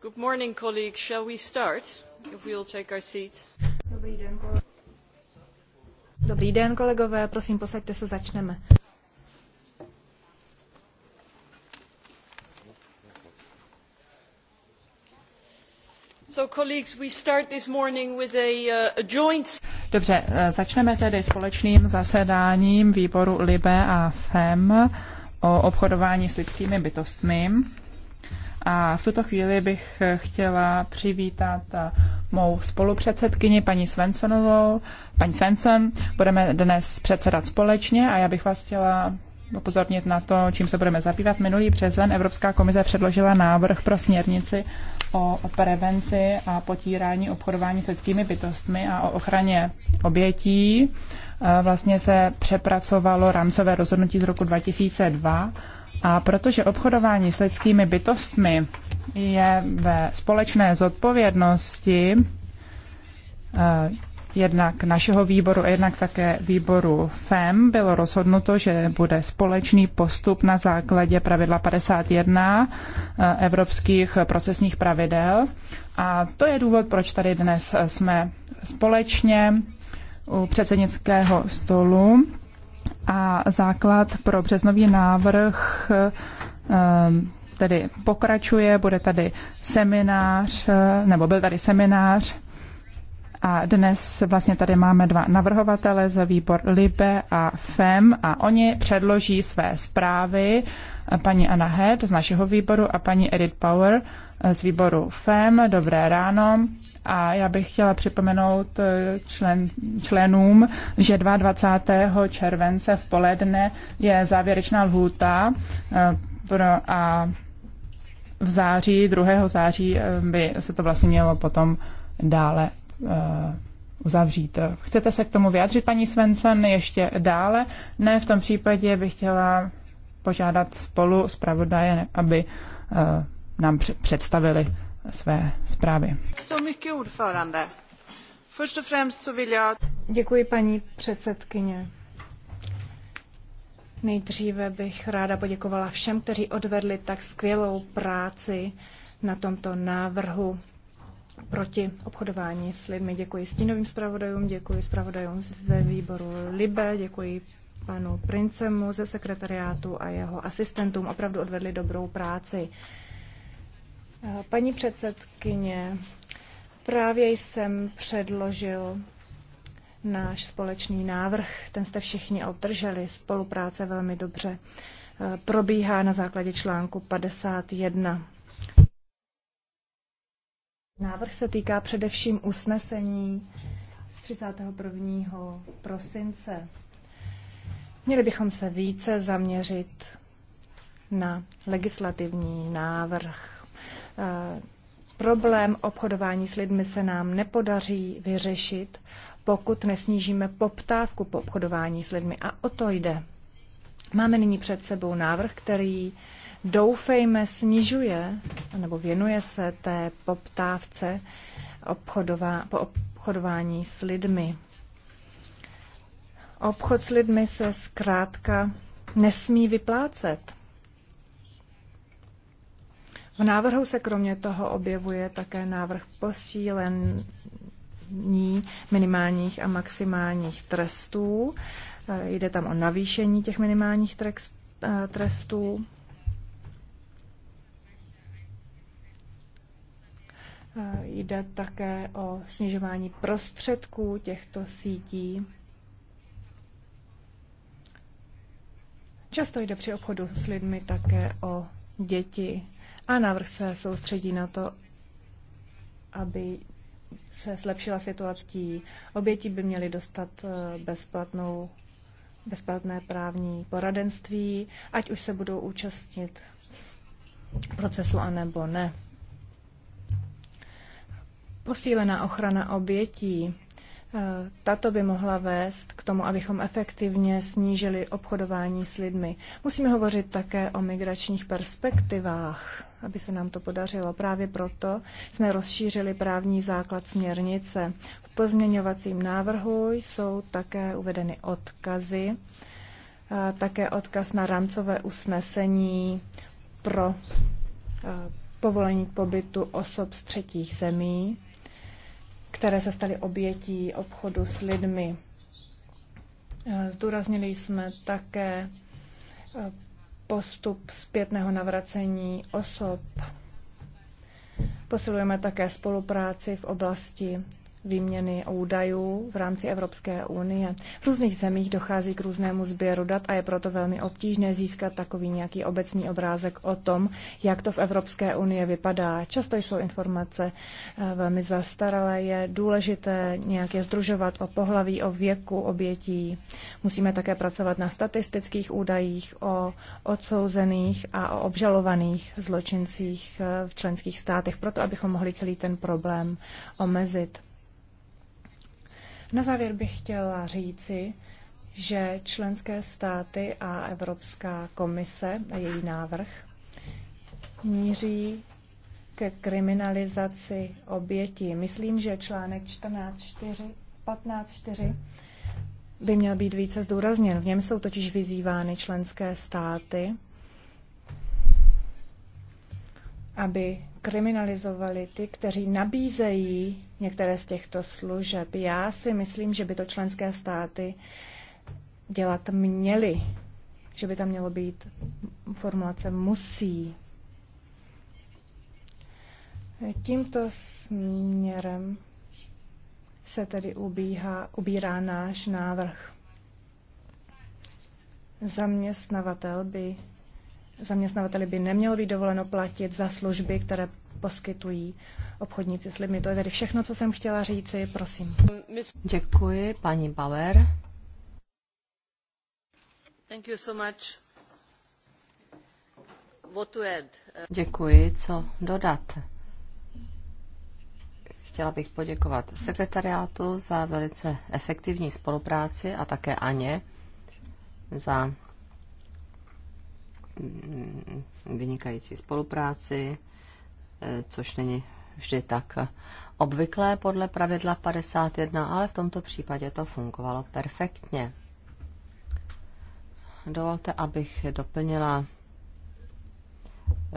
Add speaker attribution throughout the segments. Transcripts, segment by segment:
Speaker 1: Good morning, colleagues. Shall we start? If we all take our seats.
Speaker 2: Dobrý den, Dobrý den, kolegové. Prosím, posaďte se, začneme.
Speaker 1: So, colleagues, we start this morning with a, uh, a joint...
Speaker 3: Dobře, eh, začneme tedy společným zasedáním výboru LIBE a FEM o obchodování s lidskými bytostmi. A v tuto chvíli bych chtěla přivítat eh, mou spolupředsedkyni, paní Svensonovou. Paní Svensson, budeme dnes předsedat společně a já bych vás chtěla upozornit na to, čím se budeme zabývat. Minulý březen Evropská komise předložila návrh pro směrnici o prevenci a potírání obchodování s lidskými bytostmi a o ochraně obětí. Eh, vlastně se přepracovalo rámcové rozhodnutí z roku 2002 a protože obchodování s lidskými bytostmi je ve společné zodpovědnosti eh, jednak našeho výboru a jednak také výboru FEM bylo rozhodnuto, že bude společný postup na základě pravidla 51 eh, evropských procesních pravidel. A to je důvod, proč tady dnes jsme společně u předsednického stolu a základ pro březnový návrh ehm, tedy pokračuje, bude tady seminář, eh, nebo byl tady seminář a dnes vlastně tady máme dva navrhovatele za výbor Libe a FEM a oni předloží své zprávy eh, paní Anna Head z našeho výboru a paní Edith Power eh, z výboru FEM. Dobré ráno. A já bych chtěla připomenout eh, člen, členům, že 22. července v poledne je závěrečná lhůta eh, a v září, 2. září eh, by se to vlastně mělo potom dále uzavřít. Chcete se k tomu vyjádřit, paní Svensson, ještě dále? Ne, v tom případě bych chtěla požádat spolu zpravodaje, aby nám představili své zprávy.
Speaker 2: Děkuji, paní předsedkyně. Nejdříve bych ráda poděkovala všem, kteří odvedli tak skvělou práci na tomto návrhu proti obchodování s lidmi. Děkuji stínovým zpravodajům, děkuji zpravodajům ve výboru LIBE, děkuji panu Princemu ze sekretariátu a jeho asistentům. Opravdu odvedli dobrou práci. Paní předsedkyně, právě jsem předložil náš společný návrh. Ten jste všichni obdrželi. Spolupráce velmi dobře eh, probíhá na základě článku 51. Návrh se týká především usnesení z 31. prosince. Měli bychom se více zaměřit na legislativní návrh Eh, problém obchodování s lidmi se nám nepodaří vyřešit, pokud nesnížíme poptávku po obchodování s lidmi. A o to jde. Máme nyní před sebou návrh, který doufejme snižuje nebo věnuje se té poptávce obchodová, po obchodování s lidmi. Obchod s lidmi se zkrátka nesmí vyplácet. V návrhu se kromě toho objevuje také návrh posílení minimálních a maximálních trestů. Eh, jde tam o navýšení těch minimálních eh, trestů. Eh, jde také o snižování prostředků těchto sítí. Často jde při obchodu s lidmi také o děti. A návrh se soustředí na to, aby se zlepšila situací. Oběti by měly dostat eh, bezplatnou, bezplatné právní poradenství, ať už se budou účastnit procesu anebo ne. Posílená ochrana obětí tato by mohla vést k tomu, abychom efektivně snížili obchodování s lidmi. Musíme hovořit také o migračních perspektivách, aby se nám to podařilo. Právě proto jsme rozšířili právní základ směrnice. V pozměňovacím návrhu jsou také uvedeny odkazy, také odkaz na rámcové usnesení pro povolení k pobytu osob z třetích zemí které se staly obětí obchodu s lidmi. Eh, zdůraznili jsme také eh, postup zpětného navracení osob. Posilujeme také spolupráci v oblasti výměny údajů v rámci Evropské unie. V různých zemích dochází k různému sběru dat a je proto velmi obtížné získat takový nějaký obecný obrázek o tom, jak to v Evropské unii vypadá. Často jsou informace eh, velmi zastaralé, je důležité nějak je združovat o pohlaví, o věku obětí. Musíme také pracovat na statistických údajích o odsouzených a o obžalovaných zločincích eh, v členských státech, proto abychom mohli celý ten problém omezit. Na závěr bych chtěla říci, že členské státy a Evropská komise a její návrh míří ke kriminalizaci obětí. Myslím, že článek 14.4, by měl být více zdůrazněn. V něm jsou totiž vyzývány členské státy, aby kriminalizovali ty, kteří nabízejí některé z těchto služeb. Já si myslím, že by to členské státy dělat měly, že by tam mělo být formulace musí. Tímto směrem se tedy ubíhá, ubírá náš návrh. Zaměstnavatel by zaměstnavateli by nemělo být dovoleno platit za služby, které poskytují obchodníci s lidmi. To je tedy všechno, co jsem chtěla říci. Prosím.
Speaker 4: Děkuji, paní Bauer. Thank you so much. What to add? Děkuji, co dodat. Chtěla bych poděkovat sekretariátu za velice efektivní spolupráci a také Aně za Mm, vynikající spolupráci, eh, což není vždy tak obvyklé podle pravidla 51, ale v tomto případě to fungovalo perfektně. Dovolte, abych doplnila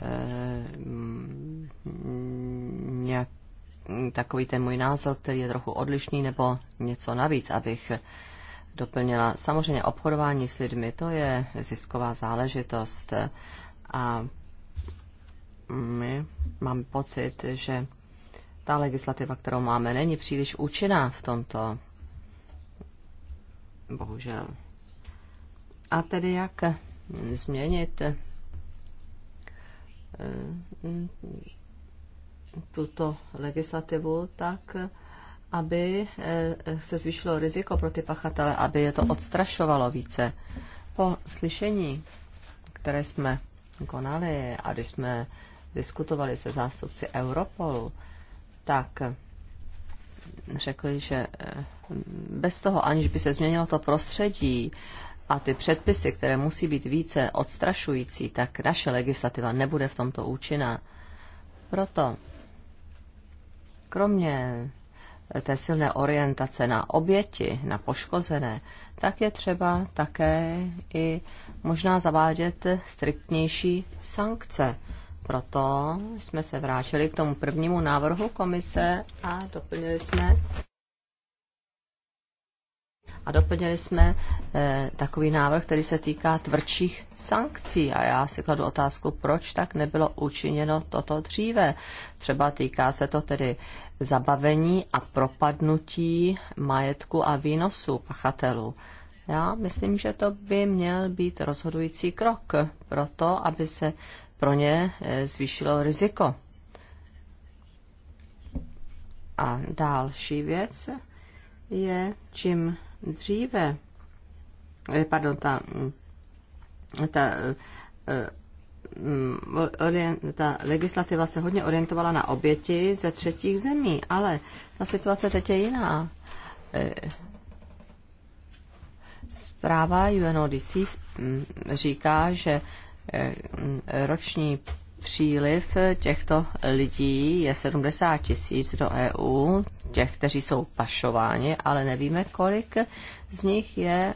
Speaker 4: eh, mm, nějak, takový ten můj názor, který je trochu odlišný, nebo něco navíc, abych doplnila. Samozřejmě obchodování s lidmi, to je zisková záležitost a my máme pocit, že ta legislativa, kterou máme, není příliš účinná v tomto. Bohužel. A tedy jak změnit eh, tuto legislativu tak, aby eh, se zvýšilo riziko pro ty pachatele, aby je to odstrašovalo více. Po slyšení, které jsme konali a když jsme diskutovali se zástupci Europolu, tak eh, řekli, že eh, bez toho, aniž by se změnilo to prostředí a ty předpisy, které musí být více odstrašující, tak naše legislativa nebude v tomto účinná. Proto, kromě té silné orientace na oběti, na poškozené, tak je třeba také i možná zavádět striktnější sankce. Proto jsme se vrátili k tomu prvnímu návrhu komise a doplnili jsme a doplnili jsme eh, takový návrh, který se týká tvrdších sankcí. A já si kladu otázku, proč tak nebylo učiněno toto dříve. Třeba týká se to tedy zabavení a propadnutí majetku a výnosu pachatelů. Já myslím, že to by měl být rozhodující krok pro to, aby se pro ně eh, zvýšilo riziko. A další věc je, čím dříve, eh, pardon, ta, mm, ta, eh, mm, ta legislativa se hodně orientovala na oběti ze třetích zemí, ale ta situace teď je jiná. Eh, zpráva UNODC mm, říká, že roční příliv těchto lidí je 70 tisíc do EU, těch, kteří jsou pašováni, ale nevíme, kolik z nich je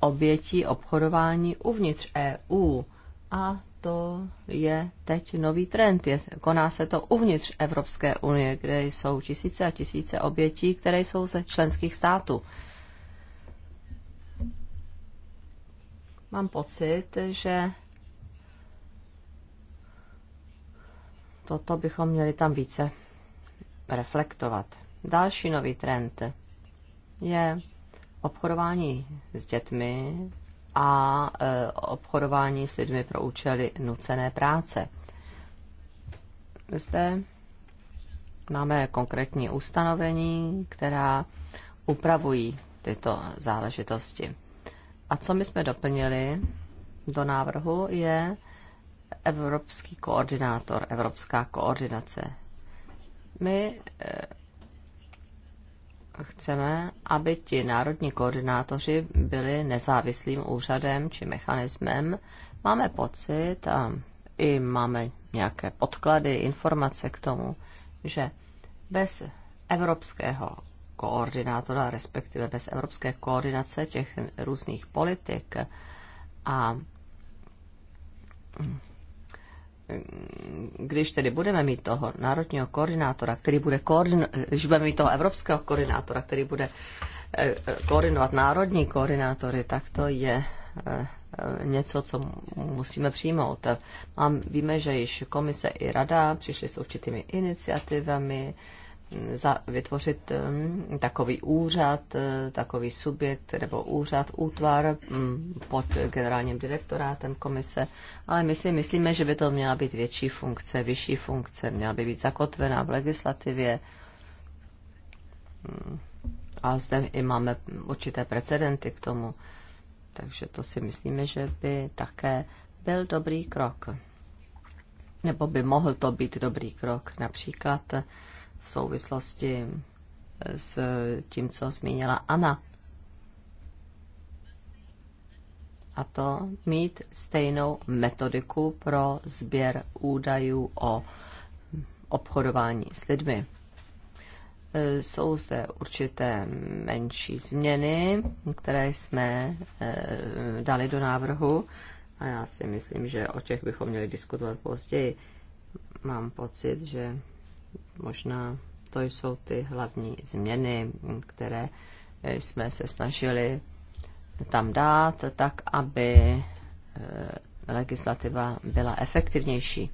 Speaker 4: obětí obchodování uvnitř EU. A to je teď nový trend. Je, koná se to uvnitř Evropské unie, kde jsou tisíce a tisíce obětí, které jsou ze členských států. Mám pocit, že toto bychom měli tam více reflektovat. Další nový trend je obchodování s dětmi a e, obchodování s lidmi pro účely nucené práce. Zde máme konkrétní ustanovení, která upravují tyto záležitosti. A co my jsme doplnili do návrhu, je evropský koordinátor, evropská koordinace. My eh, chceme, aby ti národní koordinátoři byli nezávislým úřadem či mechanismem. Máme pocit a i máme nějaké podklady, informace k tomu, že bez evropského koordinátora, respektive bez evropské koordinace těch různých politik a když tedy budeme mít toho národního koordinátora, který bude koordin, když budeme mít toho evropského koordinátora, který bude eh, koordinovat národní koordinátory, tak to je eh, eh, něco, co musíme přijmout. Mám, víme, že již komise i rada přišly s určitými iniciativami, za, vytvořit um, takový úřad, uh, takový subjekt nebo úřad, útvar um, pod generálním direktorátem komise, ale my si myslíme, že by to měla být větší funkce, vyšší funkce, měla by být zakotvená v legislativě. Um, a zde i máme určité precedenty k tomu. Takže to si myslíme, že by také byl dobrý krok. Nebo by mohl to být dobrý krok. Například v souvislosti eh, s tím, co zmínila Anna. A to mít stejnou metodiku pro sběr údajů o obchodování s lidmi. Eh, jsou zde určité menší změny, které jsme eh, dali do návrhu a já si myslím, že o těch bychom měli diskutovat později. Mám pocit, že Možná to jsou ty hlavní změny, které eh, jsme se snažili tam dát, tak aby eh, legislativa byla efektivnější.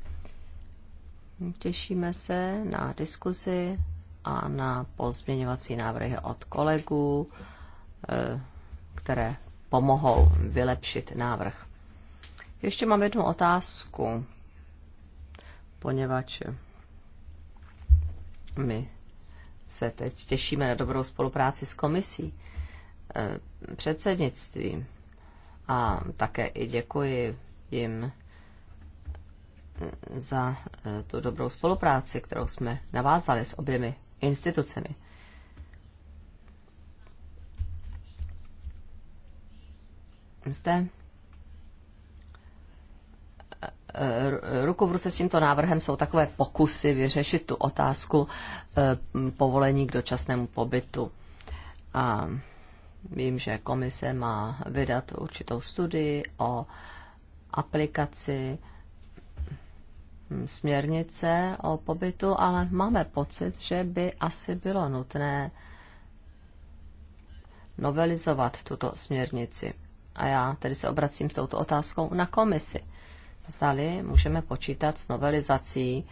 Speaker 4: Těšíme se na diskuzi a na pozměňovací návrhy od kolegů, eh, které pomohou vylepšit návrh. Ještě mám jednu otázku, poněvadž my se teď těšíme na dobrou spolupráci s komisí, eh, předsednictvím a také i děkuji jim eh, za eh, tu dobrou spolupráci, kterou jsme navázali s oběmi institucemi. Zde Eh, ruku v ruce s tímto návrhem jsou takové pokusy vyřešit tu otázku eh, povolení k dočasnému pobytu. A vím, že komise má vydat určitou studii o aplikaci hm, směrnice o pobytu, ale máme pocit, že by asi bylo nutné novelizovat tuto směrnici. A já tedy se obracím s touto otázkou na komisi zdali můžeme počítat s novelizací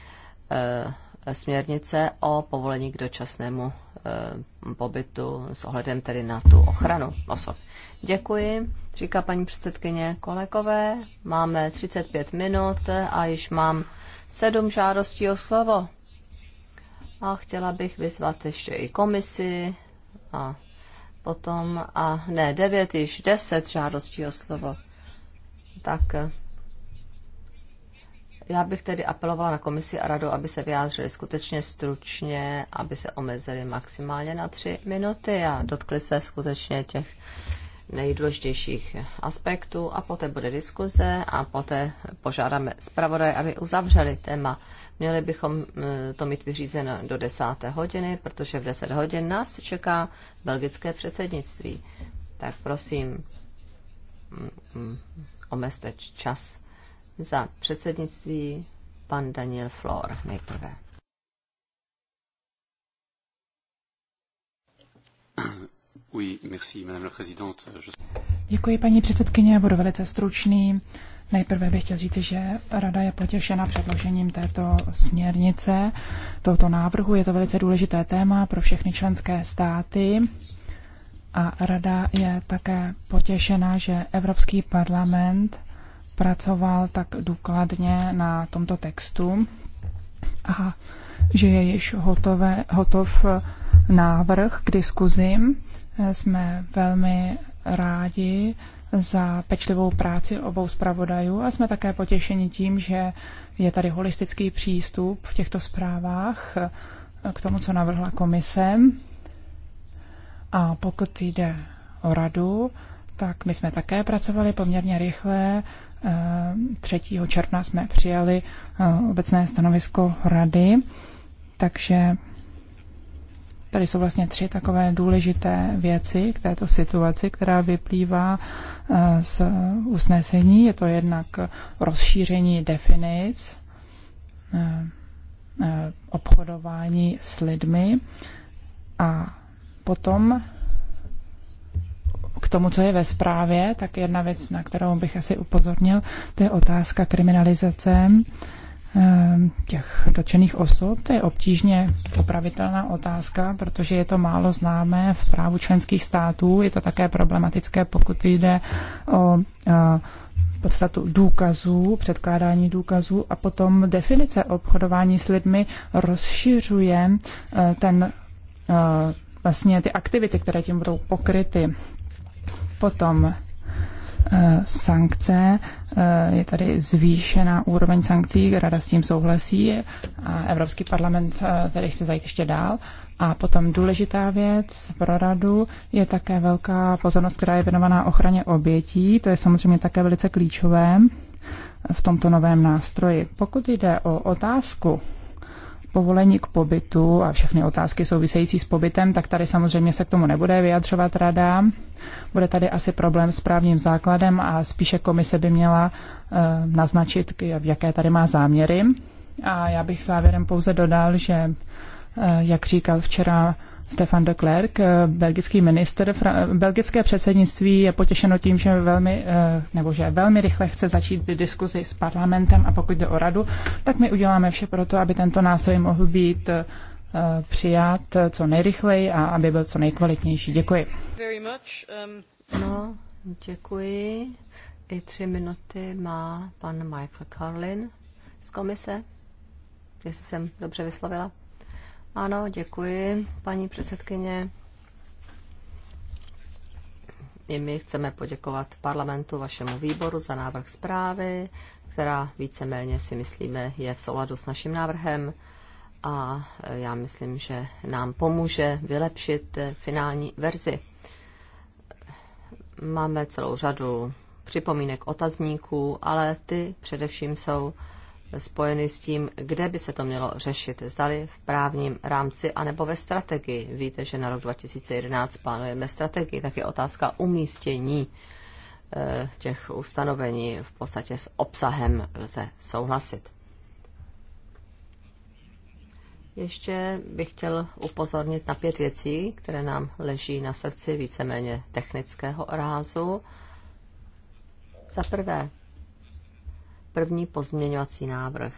Speaker 4: e, směrnice o povolení k dočasnému e, pobytu s ohledem tedy na tu ochranu osob. Děkuji, říká paní předsedkyně kolegové. Máme 35 minut a již mám sedm žádostí o slovo. A chtěla bych vyzvat ještě i komisi a potom, a ne, devět, již deset žádostí o slovo. Tak já bych tedy apelovala na komisi a radu, aby se vyjádřili skutečně stručně, aby se omezili maximálně na tři minuty a dotkli se skutečně těch nejdůležitějších aspektů a poté bude diskuze a poté požádáme zpravodaje, aby uzavřeli téma. Měli bychom eh, to mít vyřízeno do 10. hodiny, protože v 10 hodin nás čeká belgické předsednictví. Tak prosím, mm, mm, omezte čas za předsednictví pan Daniel Flor nejprve.
Speaker 3: Děkuji, paní předsedkyně, budu velice stručný. Nejprve bych chtěl říct, že Rada je potěšena předložením této směrnice, tohoto návrhu. Je to velice důležité téma pro všechny členské státy. A Rada je také potěšena, že Evropský parlament pracoval tak důkladně na tomto textu a že je již hotové, hotov návrh k diskuzi. Jsme velmi rádi za pečlivou práci obou zpravodajů a jsme také potěšeni tím, že je tady holistický přístup v těchto zprávách k tomu, co navrhla komise. A pokud jde o radu, tak my jsme také pracovali poměrně rychle 3. června jsme přijali eh, obecné stanovisko rady, takže tady jsou vlastně tři takové důležité věci k této situaci, která vyplývá eh, z usnesení. Je to jednak rozšíření definic, eh, obchodování s lidmi a potom k tomu, co je ve zprávě, tak jedna věc, na kterou bych asi upozornil, to je otázka kriminalizace eh, těch dotčených osob. To je obtížně opravitelná otázka, protože je to málo známé v právu členských států. Je to také problematické, pokud jde o eh, podstatu důkazů, předkládání důkazů a potom definice obchodování s lidmi rozšiřuje eh, ten vlastně ty aktivity, které tím budou pokryty. Potom eh, sankce, eh, je tady zvýšená úroveň sankcí, rada s tím souhlasí a Evropský parlament eh, tady chce zajít ještě dál. A potom důležitá věc pro radu je také velká pozornost, která je věnovaná ochraně obětí. To je samozřejmě také velice klíčové v tomto novém nástroji. Pokud jde o otázku povolení k pobytu a všechny otázky související s pobytem, tak tady samozřejmě se k tomu nebude vyjadřovat rada. Bude tady asi problém s právním základem a spíše komise by měla eh, naznačit, v jaké tady má záměry. A já bych závěrem pouze dodal, že, eh, jak říkal včera Stefan de Klerk, eh, belgický minister. Eh, belgické předsednictví je potěšeno tím, že velmi, eh, nebo že velmi rychle chce začít diskuzi s parlamentem a pokud jde o radu, tak my uděláme vše pro to, aby tento nástroj mohl být přijat co nejrychleji a aby byl co nejkvalitnější. Děkuji.
Speaker 4: Um, no, děkuji. I tři minuty má pan Michael Carlin z komise, jestli jsem dobře vyslovila. Ano, děkuji, paní předsedkyně. I my chceme poděkovat parlamentu, vašemu výboru za návrh zprávy, která víceméně si myslíme je v souladu s naším návrhem a e, já myslím, že nám pomůže vylepšit e, finální verzi. Máme celou řadu připomínek otazníků, ale ty především jsou spojeny s tím, kde by se to mělo řešit, zdali v právním rámci anebo ve strategii. Víte, že na rok 2011 plánujeme strategii, tak je otázka umístění eh, těch ustanovení v podstatě s obsahem lze souhlasit. Ještě bych chtěl upozornit na pět věcí, které nám leží na srdci víceméně technického rázu. Za prvé, První pozměňovací návrh.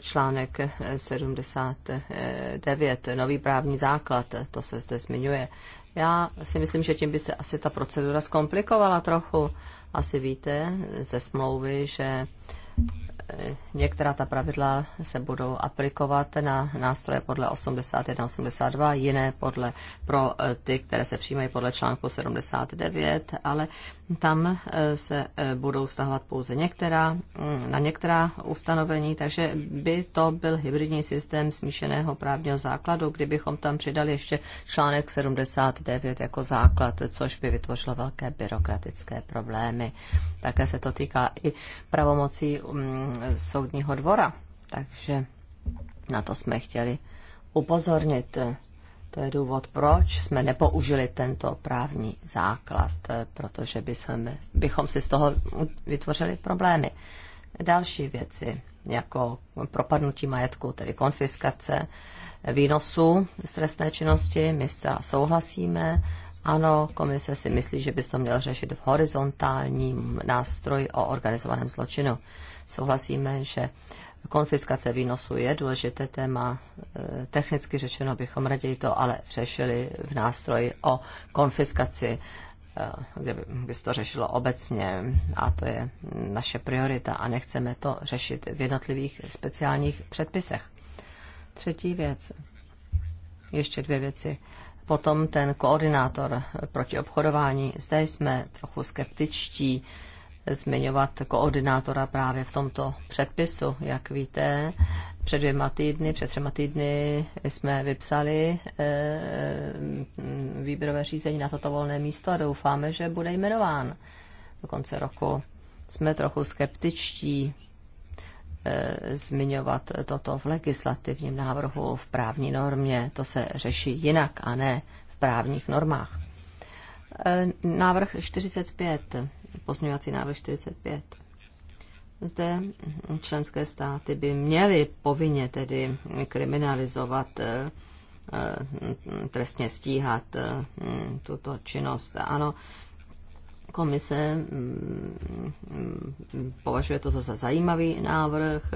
Speaker 4: Článek 79, nový právní základ, to se zde zmiňuje. Já si myslím, že tím by se asi ta procedura zkomplikovala trochu. Asi víte ze smlouvy, že eh, některá ta pravidla se budou aplikovat na nástroje podle 81 82, jiné podle, pro eh, ty, které se přijímají podle článku 79, ale tam eh, se eh, budou stahovat pouze některá, mm, na některá ustanovení, takže by to byl hybridní systém smíšeného právního základu, kdybychom tam přidali ještě článek 79 jako základ, což by vytvořilo velké byrokratické problémy. Také se to týká i pravomocí mm, soudního dvora, takže na to jsme chtěli upozornit. To je důvod, proč jsme nepoužili tento právní základ, protože bychom, bychom si z toho vytvořili problémy. Další věci, jako propadnutí majetku, tedy konfiskace výnosů z trestné činnosti, my zcela souhlasíme. Ano, komise si myslí, že by to měl řešit v horizontálním nástroji o organizovaném zločinu. Souhlasíme, že Konfiskace výnosu je důležité téma. E, technicky řečeno bychom raději to ale řešili v nástroji o konfiskaci, e, kde by se to řešilo obecně a to je naše priorita a nechceme to řešit v jednotlivých speciálních předpisech. Třetí věc. Ještě dvě věci. Potom ten koordinátor proti obchodování. Zde jsme trochu skeptičtí zmiňovat koordinátora právě v tomto předpisu. Jak víte, před dvěma týdny, před třema týdny jsme vypsali eh, mm, výběrové řízení na toto volné místo a doufáme, že bude jmenován do konce roku. Jsme trochu skeptičtí eh, zmiňovat toto v legislativním návrhu, v právní normě. To se řeší jinak a ne v právních normách. Eh, návrh 45 pozměňovací návrh 45. Zde členské státy by měly povinně tedy kriminalizovat, eh, eh, trestně stíhat eh, tuto činnost. Ano, komise mm, mm, považuje toto za zajímavý návrh,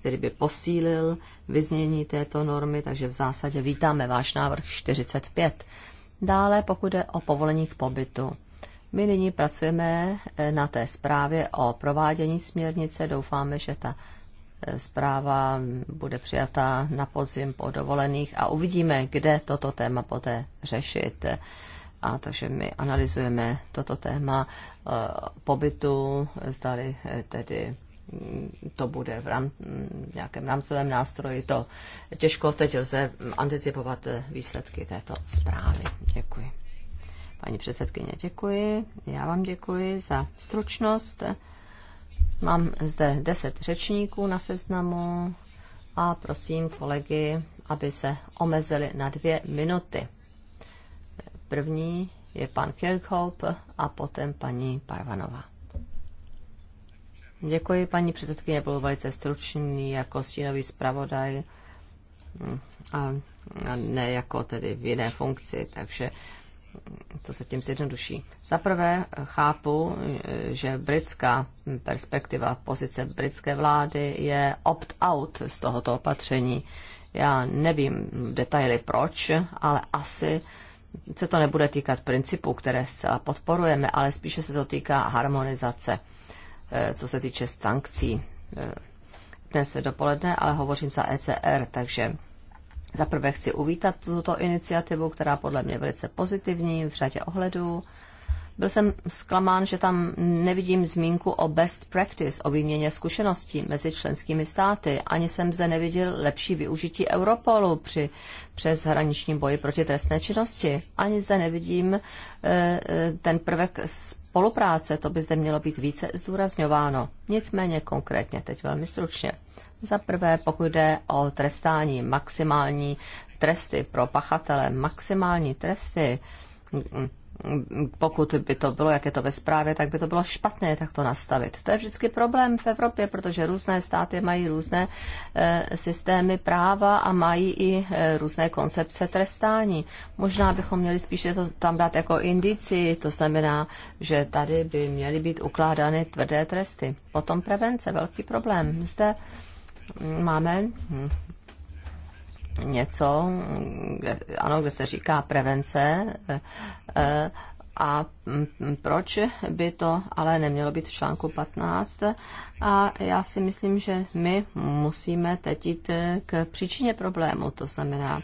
Speaker 4: který by posílil vyznění této normy, takže v zásadě vítáme váš návrh 45. Dále, pokud je o povolení k pobytu. My nyní pracujeme eh, na té zprávě o provádění směrnice. Doufáme, že ta eh, zpráva bude přijata na podzim po dovolených a uvidíme, kde toto téma poté řešit. A takže my analyzujeme toto téma eh, pobytu, zdali tedy mm, to bude v, rám, mm, nějakém rámcovém nástroji. To těžko teď lze mm, anticipovat výsledky této zprávy. Děkuji. Paní předsedkyně, děkuji. Já vám děkuji za stručnost. Mám zde deset řečníků na seznamu a prosím kolegy, aby se omezili na dvě minuty. První je pan Kirchhoff a potom paní Parvanová. Děkuji, paní předsedkyně, byl velice stručný jako stínový zpravodaj mm, a, a ne jako tedy v jiné funkci, takže to se tím zjednoduší. Za prvé chápu, že britská perspektiva, pozice britské vlády je opt-out z tohoto opatření. Já nevím detaily proč, ale asi se to nebude týkat principů, které zcela podporujeme, ale spíše se to týká harmonizace, eh, co se týče sankcí. Eh, Dnes dopoledne ale hovořím za ECR, takže Zaprvé chci uvítat tuto iniciativu, která podle mě je velice pozitivní v řadě ohledů byl jsem zklamán, že tam nevidím zmínku o best practice, o výměně zkušeností mezi členskými státy. Ani jsem zde neviděl lepší využití Europolu při přeshraničním boji proti trestné činnosti. Ani zde nevidím eh, eh, ten prvek spolupráce, to by zde mělo být více zdůrazňováno. Nicméně konkrétně, teď velmi stručně. Za prvé, pokud jde o trestání, maximální tresty pro pachatele, maximální tresty, mm, mm, pokud by to bylo, jak je to ve zprávě, tak by to bylo špatné tak to nastavit. To je vždycky problém v Evropě, protože různé státy mají různé e, systémy práva a mají i e, různé koncepce trestání. Možná bychom měli spíše to tam dát jako indici, to znamená, že tady by měly být ukládány tvrdé tresty. Potom prevence, velký problém. Zde mm, máme hm, něco, kde, ano, kde se říká prevence, eh, eh, a mm, proč by to ale nemělo být v článku 15? A já si myslím, že my musíme teď jít eh, k příčině problému, to znamená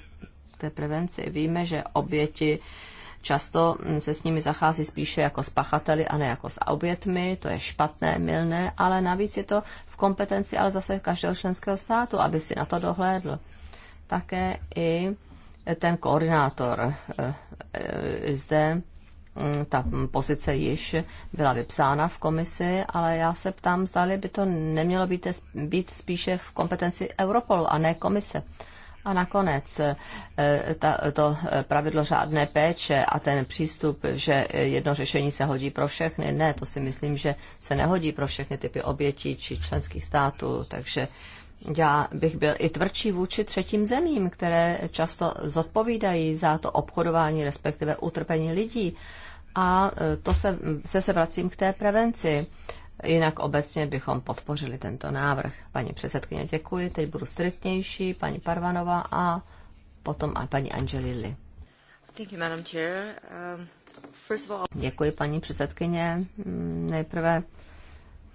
Speaker 4: k té prevenci. Víme, že oběti často mm, se s nimi zachází spíše jako s pachateli a ne jako s obětmi, to je špatné, milné, ale navíc je to v kompetenci ale zase každého členského státu, aby si na to dohlédl také i ten koordinátor eh, eh, zde hm, ta pozice již byla vypsána v komisi, ale já se ptám, zda by to nemělo být, být spíše v kompetenci Europolu a ne komise. A nakonec eh, ta, to pravidlo řádné péče a ten přístup, že jedno řešení se hodí pro všechny, ne, to si myslím, že se nehodí pro všechny typy obětí či členských států, takže já bych byl i tvrdší vůči třetím zemím, které často zodpovídají za to obchodování, respektive utrpení lidí. A e, to se, se, se vracím k té prevenci. Jinak obecně bychom podpořili tento návrh. Paní předsedkyně, děkuji. Teď budu striktnější. Paní Parvanova a potom a paní Angelili. Um, děkuji, paní předsedkyně. Mm, nejprve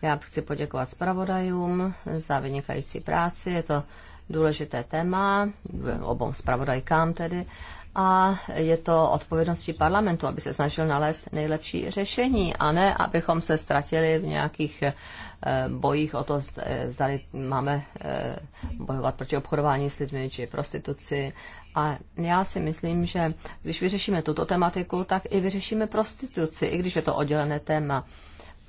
Speaker 4: já chci poděkovat zpravodajům za vynikající práci. Je to důležité téma, obou zpravodajkám tedy a je to odpovědností parlamentu, aby se snažil nalézt nejlepší řešení a ne, abychom se ztratili v nějakých eh, bojích o to, eh, zdali máme eh, bojovat proti obchodování s lidmi či prostituci. A já si myslím, že když vyřešíme tuto tematiku, tak i vyřešíme prostituci, i když je to oddělené téma.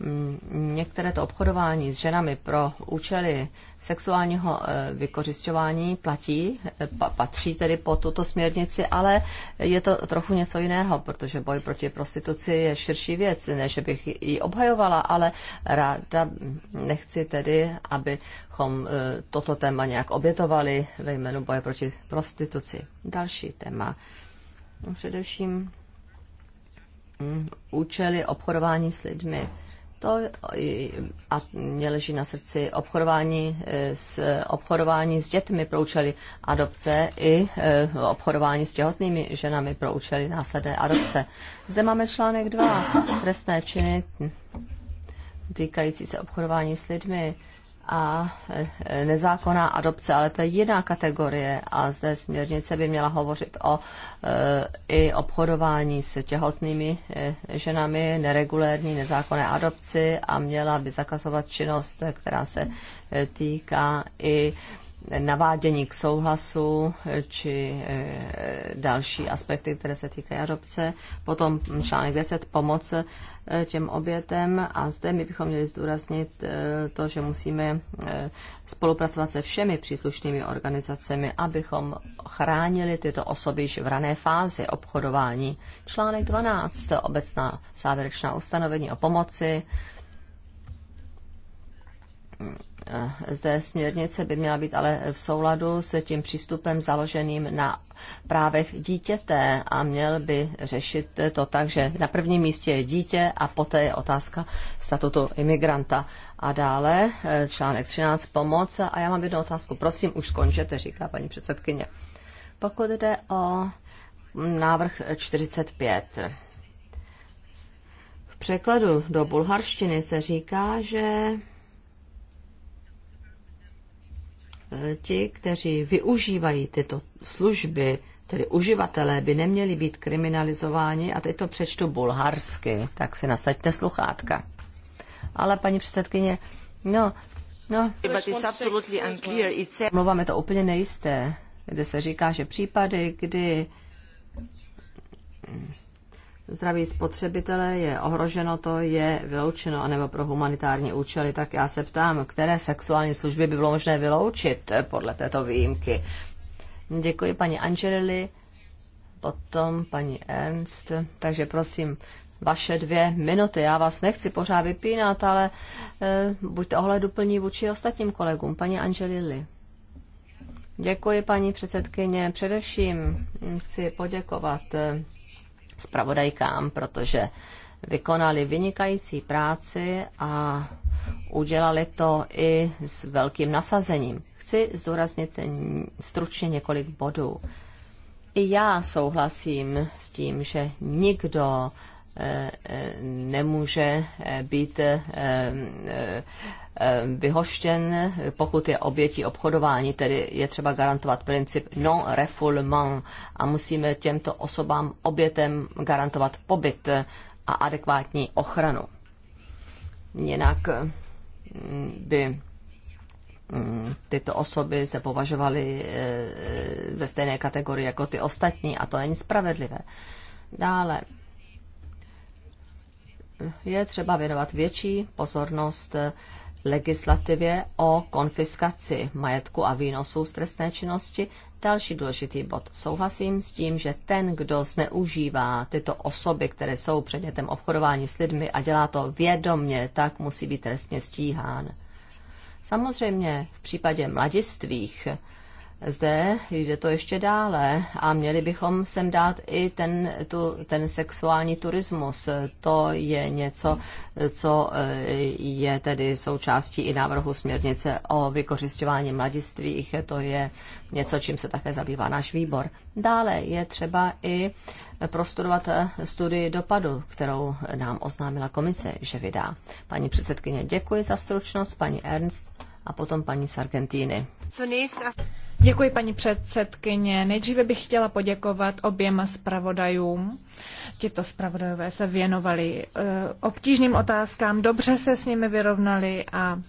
Speaker 4: Mm, některé to obchodování s ženami pro účely sexuálního eh, vykořišťování platí, eh, patří tedy po tuto směrnici, ale je to trochu něco jiného, protože boj proti prostituci je širší věc, než bych ji obhajovala, ale ráda nechci tedy, abychom eh, toto téma nějak obětovali ve jménu boje proti prostituci. Další téma. Především mm, účely obchodování s lidmi. To a mě leží na srdci obchodování eh, s, obchodování s dětmi pro účely adopce i eh, obchodování s těhotnými ženami pro účely následné adopce. Zde máme článek 2, trestné činy týkající se obchodování s lidmi a e, e, nezákonná adopce, ale to je jiná kategorie a zde směrnice by měla hovořit o e, i obchodování s těhotnými ženami, neregulérní, nezákonné adopci a měla by zakazovat činnost, která se týká i navádění k souhlasu eh, či eh, další aspekty, které se týkají adopce. Potom článek 10, pomoc eh, těm obětem a zde my bychom měli zdůraznit to, že musíme spolupracovat se všemi příslušnými organizacemi, abychom chránili tyto osoby již v rané fázi obchodování. Článek 12, obecná závěrečná ustanovení o pomoci Eh, zde směrnice by měla být ale v souladu s tím přístupem založeným na právech dítěte a měl by řešit to tak, že na prvním místě je dítě a poté je otázka statutu imigranta. A dále eh, článek 13 pomoc a já mám jednu otázku. Prosím, už skončete, říká paní předsedkyně. Pokud jde o návrh 45, v překladu do bulharštiny se říká, že ti, kteří využívají tyto služby, tedy uživatelé, by neměli být kriminalizováni. A teď to přečtu bulharsky, tak si nasaďte sluchátka. Ale paní předsedkyně, no, no. Mluvám, je to úplně nejisté, kde se říká, že případy, kdy zdraví spotřebitele je ohroženo, to je vyloučeno, anebo pro humanitární účely, tak já se ptám, které sexuální služby by bylo možné vyloučit podle této výjimky. Děkuji paní Angelili, potom paní Ernst, takže prosím, vaše dvě minuty. Já vás nechci pořád vypínat, ale eh, buďte ohleduplní vůči ostatním kolegům. Paní Angelili. Děkuji, paní předsedkyně. Především chci poděkovat eh, zpravodajkám, protože vykonali vynikající práci a udělali to i s velkým nasazením. Chci zdůraznit stručně několik bodů. I já souhlasím s tím, že nikdo eh, eh, nemůže eh, být Eh, vyhoštěn, pokud je obětí obchodování, tedy je třeba garantovat princip non-refoulement a musíme těmto osobám obětem garantovat pobyt a adekvátní ochranu. Jinak mm, by mm, tyto osoby se považovaly eh, ve stejné kategorii jako ty ostatní a to není spravedlivé. Dále je třeba věnovat větší pozornost eh, legislativě o konfiskaci majetku a výnosů z trestné činnosti. Další důležitý bod. Souhlasím s tím, že ten, kdo zneužívá tyto osoby, které jsou předmětem obchodování s lidmi a dělá to vědomně, tak musí být trestně stíhán. Samozřejmě v případě mladistvých zde jde to ještě dále a měli bychom sem dát i ten, tu, ten sexuální turismus. To je něco, co eh, je tedy součástí i návrhu směrnice o vykořišťování mladistvých. To je něco, čím se také zabývá náš výbor. Dále je třeba i prostudovat eh, studii dopadu, kterou nám oznámila komise, že vydá. Paní předsedkyně, děkuji za stručnost, paní Ernst a potom paní Sargentini. Co
Speaker 2: Děkuji, paní předsedkyně. Nejdříve bych chtěla poděkovat oběma zpravodajům. Tito zpravodajové se věnovali eh, obtížným otázkám, dobře se s nimi vyrovnali a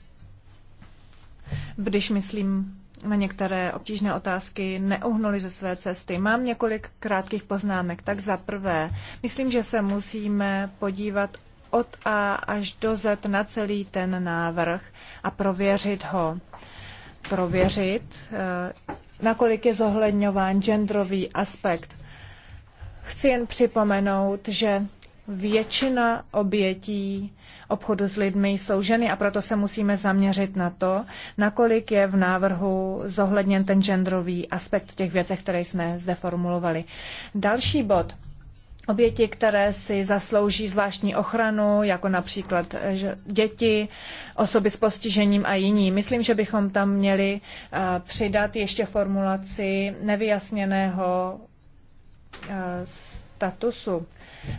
Speaker 2: když myslím na některé obtížné otázky neuhnuli ze své cesty. Mám několik krátkých poznámek. Tak za prvé, myslím, že se musíme podívat od A až do Z na celý ten návrh a prověřit ho prověřit, eh, nakolik je zohledňován genderový aspekt. Chci jen připomenout, že většina obětí obchodu s lidmi jsou ženy a proto se musíme zaměřit na to, nakolik je v návrhu zohledněn ten genderový aspekt v těch věcech, které jsme zde formulovali. Další bod – oběti, které si zaslouží zvláštní ochranu, jako například děti, osoby s postižením a jiní. Myslím, že bychom tam měli eh, přidat ještě formulaci nevyjasněného eh, statusu.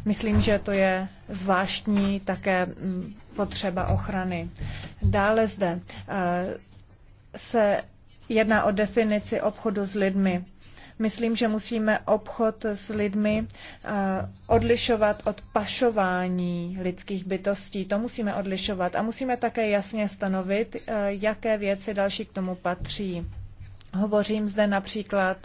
Speaker 2: Myslím, že to je zvláštní také mm, potřeba ochrany. Dále zde eh, se jedná o definici obchodu s lidmi. Myslím, že musíme obchod s lidmi eh, odlišovat od pašování lidských bytostí. To musíme odlišovat a musíme také jasně stanovit, eh, jaké věci další k tomu patří. Hovořím zde například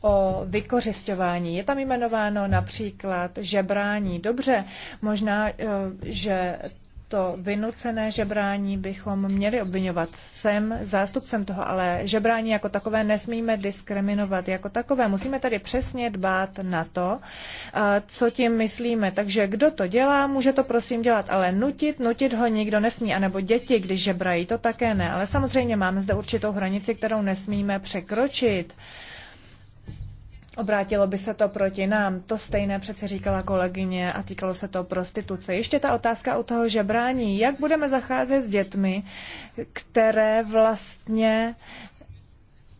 Speaker 2: o vykořišťování. Je tam jmenováno například žebrání. Dobře, možná, eh, že to vynucené žebrání bychom měli obvinovat. Jsem zástupcem toho, ale žebrání jako takové nesmíme diskriminovat jako takové. Musíme tady přesně dbát na to, co tím myslíme. Takže kdo to dělá, může to prosím dělat, ale nutit, nutit ho nikdo nesmí. A nebo děti, když žebrají, to také ne. Ale samozřejmě máme zde určitou hranici, kterou nesmíme překročit. Obrátilo by se to proti nám. To stejné přece říkala kolegyně a týkalo se to prostituce. Ještě ta otázka u toho žebrání. Jak budeme zacházet s dětmi, které vlastně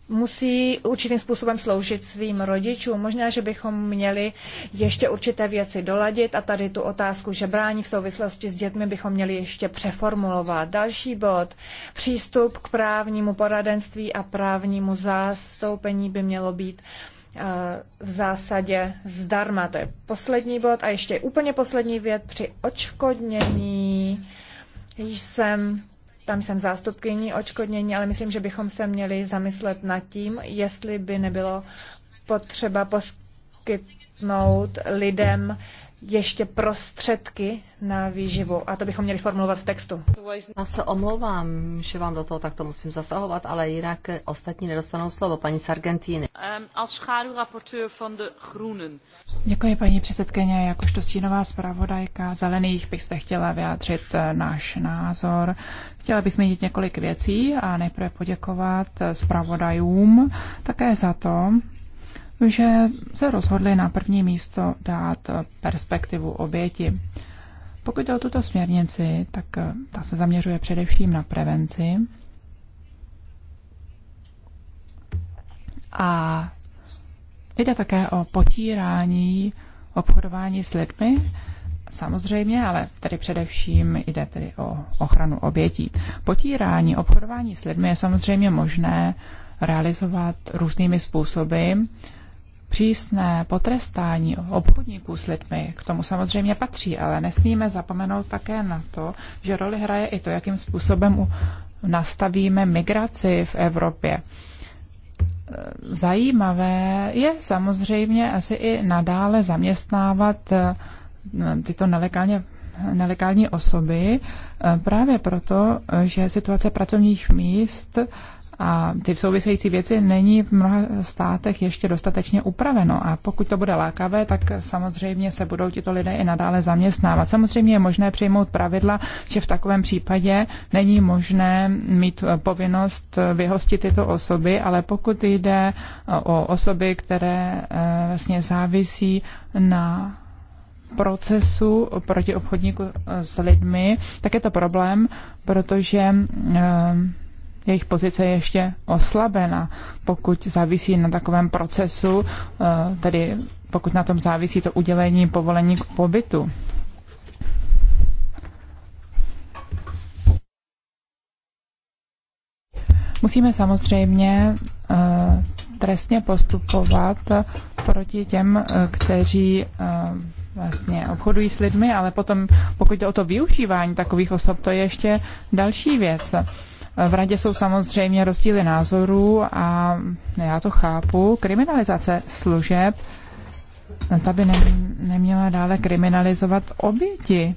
Speaker 2: musí určitým způsobem sloužit svým rodičům. Možná, že bychom měli ještě určité věci doladit a tady tu otázku žebrání v souvislosti s dětmi bychom měli ještě přeformulovat. Další bod. Přístup k právnímu poradenství a právnímu zastoupení by mělo být uh, v zásadě zdarma. To je poslední bod. A ještě úplně poslední věc. Při očkodnění jsem tam jsem zástupkyní očkodnění, ale myslím, že bychom se měli zamyslet nad tím, jestli by nebylo potřeba poskytnout lidem ještě prostředky
Speaker 4: na výživu. A to bychom měli formulovat v textu. Já se omlouvám, že vám do toho takto musím zasahovat, ale jinak ostatní nedostanou slovo. Paní z Argentíny. Ehm,
Speaker 3: Děkuji, paní předsedkyně. Jakožto stínová zpravodajka zelených bych zde chtěla vyjádřit eh, náš názor. Chtěla bych zmínit několik věcí a nejprve poděkovat eh, zpravodajům také za to, že se rozhodli na první místo dát perspektivu oběti. Pokud jde o tuto směrnici, tak ta se zaměřuje především na prevenci a jde také o potírání obchodování s lidmi, samozřejmě, ale tedy především jde tedy o ochranu obětí. Potírání obchodování s lidmi je samozřejmě možné realizovat různými způsoby přísné potrestání obchodníků s lidmi k tomu samozřejmě patří, ale nesmíme zapomenout také na to, že roli hraje i to, jakým způsobem nastavíme migraci v Evropě. E, zajímavé je samozřejmě asi i nadále zaměstnávat e, tyto nelegálně nelegální osoby e, právě proto, že situace pracovních míst a ty související věci není v mnoha státech ještě dostatečně upraveno. A pokud to bude lákavé, tak samozřejmě se budou tito lidé i nadále zaměstnávat. Samozřejmě je možné přijmout pravidla, že v takovém případě není možné mít povinnost vyhostit tyto osoby, ale pokud jde o osoby, které eh, vlastně závisí na procesu proti obchodníku s lidmi, tak je to problém, protože eh, jejich pozice ještě oslabena, pokud závisí na takovém procesu, eh, tedy pokud na tom závisí to udělení povolení k pobytu. Musíme samozřejmě eh, trestně postupovat proti těm, eh, kteří vlastně obchodují s lidmi, ale potom, pokud jde o to využívání takových osob, to je ještě další věc. V radě jsou samozřejmě rozdíly názorů a já to chápu. Kriminalizace služeb, ta by ne, neměla dále kriminalizovat oběti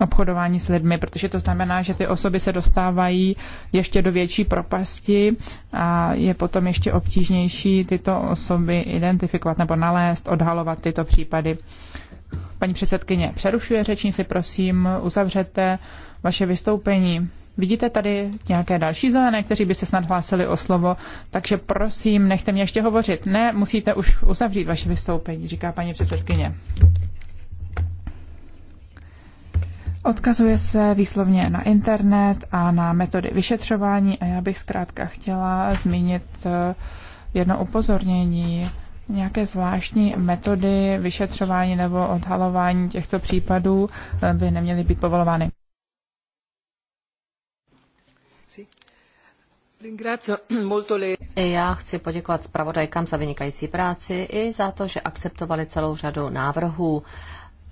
Speaker 3: obchodování s lidmi, protože to znamená, že ty osoby se dostávají ještě do větší propasti a je potom ještě obtížnější tyto osoby identifikovat nebo nalézt, odhalovat tyto případy. Paní předsedkyně, přerušuje řečníci, prosím, uzavřete vaše vystoupení. Vidíte tady nějaké další zelené, kteří by se snad hlásili o slovo, takže prosím, nechte mě ještě hovořit. Ne, musíte už uzavřít vaše vystoupení, říká paní předsedkyně. Odkazuje se výslovně na internet a na metody vyšetřování a já bych zkrátka chtěla zmínit eh, jedno upozornění. Nějaké zvláštní metody vyšetřování nebo odhalování těchto případů eh, by neměly být povolovány.
Speaker 4: Já chci poděkovat zpravodajkám za vynikající práci i za to, že akceptovali celou řadu návrhů,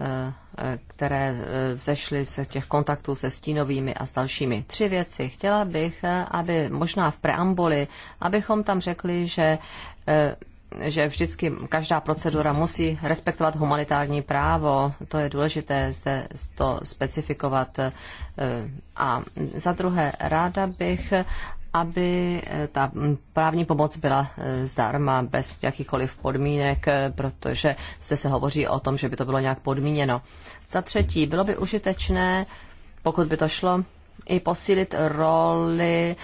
Speaker 4: eh, eh, které eh, vzešly z těch kontaktů se stínovými a s dalšími. Tři věci. Chtěla bych, aby možná v preambuli, abychom tam řekli, že že vždycky každá procedura musí respektovat humanitární právo, to je důležité zde to specifikovat. A za druhé, ráda bych, aby eh, ta mm, právní pomoc byla eh, zdarma, bez jakýchkoliv podmínek, eh, protože zde se hovoří o tom, že by to bylo nějak podmíněno. Za třetí, bylo by užitečné, pokud by to šlo, i posílit roli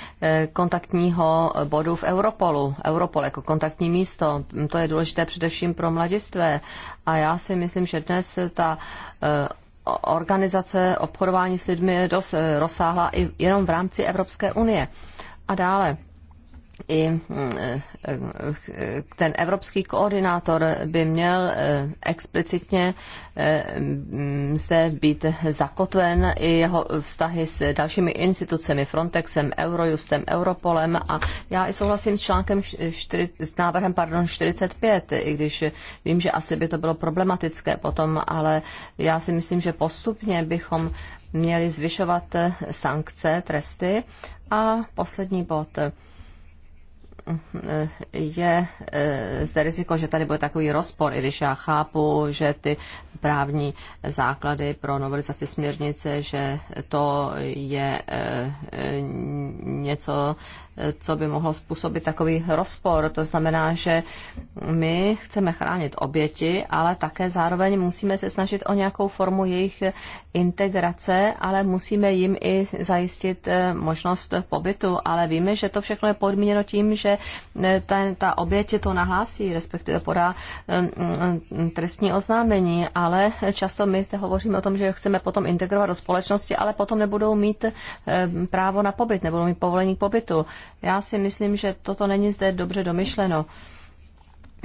Speaker 4: kontaktního bodu v Europolu. Europol jako kontaktní místo, mm, to je důležité především pro mladistvé. A já si myslím, že dnes ta organizace obchodování s lidmi je dost rozsáhla i jenom v rámci Evropské unie. A dále i mm, eh, ten evropský koordinátor by měl eh, explicitně eh, zde být zakotven i jeho vztahy s dalšími institucemi, Frontexem, Eurojustem, Europolem a já i souhlasím s článkem 4, s návrhem pardon, 45, i když vím, že asi by to bylo problematické potom, ale já si myslím, že postupně bychom měli zvyšovat eh, sankce, tresty. A poslední bod eh, je eh, zde riziko, že tady bude takový rozpor, i když já chápu, že ty právní základy pro novelizaci směrnice, že to je něco, co by mohlo způsobit takový rozpor. To znamená, že my chceme chránit oběti, ale také zároveň musíme se snažit o nějakou formu jejich integrace, ale musíme jim i zajistit eh, možnost pobytu. Ale víme, že to všechno je podmíněno tím, že eh, ten, ta oběť to nahlásí, respektive podá eh, mm, mm, trestní oznámení, ale často my zde hovoříme o tom, že chceme potom integrovat do společnosti, ale potom nebudou mít právo na pobyt, nebudou mít povolení k pobytu. Já si myslím, že toto není zde dobře domyšleno.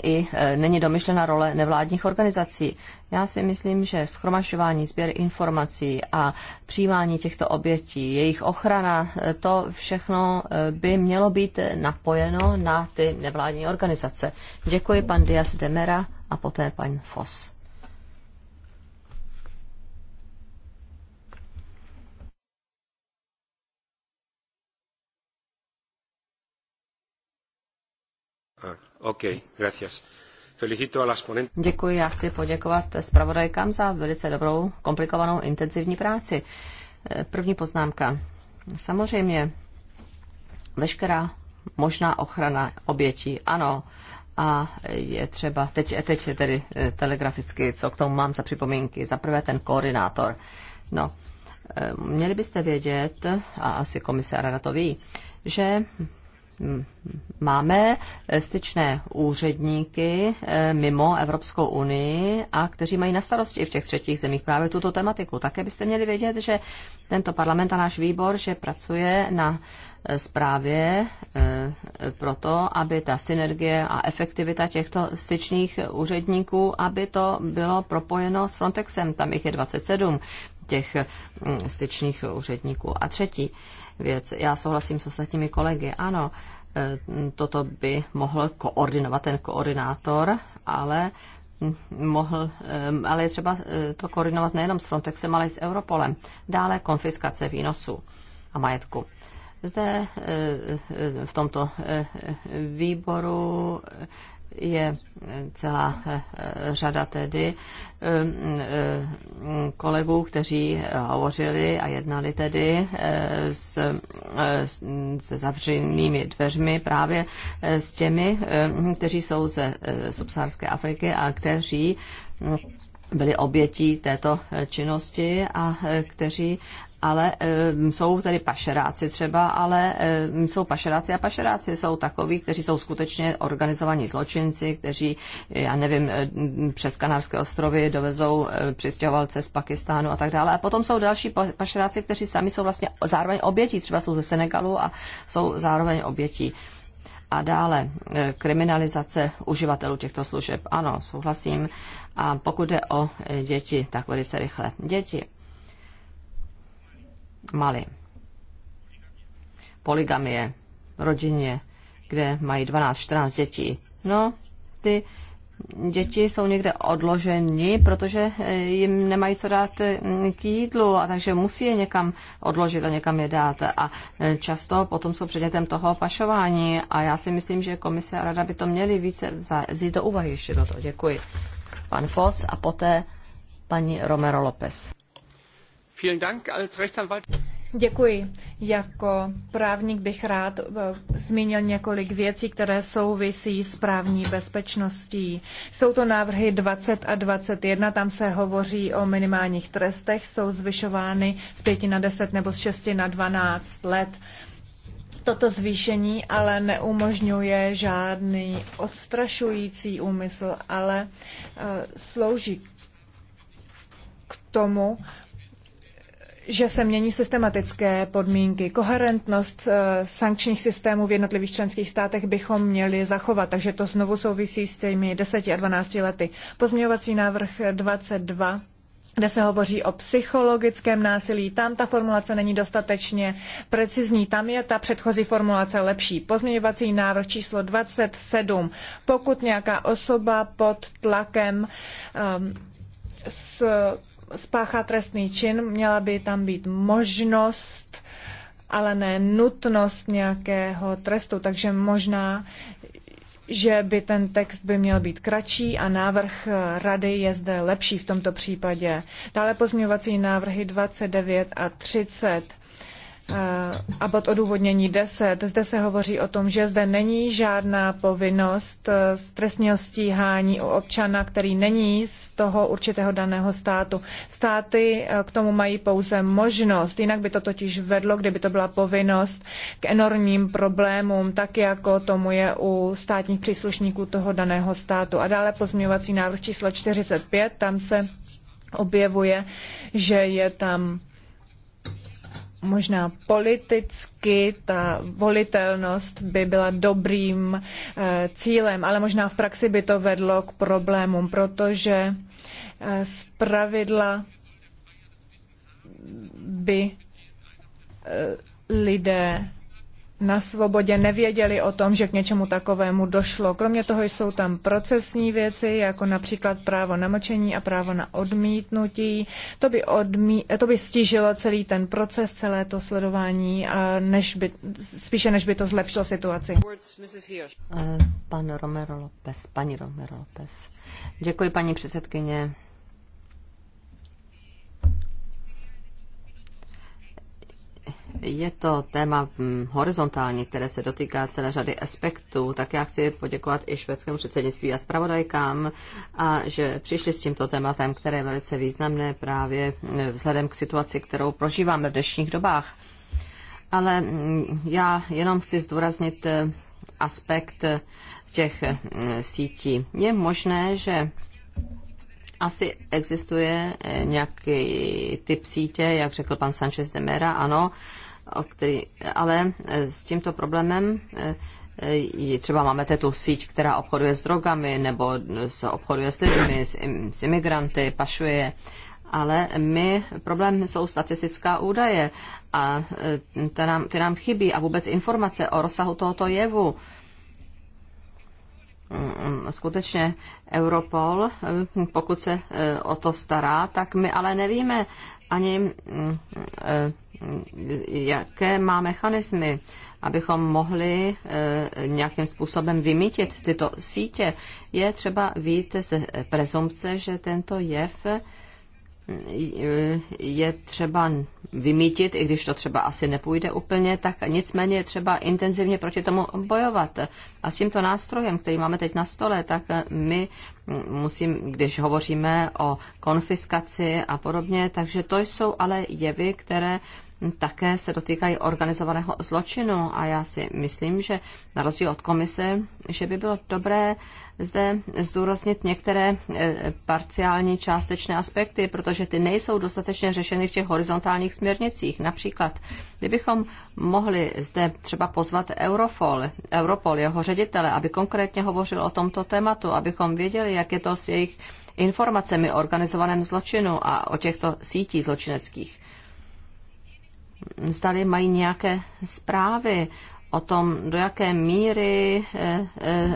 Speaker 4: I e, není domyšlena role nevládních organizací. Já si myslím, že schromažďování, sběr informací a přijímání těchto obětí, jejich ochrana, e, to všechno e, by mělo být napojeno na ty nevládní organizace. Děkuji pan Dias Demera a poté pan Foss. a Děkuji, já chci poděkovat zpravodajkám za velice dobrou, komplikovanou, intenzivní práci. Eh, první poznámka. Samozřejmě veškerá možná ochrana obětí, ano, a je třeba, teď, teď je tedy eh, telegraficky, co k tomu mám za připomínky. Za prvé ten koordinátor. No, eh, měli byste vědět, a asi komisára na to ví, že máme eh, styčné úředníky eh, mimo Evropskou unii a kteří mají na starosti i v těch třetích zemích právě tuto tematiku. Také byste měli vědět, že tento parlament a náš výbor, že pracuje na eh, zprávě proto, aby ta synergie a efektivita těchto styčných úředníků, aby to bylo propojeno s Frontexem. Tam jich je 27 těch mm, styčných úředníků. A třetí, věc. Já souhlasím s ostatními kolegy. Ano, e, toto by mohl koordinovat ten koordinátor, ale mm, mohl, e, ale je třeba e, to koordinovat nejenom s Frontexem, ale i s Europolem. Dále konfiskace výnosů a majetku. Zde v tomto výboru je celá eh, řada tedy eh, eh, kolegů, kteří hovořili a jednali tedy s, se zavřenými dveřmi právě s těmi, kteří jsou ze subsaharské Afriky a kteří mm, byli obětí této činnosti a kteří ale eh, jsou tedy pašeráci třeba, ale eh, jsou pašeráci a pašeráci jsou takoví, kteří jsou skutečně organizovaní zločinci, kteří, já nevím, eh, přes Kanárské ostrovy dovezou přistěhovalce z Pakistánu a tak dále. A potom jsou další pašeráci, kteří sami jsou vlastně zároveň obětí, třeba jsou ze Senegalu a jsou zároveň obětí. A dále kriminalizace uživatelů těchto služeb. Ano, souhlasím. A pokud jde o děti, tak velice rychle. Děti Mali. Poligamie, rodině, kde mají 12-14 dětí. No, ty děti jsou někde odloženi, protože eh, jim nemají co dát mm, k jídlu, a takže musí je někam odložit a někam je dát. A eh, často potom jsou předmětem toho pašování a já si myslím, že komise a rada by to měly více vzít do úvahy ještě do toho. Děkuji. Pan Fos a poté paní Romero López. Děkuji. Jako
Speaker 2: právník bych rád eh, zmínil několik věcí, které souvisí s právní bezpečností. Jsou to návrhy 20 a 21, tam se hovoří o minimálních trestech, jsou zvyšovány z 5 na 10 nebo z 6 na 12 let. Toto zvýšení ale neumožňuje žádný odstrašující úmysl, ale eh, slouží k tomu, že se mění systematické podmínky. Koherentnost eh, sankčních systémů v jednotlivých členských státech bychom měli zachovat, takže to znovu souvisí s těmi 10 a 12 lety. Pozměňovací návrh 22 kde se hovoří o psychologickém násilí. Tam ta formulace není dostatečně precizní, tam je ta předchozí formulace lepší. Pozměňovací návrh číslo 27. Pokud nějaká osoba pod tlakem um, s spáchá trestný čin, měla by tam být možnost, ale ne nutnost nějakého trestu. Takže možná, že by ten text by měl být kratší a návrh rady je zde lepší v tomto případě. Dále pozměňovací návrhy 29 a 30. Eh, a bod odůvodnění 10. Zde se hovoří o tom, že zde není žádná povinnost eh, z trestního stíhání u občana, který není z toho určitého daného státu. Státy eh, k tomu mají pouze možnost, jinak by to totiž vedlo, kdyby to byla povinnost, k enormním problémům, tak jako tomu je u státních příslušníků toho daného státu. A dále pozměňovací návrh číslo 45, tam se objevuje, že je tam možná politicky ta volitelnost by byla dobrým eh, cílem, ale možná v praxi by to vedlo k problémům, protože eh, z pravidla by eh, lidé na svobodě nevěděli o tom, že k něčemu takovému došlo. Kromě toho jsou tam procesní věci, jako například právo na mlčení a právo na odmítnutí. To by, odmí, to by stížilo celý ten proces, celé to sledování, a
Speaker 4: než by, spíše než by to zlepšilo situaci. Eh, pan Romero López, paní Romero López. Děkuji, paní předsedkyně. je to téma mm, horizontální, které se dotýká celé řady aspektů, tak já chci poděkovat i švédskému předsednictví a zpravodajkám, a že přišli s tímto tématem, které je velice významné právě mm, vzhledem k situaci, kterou prožíváme v dnešních dobách. Ale mm, já jenom chci zdůraznit eh, aspekt eh, těch eh, sítí. Je možné, že asi existuje nějaký typ sítě, jak řekl pan Sanchez de Mera, ano, o který, ale eh, s tímto problémem eh, eh, třeba máme tu síť, která obchoduje s drogami nebo se obchoduje s lidmi, s, s imigranty, pašuje ale my, problém jsou statistická údaje a ty nám, ty nám chybí a vůbec informace o rozsahu tohoto jevu. Mm, mm, skutečně Europol, pokud se o to stará, tak my ale nevíme ani mm, jaké má mechanismy, abychom mohli eh, nějakým způsobem vymítit tyto sítě. Je třeba vít z prezumce, že tento jev eh, je třeba vymítit, i když to třeba asi nepůjde úplně, tak nicméně je třeba intenzivně proti tomu bojovat. A s tímto nástrojem, který máme teď na stole, tak my musím, když hovoříme o konfiskaci a podobně, takže to jsou ale jevy, které také se dotýkají organizovaného zločinu a já si myslím, že na rozdíl od komise, že by bylo dobré zde zdůraznit některé e, parciální částečné aspekty, protože ty nejsou dostatečně řešeny v těch horizontálních směrnicích. Například, kdybychom mohli zde třeba pozvat Europol, Europol jeho ředitele, aby konkrétně hovořil o tomto tématu, abychom věděli, jak je to s jejich informacemi o organizovaném zločinu a o těchto sítí zločineckých zdali mají nějaké zprávy o tom, do jaké míry eh, eh,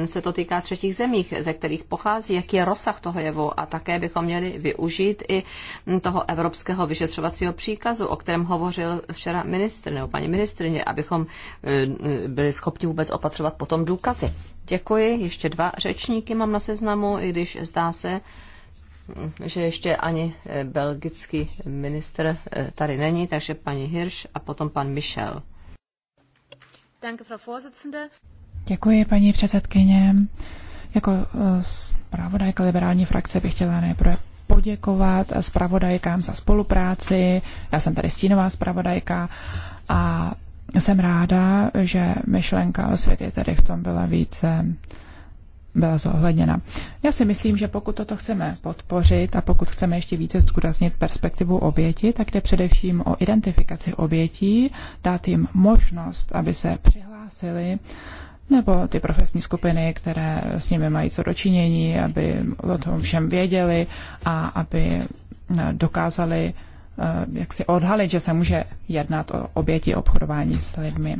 Speaker 4: eh, se to týká třetích zemích, ze kterých pochází, jaký je rozsah toho jevu. A také bychom měli využít i toho evropského vyšetřovacího příkazu, o kterém hovořil včera ministr nebo paní ministrině, abychom byli schopni vůbec opatřovat potom důkazy. Děkuji. Ještě dva řečníky mám na seznamu, i když zdá se, že ještě ani eh, belgický minister eh, tady není, takže paní Hirsch a potom pan Michel. Děkuji,
Speaker 3: paní předsedkyně. Jako eh, zpravodajka liberální frakce bych chtěla nejprve poděkovat zpravodajkám za spolupráci. Já jsem tady stínová zpravodajka a jsem ráda, že myšlenka o světě tady v tom byla více byla zohledněna. Já si myslím, že pokud toto chceme podpořit a pokud chceme ještě více zdůraznit perspektivu oběti, tak jde především o identifikaci obětí, dát jim možnost, aby se přihlásili nebo ty profesní skupiny, které s nimi mají co dočinění, aby o tom všem věděli a aby eh, dokázali eh, jak si odhalit, že se může jednat o oběti obchodování s lidmi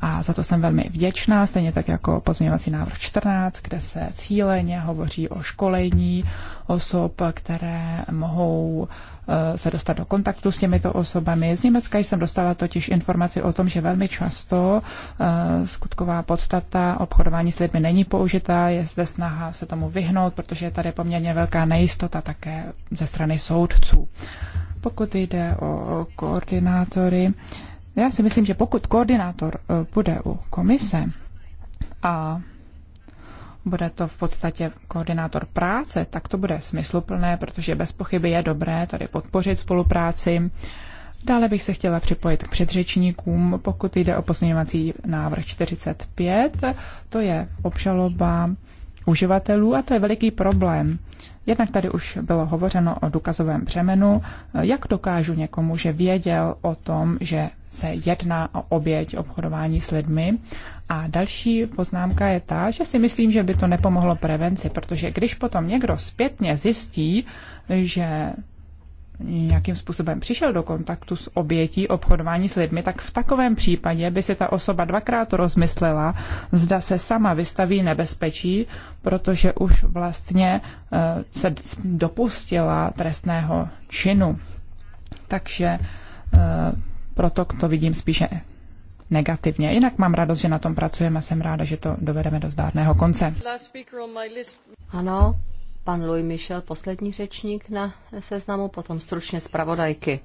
Speaker 3: a za to jsem velmi vděčná, stejně tak jako pozměňovací návrh 14, kde se cíleně hovoří o školení osob, které mohou eh, se dostat do kontaktu s těmito osobami. Z Německa jsem dostala totiž informaci o tom, že velmi často eh, skutková podstata obchodování s lidmi není použitá, je zde snaha se tomu vyhnout, protože je tady poměrně velká nejistota také ze strany soudců. Pokud jde o koordinátory, já si myslím, že pokud koordinátor eh, bude u komise a bude to v podstatě koordinátor práce, tak to bude smysluplné, protože bez pochyby je dobré tady podpořit spolupráci. Dále bych se chtěla připojit k předřečníkům, pokud jde o pozměňovací návrh 45. To je obžaloba uživatelů a to je veliký problém. Jednak tady už bylo hovořeno o důkazovém břemenu. Jak dokážu někomu, že věděl o tom, že se jedná o oběť obchodování s lidmi? A další poznámka je ta, že si myslím, že by to nepomohlo prevenci, protože když potom někdo zpětně zjistí, že nějakým způsobem přišel do kontaktu s obětí obchodování s lidmi, tak v takovém případě by si ta osoba dvakrát rozmyslela, zda se sama vystaví nebezpečí, protože už vlastně eh, se dopustila trestného činu. Takže eh, proto to vidím spíše negativně. Jinak mám radost, že na tom pracujeme, jsem ráda, že to dovedeme do zdárného konce.
Speaker 4: Ano, pan Louis Michel, poslední řečník na seznamu, potom stručně zpravodajky.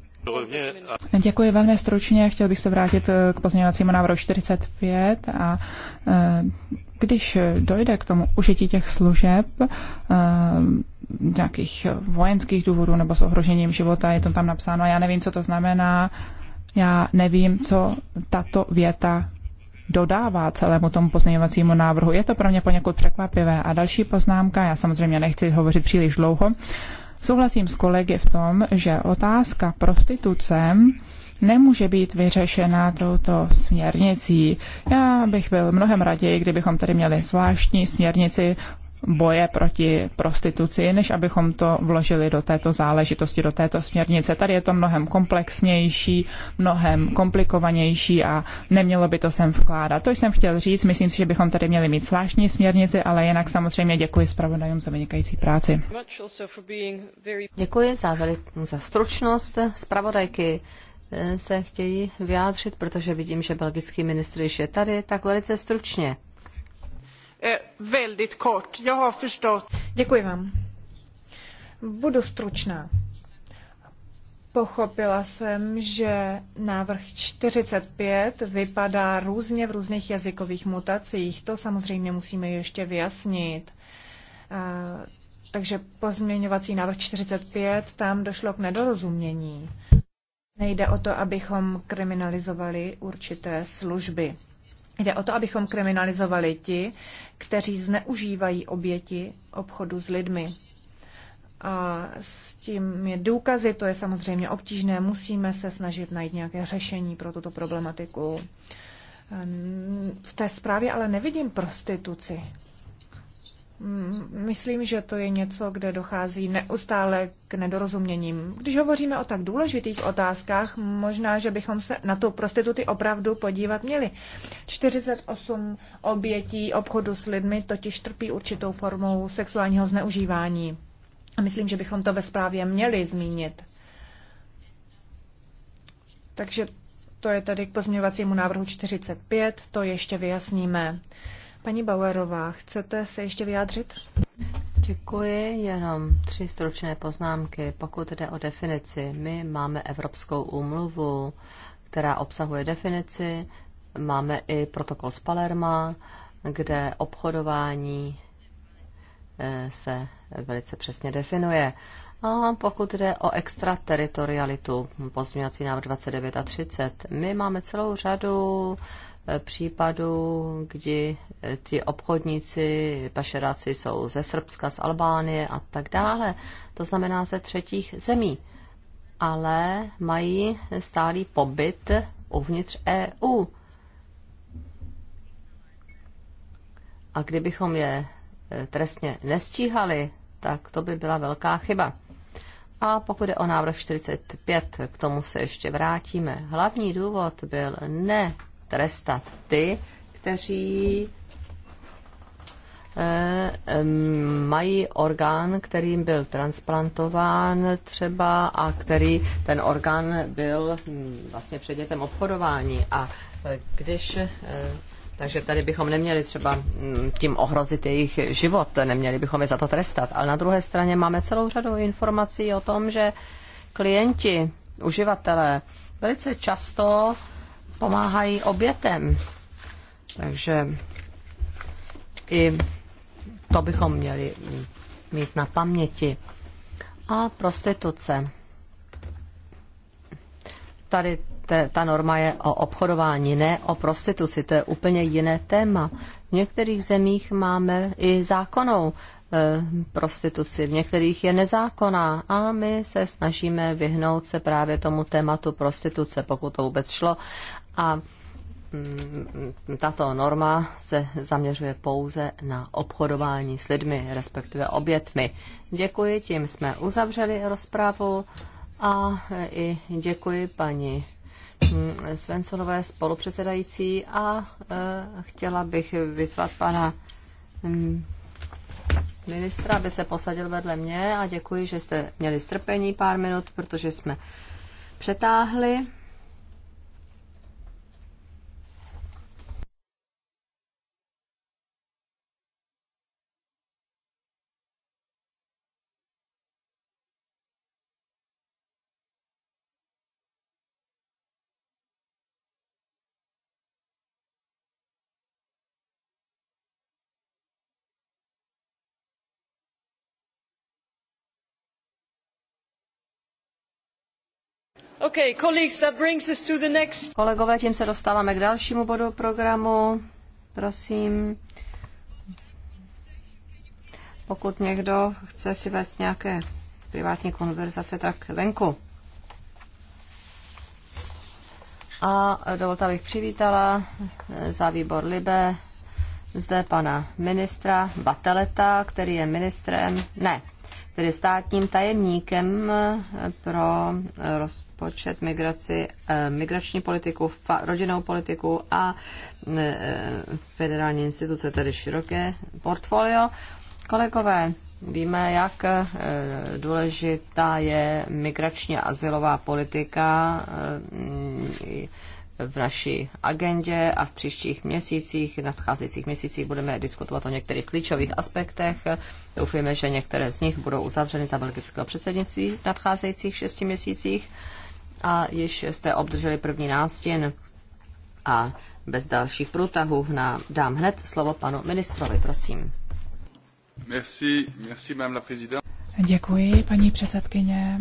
Speaker 3: Děkuji velmi stručně. Chtěl bych se vrátit eh, k pozměňovacímu návrhu 45 a eh, když dojde k tomu užití těch služeb, eh, nějakých vojenských důvodů nebo s ohrožením života, je to tam napsáno, já nevím, co to znamená, já nevím, co tato věta dodává celému tomu pozměňovacímu návrhu. Je to pro mě poněkud překvapivé. A další poznámka, já samozřejmě nechci hovořit příliš dlouho, Souhlasím s kolegy v tom, že otázka prostituce nemůže být vyřešena touto směrnicí. Já bych byl mnohem raději, kdybychom tady měli zvláštní směrnici boje proti prostituci, než abychom to vložili do této záležitosti, do této směrnice. Tady je to mnohem komplexnější, mnohem komplikovanější a nemělo by to sem vkládat. To jsem chtěl říct, myslím si, že bychom tady měli mít zvláštní směrnici, ale jinak samozřejmě děkuji zpravodajům za vynikající práci.
Speaker 4: Děkuji za, velik, za stručnost zpravodajky eh, se chtějí vyjádřit, protože vidím, že belgický ministr již je tady, tak velice stručně.
Speaker 2: Eh, Děkuji vám. Budu stručná. Pochopila jsem, že návrh 45 vypadá různě v různých jazykových mutacích. To samozřejmě musíme ještě vyjasnit. Eh, takže pozměňovací návrh 45, tam došlo k nedorozumění. Nejde o to, abychom kriminalizovali určité služby. Jde o to, abychom kriminalizovali ti, kteří zneužívají oběti obchodu s lidmi. A s tím je důkazy, to je samozřejmě obtížné, musíme se snažit najít nějaké řešení pro tuto problematiku. V té zprávě ale nevidím prostituci. Mm, myslím, že to je něco, kde dochází neustále k nedorozuměním. Když hovoříme o tak důležitých otázkách, možná, že bychom se na tu prostituty opravdu podívat měli. 48 obětí obchodu s lidmi totiž trpí určitou formou sexuálního zneužívání. A myslím, že bychom to ve zprávě měli zmínit. Takže to je tady k pozměňovacímu návrhu 45, to ještě vyjasníme. Paní Bauerová, chcete se
Speaker 4: ještě vyjádřit? Děkuji, jenom tři stručné poznámky. Pokud jde o definici, my máme Evropskou úmluvu, která obsahuje definici, máme i protokol z Palerma, kde obchodování eh, se velice přesně definuje. A pokud jde o extrateritorialitu, pozměňovací návrh 29 a 30, my máme celou řadu Eh, případů, kdy eh, ti obchodníci, pašeráci jsou ze Srbska, z Albánie a tak dále, to znamená ze třetích zemí, ale mají stálý pobyt uvnitř EU. A kdybychom je eh, trestně nestíhali, tak to by byla velká chyba. A pokud je o návrh 45, k tomu se ještě vrátíme. Hlavní důvod byl ne trestat ty, kteří eh, mají orgán, kterým byl transplantován třeba a který ten orgán byl hm, vlastně předmětem obchodování. A eh, když eh, takže tady bychom neměli třeba hm, tím ohrozit jejich život, neměli bychom je za to trestat. Ale na druhé straně máme celou řadu informací o tom, že klienti, uživatelé velice často pomáhají obětem. Takže i to bychom měli mít na paměti. A prostituce. Tady te, ta norma je o obchodování, ne o prostituci. To je úplně jiné téma. V některých zemích máme i zákonou e, prostituci, v některých je nezákonná a my se snažíme vyhnout se právě tomu tématu prostituce, pokud to vůbec šlo a mm, tato norma se zaměřuje pouze na obchodování s lidmi, respektive obětmi. Děkuji, tím jsme uzavřeli rozprávu a i děkuji paní mm, Svensonové spolupředsedající a e, chtěla bych vyzvat pana mm, ministra, aby se posadil vedle mě a děkuji, že jste měli strpení pár minut, protože jsme přetáhli. Kolegové, tím se dostáváme k dalšímu bodu programu. Prosím, pokud někdo chce si vést nějaké privátní konverzace, tak venku. A dovolte, abych přivítala za výbor Libe zde pana ministra Bateleta, který je ministrem, ne, tedy státním tajemníkem eh, pro rozpočet migraci, eh, migrační politiku, rodinnou politiku a eh, federální instituce, tedy široké portfolio. Kolegové, víme, jak důležitá je migrační a asilová politika v naší agendě a v příštích měsících, nadcházejících měsících budeme diskutovat o některých klíčových aspektech. Doufujeme, že některé z nich budou uzavřeny za belgického předsednictví v nadcházejících šesti měsících a již jste obdrželi první nástěn a bez dalších průtahů na, dám hned slovo panu ministrovi, prosím. Merci, merci, mám la Děkuji, paní předsedkyně.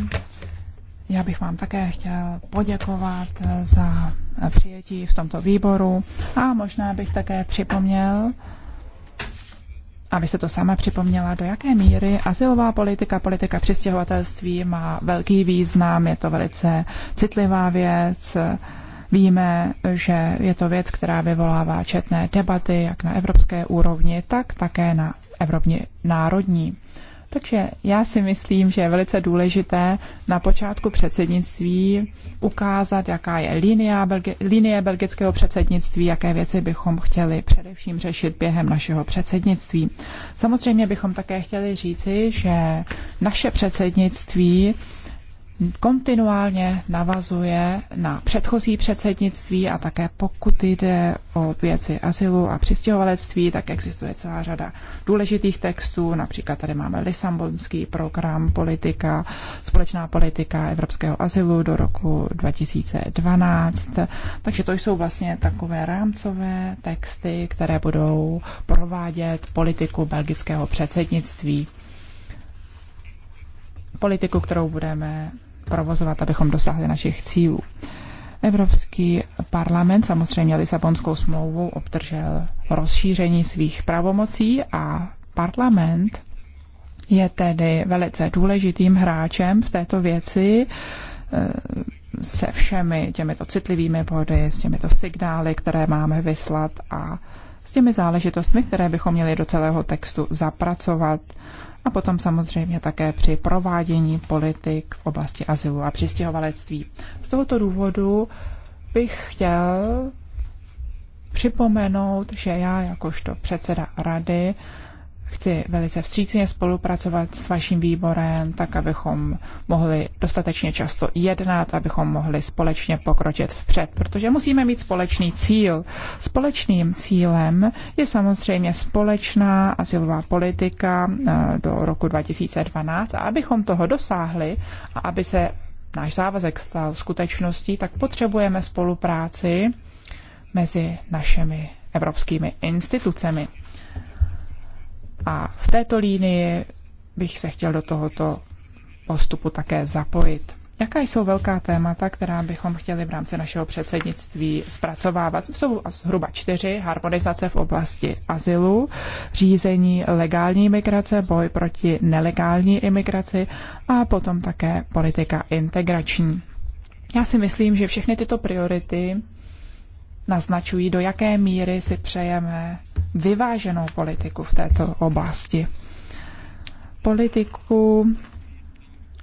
Speaker 3: Já bych vám také chtěl poděkovat za přijetí v tomto výboru. A možná bych také připomněl, aby se to sama připomněla, do jaké míry asilová politika, politika přistěhovatelství má velký význam, je to velice citlivá věc. Víme, že je to věc, která vyvolává četné debaty jak na evropské úrovni, tak také na evropně národní. Takže já si myslím, že je velice důležité na počátku předsednictví ukázat, jaká je linie, Belgi- linie belgického předsednictví, jaké věci bychom chtěli především řešit během našeho předsednictví. Samozřejmě bychom také chtěli říci, že naše předsednictví kontinuálně navazuje na předchozí předsednictví a také pokud jde o věci asilu a přistěhovalectví, tak existuje celá řada důležitých textů. Například tady máme Lisabonský program politika, společná politika evropského asilu do roku 2012. Takže to jsou vlastně takové rámcové texty, které budou provádět politiku belgického předsednictví. Politiku, kterou budeme provozovat, abychom dosáhli našich cílů. Evropský parlament samozřejmě Lisabonskou smlouvou obdržel rozšíření svých pravomocí a parlament je tedy velice důležitým hráčem v této věci eh, se všemi těmito citlivými body, s těmito signály, které máme vyslat a s těmi záležitostmi, které bychom měli do celého textu zapracovat a potom samozřejmě také při provádění politik v oblasti azylu a přistěhovalectví. Z tohoto důvodu bych chtěl připomenout, že já jakožto předseda rady chci velice vstřícně spolupracovat s vaším výborem, tak abychom mohli dostatečně často jednat, abychom mohli společně pokročit vpřed, protože musíme mít společný cíl. Společným cílem je samozřejmě společná asilová politika eh, do roku 2012 a abychom toho dosáhli a aby se náš závazek stal skutečností, tak potřebujeme spolupráci mezi našimi evropskými institucemi. A v této línii bych se chtěl do tohoto postupu také zapojit. Jaká jsou velká témata, která bychom chtěli v rámci našeho předsednictví zpracovávat? Jsou zhruba čtyři. Harmonizace v oblasti azylu, řízení legální imigrace, boj proti nelegální imigraci a potom také politika integrační. Já si myslím, že všechny tyto priority naznačují, do jaké míry si přejeme vyváženou politiku v této oblasti. Politiku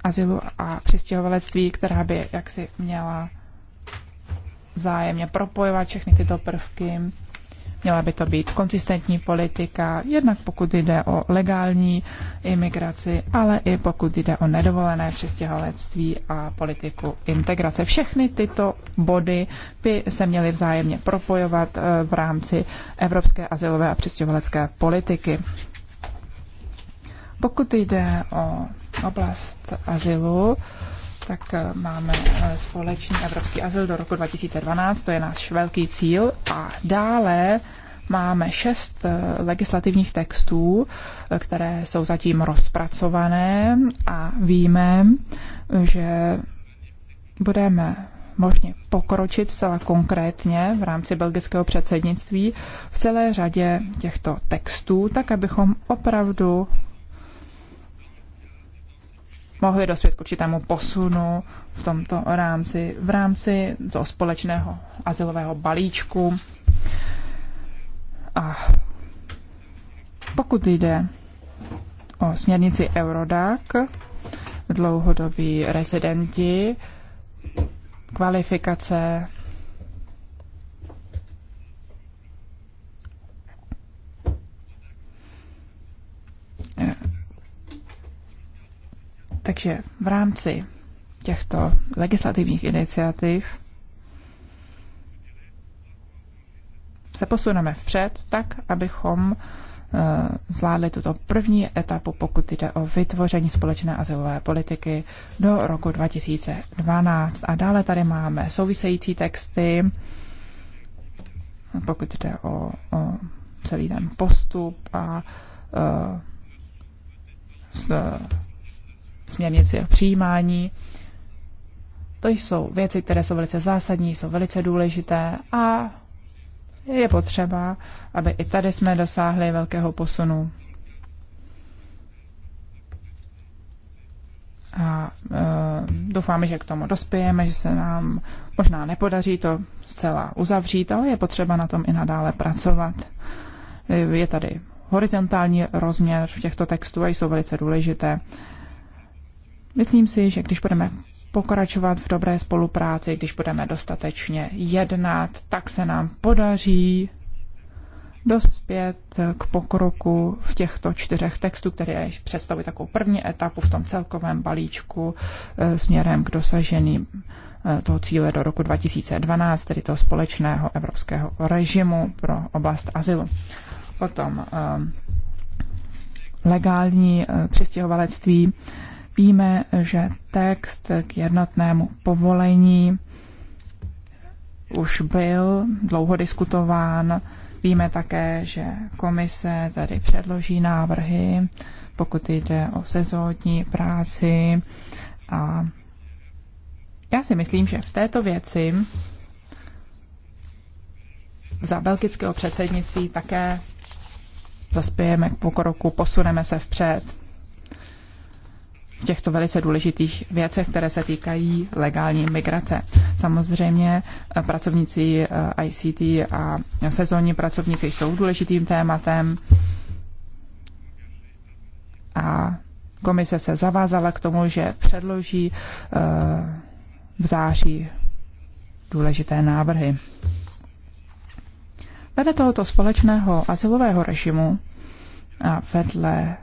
Speaker 3: azylu a přistěhovalectví, která by jaksi měla vzájemně propojovat všechny tyto prvky Měla by to být konzistentní politika, jednak pokud jde o legální imigraci, ale i pokud jde o nedovolené přistěhovalectví a politiku integrace. Všechny tyto body by se měly vzájemně propojovat eh, v rámci evropské asilové a přistěhovalecké politiky. Pokud jde o oblast azylu, tak eh, máme eh, společný evropský azyl do roku 2012, to je náš velký cíl. A dále máme šest eh, legislativních textů, které jsou zatím rozpracované a víme, že budeme možně pokročit zcela konkrétně v rámci belgického předsednictví v celé řadě těchto textů, tak abychom opravdu mohli dospět k určitému posunu v tomto rámci, v rámci toho společného asilového balíčku. A pokud jde o směrnici Eurodac, dlouhodobí rezidenti, kvalifikace, takže v rámci těchto legislativních iniciativ se posuneme vpřed tak, abychom eh, zvládli tuto první etapu, pokud jde o vytvoření společné azylové politiky do roku 2012. A dále tady máme související texty, pokud jde o, o celý ten postup a uh, směrnici o přijímání. To jsou věci, které jsou velice zásadní, jsou velice důležité a je potřeba, aby i tady jsme dosáhli velkého posunu. A e, doufáme, že k tomu dospějeme, že se nám možná nepodaří to zcela uzavřít, ale je potřeba na tom i nadále pracovat. E, je tady horizontální rozměr těchto textů a jsou velice důležité. Myslím si, že když budeme pokračovat v dobré spolupráci, když budeme dostatečně jednat, tak se nám podaří dospět k pokroku v těchto čtyřech textů, které představují takovou první etapu v tom celkovém balíčku eh, směrem k dosažení eh, toho cíle do roku 2012, tedy toho společného evropského režimu pro oblast azylu. Potom eh, legální přistěhovalectví. Víme, že text k jednotnému povolení už byl dlouho diskutován. Víme také, že komise tady předloží návrhy, pokud jde o sezónní práci. A já si myslím, že v této věci za belgického předsednictví také zaspějeme k pokroku, posuneme se vpřed v těchto velice důležitých věcech, které se týkají legální migrace. Samozřejmě eh, pracovníci eh, ICT a sezónní pracovníci jsou důležitým tématem a komise se zavázala k tomu, že předloží eh, v září důležité návrhy. Vedle tohoto společného asilového režimu a vedle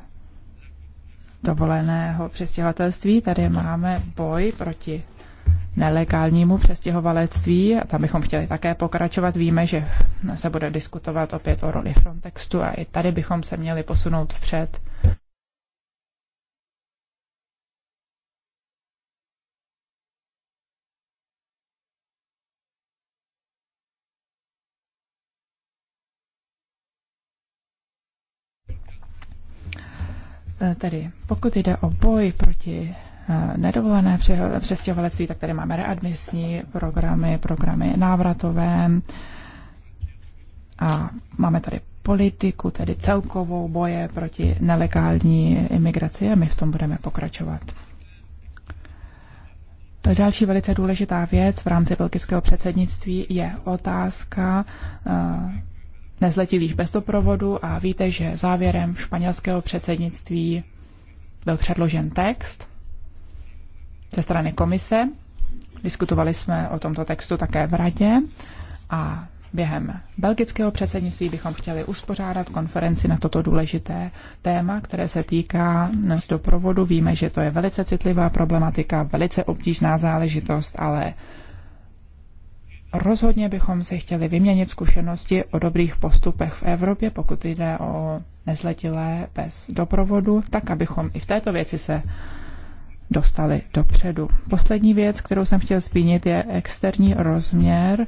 Speaker 3: dovoleného přestěhovatelství. Tady máme boj proti nelegálnímu přestěhovalectví. Tam bychom chtěli také pokračovat. Víme, že se bude diskutovat opět o roli Frontextu a i tady bychom se měli posunout vpřed. Eh, tedy pokud jde o boj proti eh, nedovolené přestěhovalectví, tak tady máme readmisní programy, programy návratové a máme tady politiku, tedy celkovou boje proti nelegální imigraci a my v tom budeme pokračovat. další velice důležitá věc v rámci belgického předsednictví je otázka eh, nezletilých bez doprovodu a víte, že závěrem španělského předsednictví byl předložen text ze strany komise. Diskutovali jsme o tomto textu také v radě a během belgického předsednictví bychom chtěli uspořádat konferenci na toto důležité téma, které se týká z doprovodu. Víme, že to je velice citlivá problematika, velice obtížná záležitost, ale Rozhodně bychom si chtěli vyměnit zkušenosti o dobrých postupech v Evropě, pokud jde o nezletilé bez doprovodu, tak abychom i v této věci se dostali dopředu. Poslední věc, kterou jsem chtěl zmínit, je externí rozměr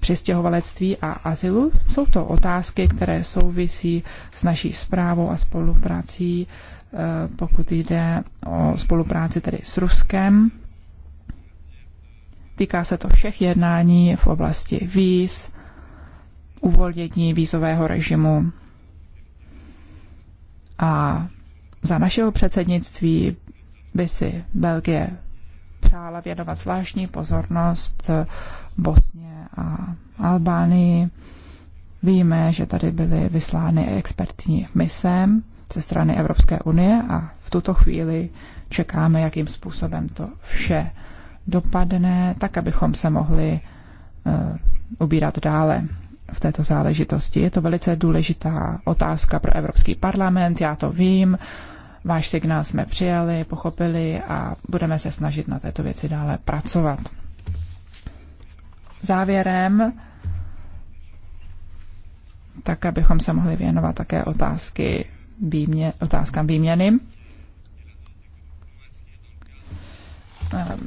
Speaker 3: přistěhovalectví a azylu. Jsou to otázky, které souvisí s naší zprávou a spoluprací, eh, pokud jde o spolupráci tedy s Ruskem. Týká se to všech jednání v oblasti víz, uvolnění vízového režimu. A za našeho předsednictví by si Belgie přála věnovat zvláštní pozornost Bosně a Albánii. Víme, že tady byly vyslány expertní mise ze strany Evropské unie a v tuto chvíli čekáme, jakým způsobem to vše dopadne, tak abychom se mohli uh, ubírat dále v této záležitosti. Je to velice důležitá otázka pro Evropský parlament, já to vím. Váš signál jsme přijali, pochopili a budeme se snažit na této věci dále pracovat. Závěrem, tak abychom se mohli věnovat také otázky výmě, otázkám výměny.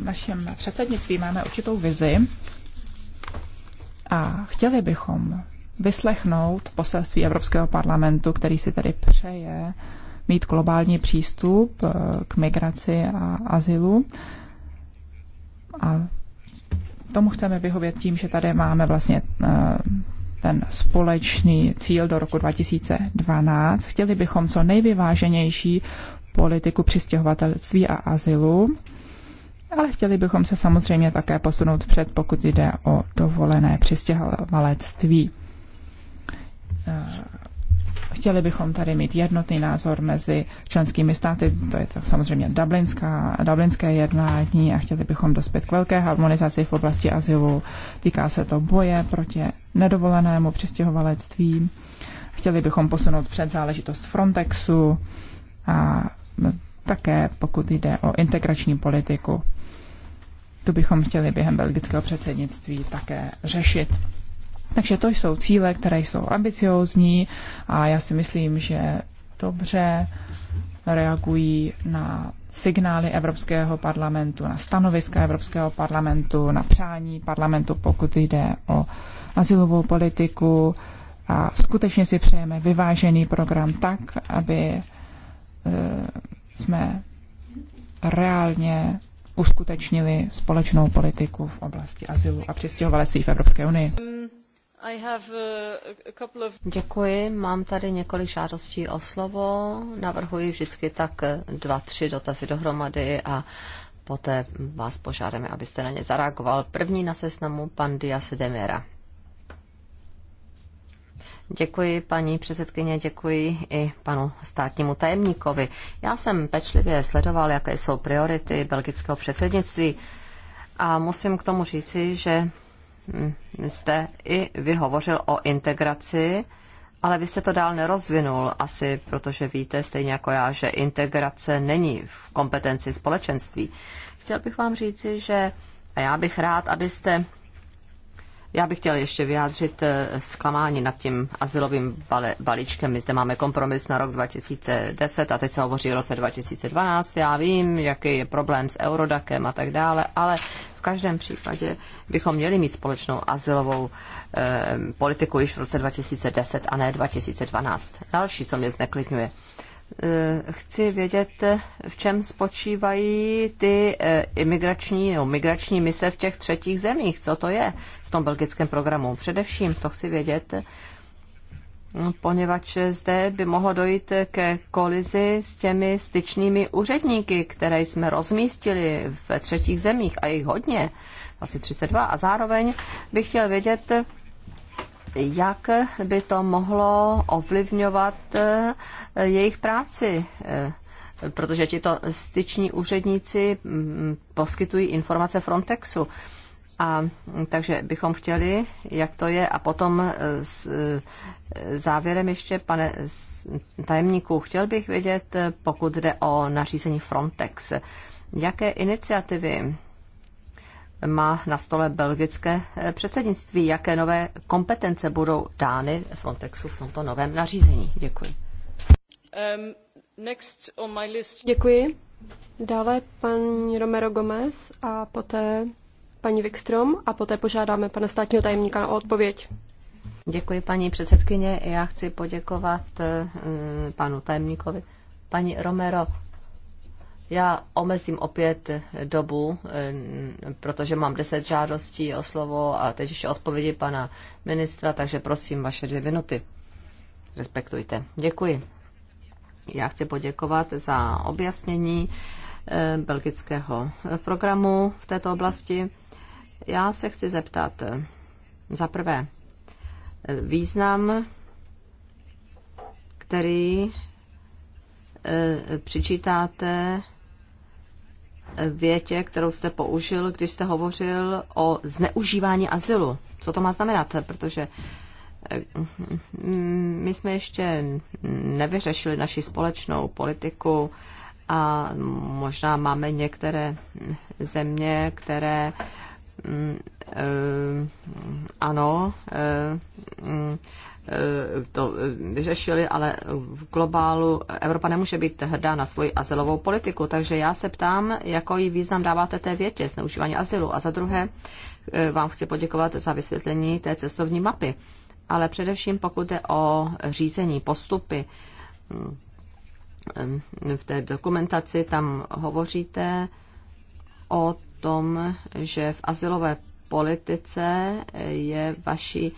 Speaker 3: našem eh, předsednictví máme určitou vizi a chtěli bychom vyslechnout poselství Evropského parlamentu, který si tedy přeje mít globální přístup eh, k migraci a azylu. A tomu chceme vyhovět tím, že tady máme vlastně eh, ten společný cíl do roku 2012. Chtěli bychom co nejvyváženější politiku přistěhovatelství a azylu ale chtěli bychom se samozřejmě také posunout před, pokud jde o dovolené přistěhovalectví. Eh, chtěli bychom tady mít jednotný názor mezi členskými státy, to je to samozřejmě dublinská, dublinské jednání a chtěli bychom dospět k velké harmonizaci v oblasti azylu. Týká se to boje proti nedovolenému přistěhovalectví. Chtěli bychom posunout před záležitost Frontexu a také pokud jde o integrační politiku to bychom chtěli během belgického předsednictví také řešit. Takže to jsou cíle, které jsou ambiciózní a já si myslím, že dobře reagují na signály Evropského parlamentu, na stanoviska Evropského parlamentu, na přání parlamentu, pokud jde o asilovou politiku. A skutečně si přejeme vyvážený program tak, aby eh, jsme reálně uskutečnili společnou politiku v oblasti asilu a ji v Evropské unii.
Speaker 4: Um, uh, Děkuji, mám tady několik žádostí o slovo. Navrhuji vždycky tak eh, dva, tři dotazy dohromady a poté vás požádáme, abyste na ně zareagoval. První na seznamu pan Dias Demera. Děkuji paní předsedkyně, děkuji i panu státnímu tajemníkovi. Já jsem pečlivě sledoval, jaké jsou priority belgického předsednictví a musím k tomu říci, že hm, jste i vy hovořil o integraci, ale vy jste to dál nerozvinul, asi protože víte stejně jako já, že integrace není v kompetenci společenství. Chtěl bych vám říci, že a já bych rád, abyste já bych chtěl ještě vyjádřit eh, zklamání nad tím asilovým balíčkem. My zde máme kompromis na rok 2010 a teď se hovoří o roce 2012. Já vím, jaký je problém s Eurodakem a tak dále, ale v každém případě bychom měli mít společnou asilovou eh, politiku již v roce 2010 a ne 2012. Další, co mě zneklidňuje. Eh, Eh, chci vědět, v čem spočívají ty eh, imigrační nebo migrační mise v těch třetích zemích. Co to je v tom belgickém programu? Především to chci vědět, poněvadž zde by mohlo dojít ke kolizi s těmi styčnými úředníky, které jsme rozmístili ve třetích zemích a jich hodně, asi 32. A zároveň bych chtěl vědět, jak by to mohlo ovlivňovat eh, jejich práci, eh, protože ti to styční úředníci mm, poskytují informace Frontexu. A mm, takže bychom chtěli, jak to je. A potom eh, s závěrem ještě, pane tajemníku, chtěl bych vědět, pokud jde o nařízení Frontex, jaké iniciativy má na stole belgické eh, předsednictví. Jaké nové kompetence budou dány Frontexu v tomto novém nařízení? Děkuji.
Speaker 1: Um, next on my list.
Speaker 4: Děkuji. Dále pan Romero Gomez
Speaker 1: a poté paní Wikstrom a poté požádáme pana státního tajemníka o odpověď.
Speaker 4: Děkuji paní předsedkyně. Já chci poděkovat eh, mm, panu tajemníkovi. Paní Romero, já omezím opět dobu, eh, protože mám deset žádostí o slovo a teď ještě odpovědi pana ministra, takže prosím vaše dvě minuty. Respektujte. Děkuji. Já chci poděkovat za objasnění eh, belgického programu v této oblasti. Já se chci zeptat eh, za prvé význam, který přičítáte větě, kterou jste použil, když jste hovořil o zneužívání azylu. Co to má znamenat? Protože eh, my jsme ještě nevyřešili naši společnou politiku a možná máme některé země, které mm, eh, ano, eh, mm, Eh, to eh, vyřešili, ale v globálu Evropa nemůže být hrdá na svoji azylovou politiku. Takže já se ptám, jaký význam dáváte té větě zneužívání azylu. A za druhé eh, vám chci poděkovat za vysvětlení té cestovní mapy. Ale především pokud jde o řízení, postupy, mm, mm, v té dokumentaci tam hovoříte o tom, že v azylové politice je vaší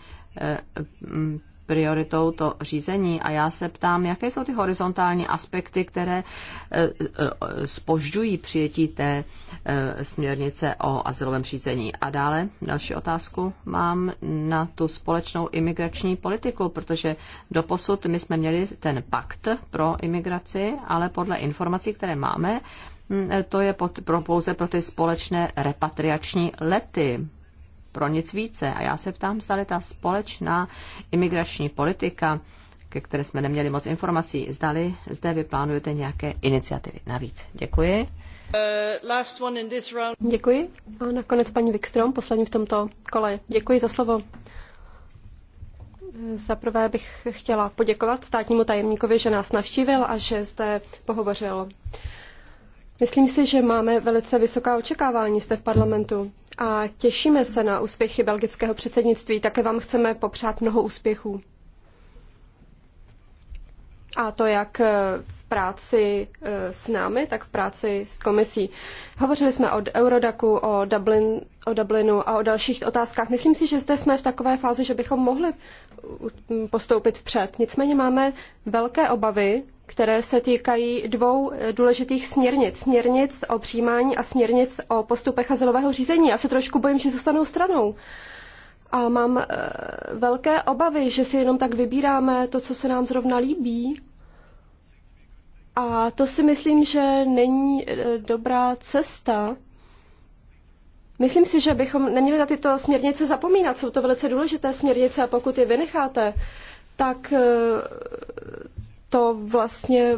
Speaker 4: mm, prioritou to řízení a já se ptám, jaké jsou ty horizontální aspekty, které eh, eh, spožďují přijetí té eh, směrnice o asilovém řízení. A dále další otázku mám na tu společnou imigrační politiku, protože doposud my jsme měli ten pakt pro imigraci, ale podle informací, které máme, hm, to je pod, pro, pouze pro ty společné repatriační lety pro nic více. A já se ptám, zda ta společná imigrační politika, ke které jsme neměli moc informací, zdali zde vy plánujete nějaké iniciativy navíc. Děkuji.
Speaker 1: Uh, Děkuji. A nakonec paní Wikström, poslední v tomto kole. Děkuji za slovo. Za prvé bych chtěla poděkovat státnímu tajemníkovi, že nás navštívil a že zde pohovořil. Uh, Myslím si, že máme velice vysoká očekávání zde v parlamentu a těšíme se na úspěchy belgického předsednictví. Také vám chceme popřát mnoho úspěchů. A to jak eh, v práci eh, s námi, tak v práci s komisí. Hovořili jsme o Eurodaku, o, Dublin, o Dublinu a o dalších otázkách. Myslím si, že zde jsme v takové fázi, že bychom mohli postoupit vpřed. Nicméně máme velké obavy které se týkají dvou eh, důležitých směrnic. Směrnic o přijímání a směrnic o postupech azylového řízení. Já se trošku bojím, že zůstanou stranou. A mám eh, velké obavy, že si jenom tak vybíráme to, co se nám zrovna líbí. A to si myslím, že není eh, dobrá cesta. Myslím si, že bychom neměli na tyto směrnice zapomínat. Jsou to velice důležité směrnice a pokud je vynecháte, tak to vlastně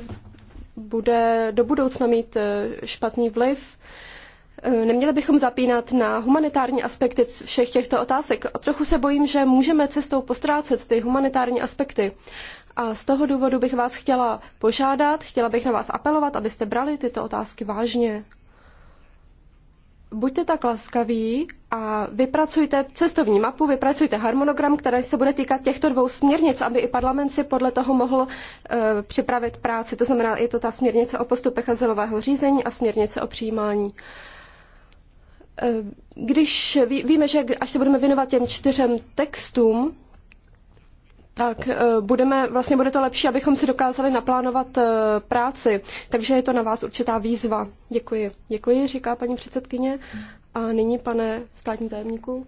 Speaker 1: bude do budoucna mít eh, špatný vliv. Eh, neměli bychom zapínat na humanitární aspekty všech těchto otázek. A trochu se bojím, že můžeme cestou postrácet ty humanitární aspekty. A z toho důvodu bych vás chtěla požádat, chtěla bych na vás apelovat, abyste brali tyto otázky vážně buďte tak laskaví a vypracujte cestovní mapu, vypracujte harmonogram, který se bude týkat těchto dvou směrnic, aby i parlament si podle toho mohl uh, připravit práci. To znamená, je to ta směrnice o postupech azylového řízení a směrnice o přijímání. E, když ví, víme, že až se budeme věnovat těm čtyřem textům, tak eh, budeme, vlastně bude to lepší, abychom si dokázali naplánovat eh, práci. Takže je to na vás určitá výzva. Děkuji. Děkuji, říká paní předsedkyně. A nyní, pane státní tajemníku.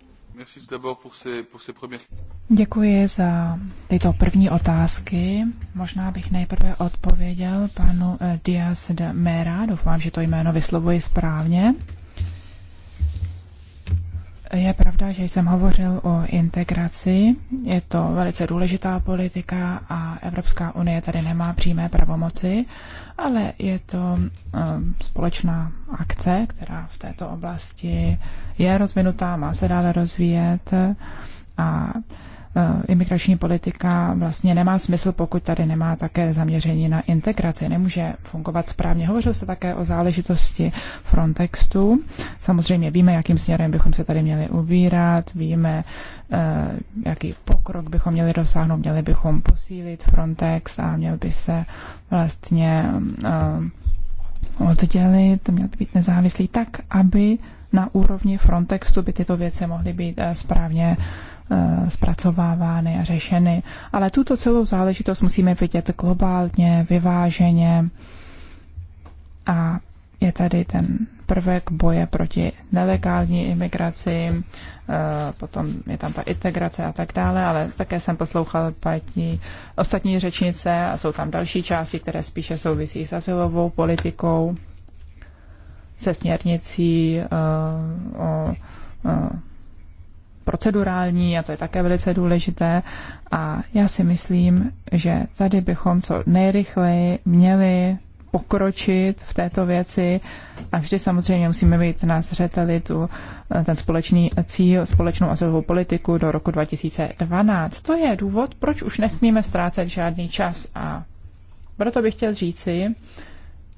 Speaker 3: Děkuji za tyto první otázky. Možná bych nejprve odpověděl panu eh, Diaz de Mera. Doufám, že to jméno vyslovuji správně. Je pravda, že jsem hovořil o integraci. Je to velice důležitá politika a Evropská unie tady nemá přímé pravomoci, ale je to ehm, společná akce, která v této oblasti je rozvinutá, má se dále rozvíjet a E, imigrační politika vlastně nemá smysl, pokud tady nemá také zaměření na integraci. Nemůže fungovat správně. Hovořil se také o záležitosti Frontextu. Samozřejmě víme, jakým směrem bychom se tady měli ubírat, víme, e, jaký pokrok bychom měli dosáhnout, měli bychom posílit Frontex a měl by se vlastně e, oddělit, měl by být nezávislý tak, aby na úrovni Frontextu by tyto věci mohly být správně Eh, zpracovávány a řešeny. Ale tuto celou záležitost musíme vidět globálně, vyváženě a je tady ten prvek boje proti nelegální imigraci, eh, potom je tam ta integrace a tak dále, ale také jsem poslouchal paní ostatní řečnice a jsou tam další části, které spíše souvisí s asilovou politikou, se směrnicí eh, o procedurální a to je také velice důležité. A já si myslím, že tady bychom co nejrychleji měli pokročit v této věci a vždy samozřejmě musíme být na zřeteli tu, eh, ten společný cíl, společnou asilovou politiku do roku 2012. To je důvod, proč už nesmíme ztrácet žádný čas a proto bych chtěl říci,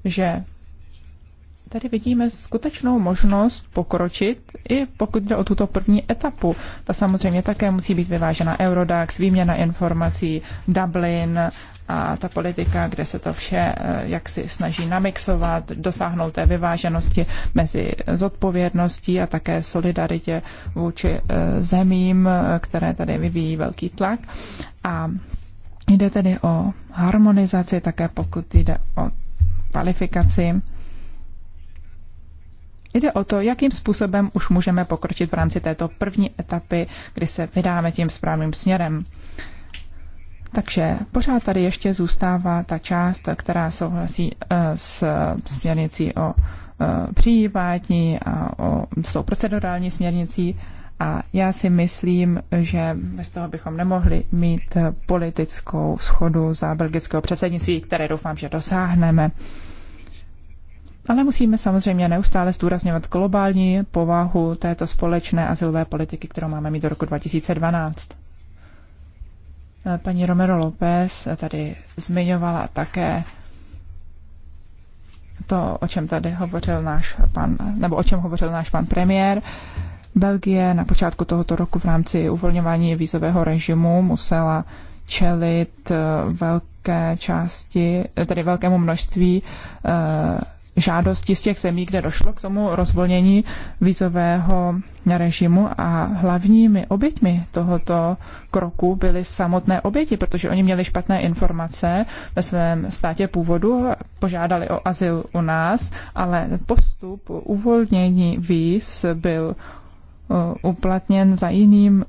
Speaker 3: že tady vidíme skutečnou možnost pokročit, i pokud jde o tuto první etapu. Ta samozřejmě také musí být vyvážena Eurodax, výměna informací, Dublin a ta politika, kde se to vše eh, jak si snaží namixovat, dosáhnout té vyváženosti mezi zodpovědností a také solidaritě vůči eh, zemím, eh, které tady vyvíjí velký tlak. A jde tedy o harmonizaci, také pokud jde o kvalifikaci Jde o to, jakým způsobem už můžeme pokročit v rámci této první etapy, kdy se vydáme tím správným směrem. Takže pořád tady ještě zůstává ta část, která souhlasí eh, s směrnicí o eh, přijímání a o, jsou procedurální směrnicí a já si myslím, že bez toho bychom nemohli mít politickou schodu za belgického předsednictví, které doufám, že dosáhneme. Ale musíme samozřejmě neustále zdůrazňovat globální povahu této společné asilové politiky, kterou máme mít do roku 2012. Eh, paní Romero López tady zmiňovala také to, o čem tady hovořil náš pan, nebo o čem hovořil náš pan premiér. Belgie na počátku tohoto roku v rámci uvolňování vízového režimu musela čelit eh, velké části, eh, tedy velkému množství žádosti z těch zemí, kde došlo k tomu rozvolnění vízového režimu a hlavními oběťmi tohoto kroku byly samotné oběti, protože oni měli špatné informace ve svém státě původu, požádali o azyl u nás, ale postup uvolnění víz byl uh, uplatněn za jiným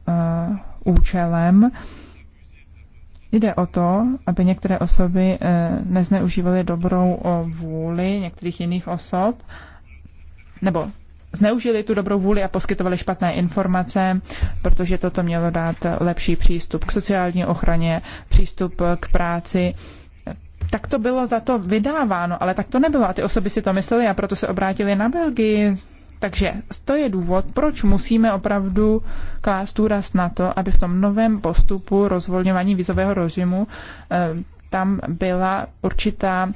Speaker 3: uh, účelem Jde o to, aby některé osoby eh, nezneužívaly dobrou vůli některých jiných osob, nebo zneužili tu dobrou vůli a poskytovali špatné informace, protože toto mělo dát lepší přístup k sociální ochraně, přístup k práci. Tak to bylo za to vydáváno, ale tak to nebylo. A ty osoby si to myslely a proto se obrátili na Belgii, takže to je důvod, proč musíme opravdu klást důraz na to, aby v tom novém postupu rozvolňování vizového režimu eh, tam byla určitá eh,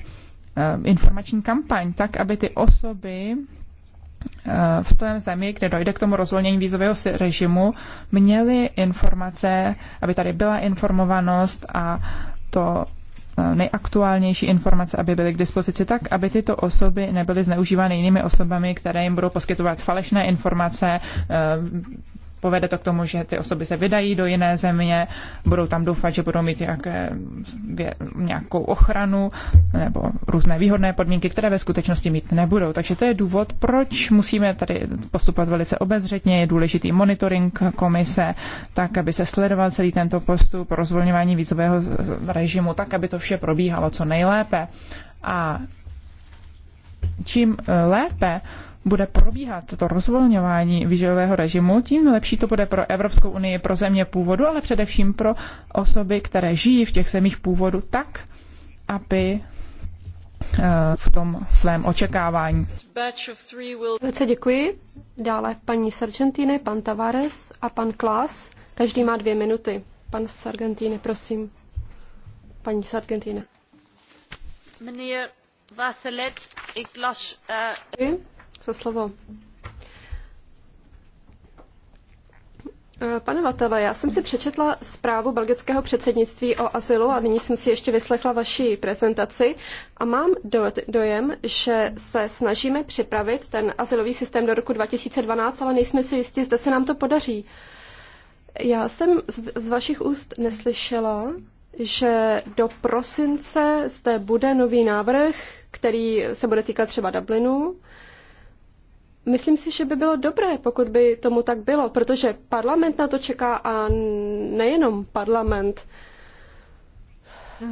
Speaker 3: informační kampaň, tak aby ty osoby eh, v tom zemi, kde dojde k tomu rozvolnění vízového režimu, měly informace, aby tady byla informovanost a to Eh, nejaktuálnější informace, aby byly k dispozici tak, aby tyto osoby nebyly zneužívány jinými osobami, které jim budou poskytovat falešné informace, eh, povede to k tomu, že ty osoby se vydají do jiné země, budou tam doufat, že budou mít nějaké, nějakou ochranu nebo různé výhodné podmínky, které ve skutečnosti mít nebudou. Takže to je důvod, proč musíme tady postupovat velice obezřetně. Je důležitý monitoring komise, tak aby se sledoval celý tento postup rozvolňování vízového režimu, tak aby to vše probíhalo co nejlépe. A čím lépe bude probíhat to rozvolňování výživového režimu, tím lepší to bude pro Evropskou unii, pro země původu, ale především pro osoby, které žijí v těch zemích původu tak, aby eh, v tom svém očekávání.
Speaker 1: Velice děkuji. Dále paní Sargentine, pan Tavares a pan Klas. Každý má dvě minuty. Pan Sargentine, prosím. Paní Sargentini.
Speaker 4: Meneer Wathelet, ik las... Uh
Speaker 1: za slovo. Eh, pane Vatele, já jsem si přečetla zprávu belgického předsednictví o asilu a nyní jsem si ještě vyslechla vaši prezentaci a mám dojem, že se snažíme připravit ten asilový systém do roku 2012, ale nejsme si jistí, zda se nám to podaří. Já jsem z, vašich úst neslyšela, že do prosince zde bude nový návrh, který se bude týkat třeba Dublinu. Myslím si, že by bylo dobré, pokud by tomu tak bylo, protože parlament na to čeká a nejenom parlament. Eh,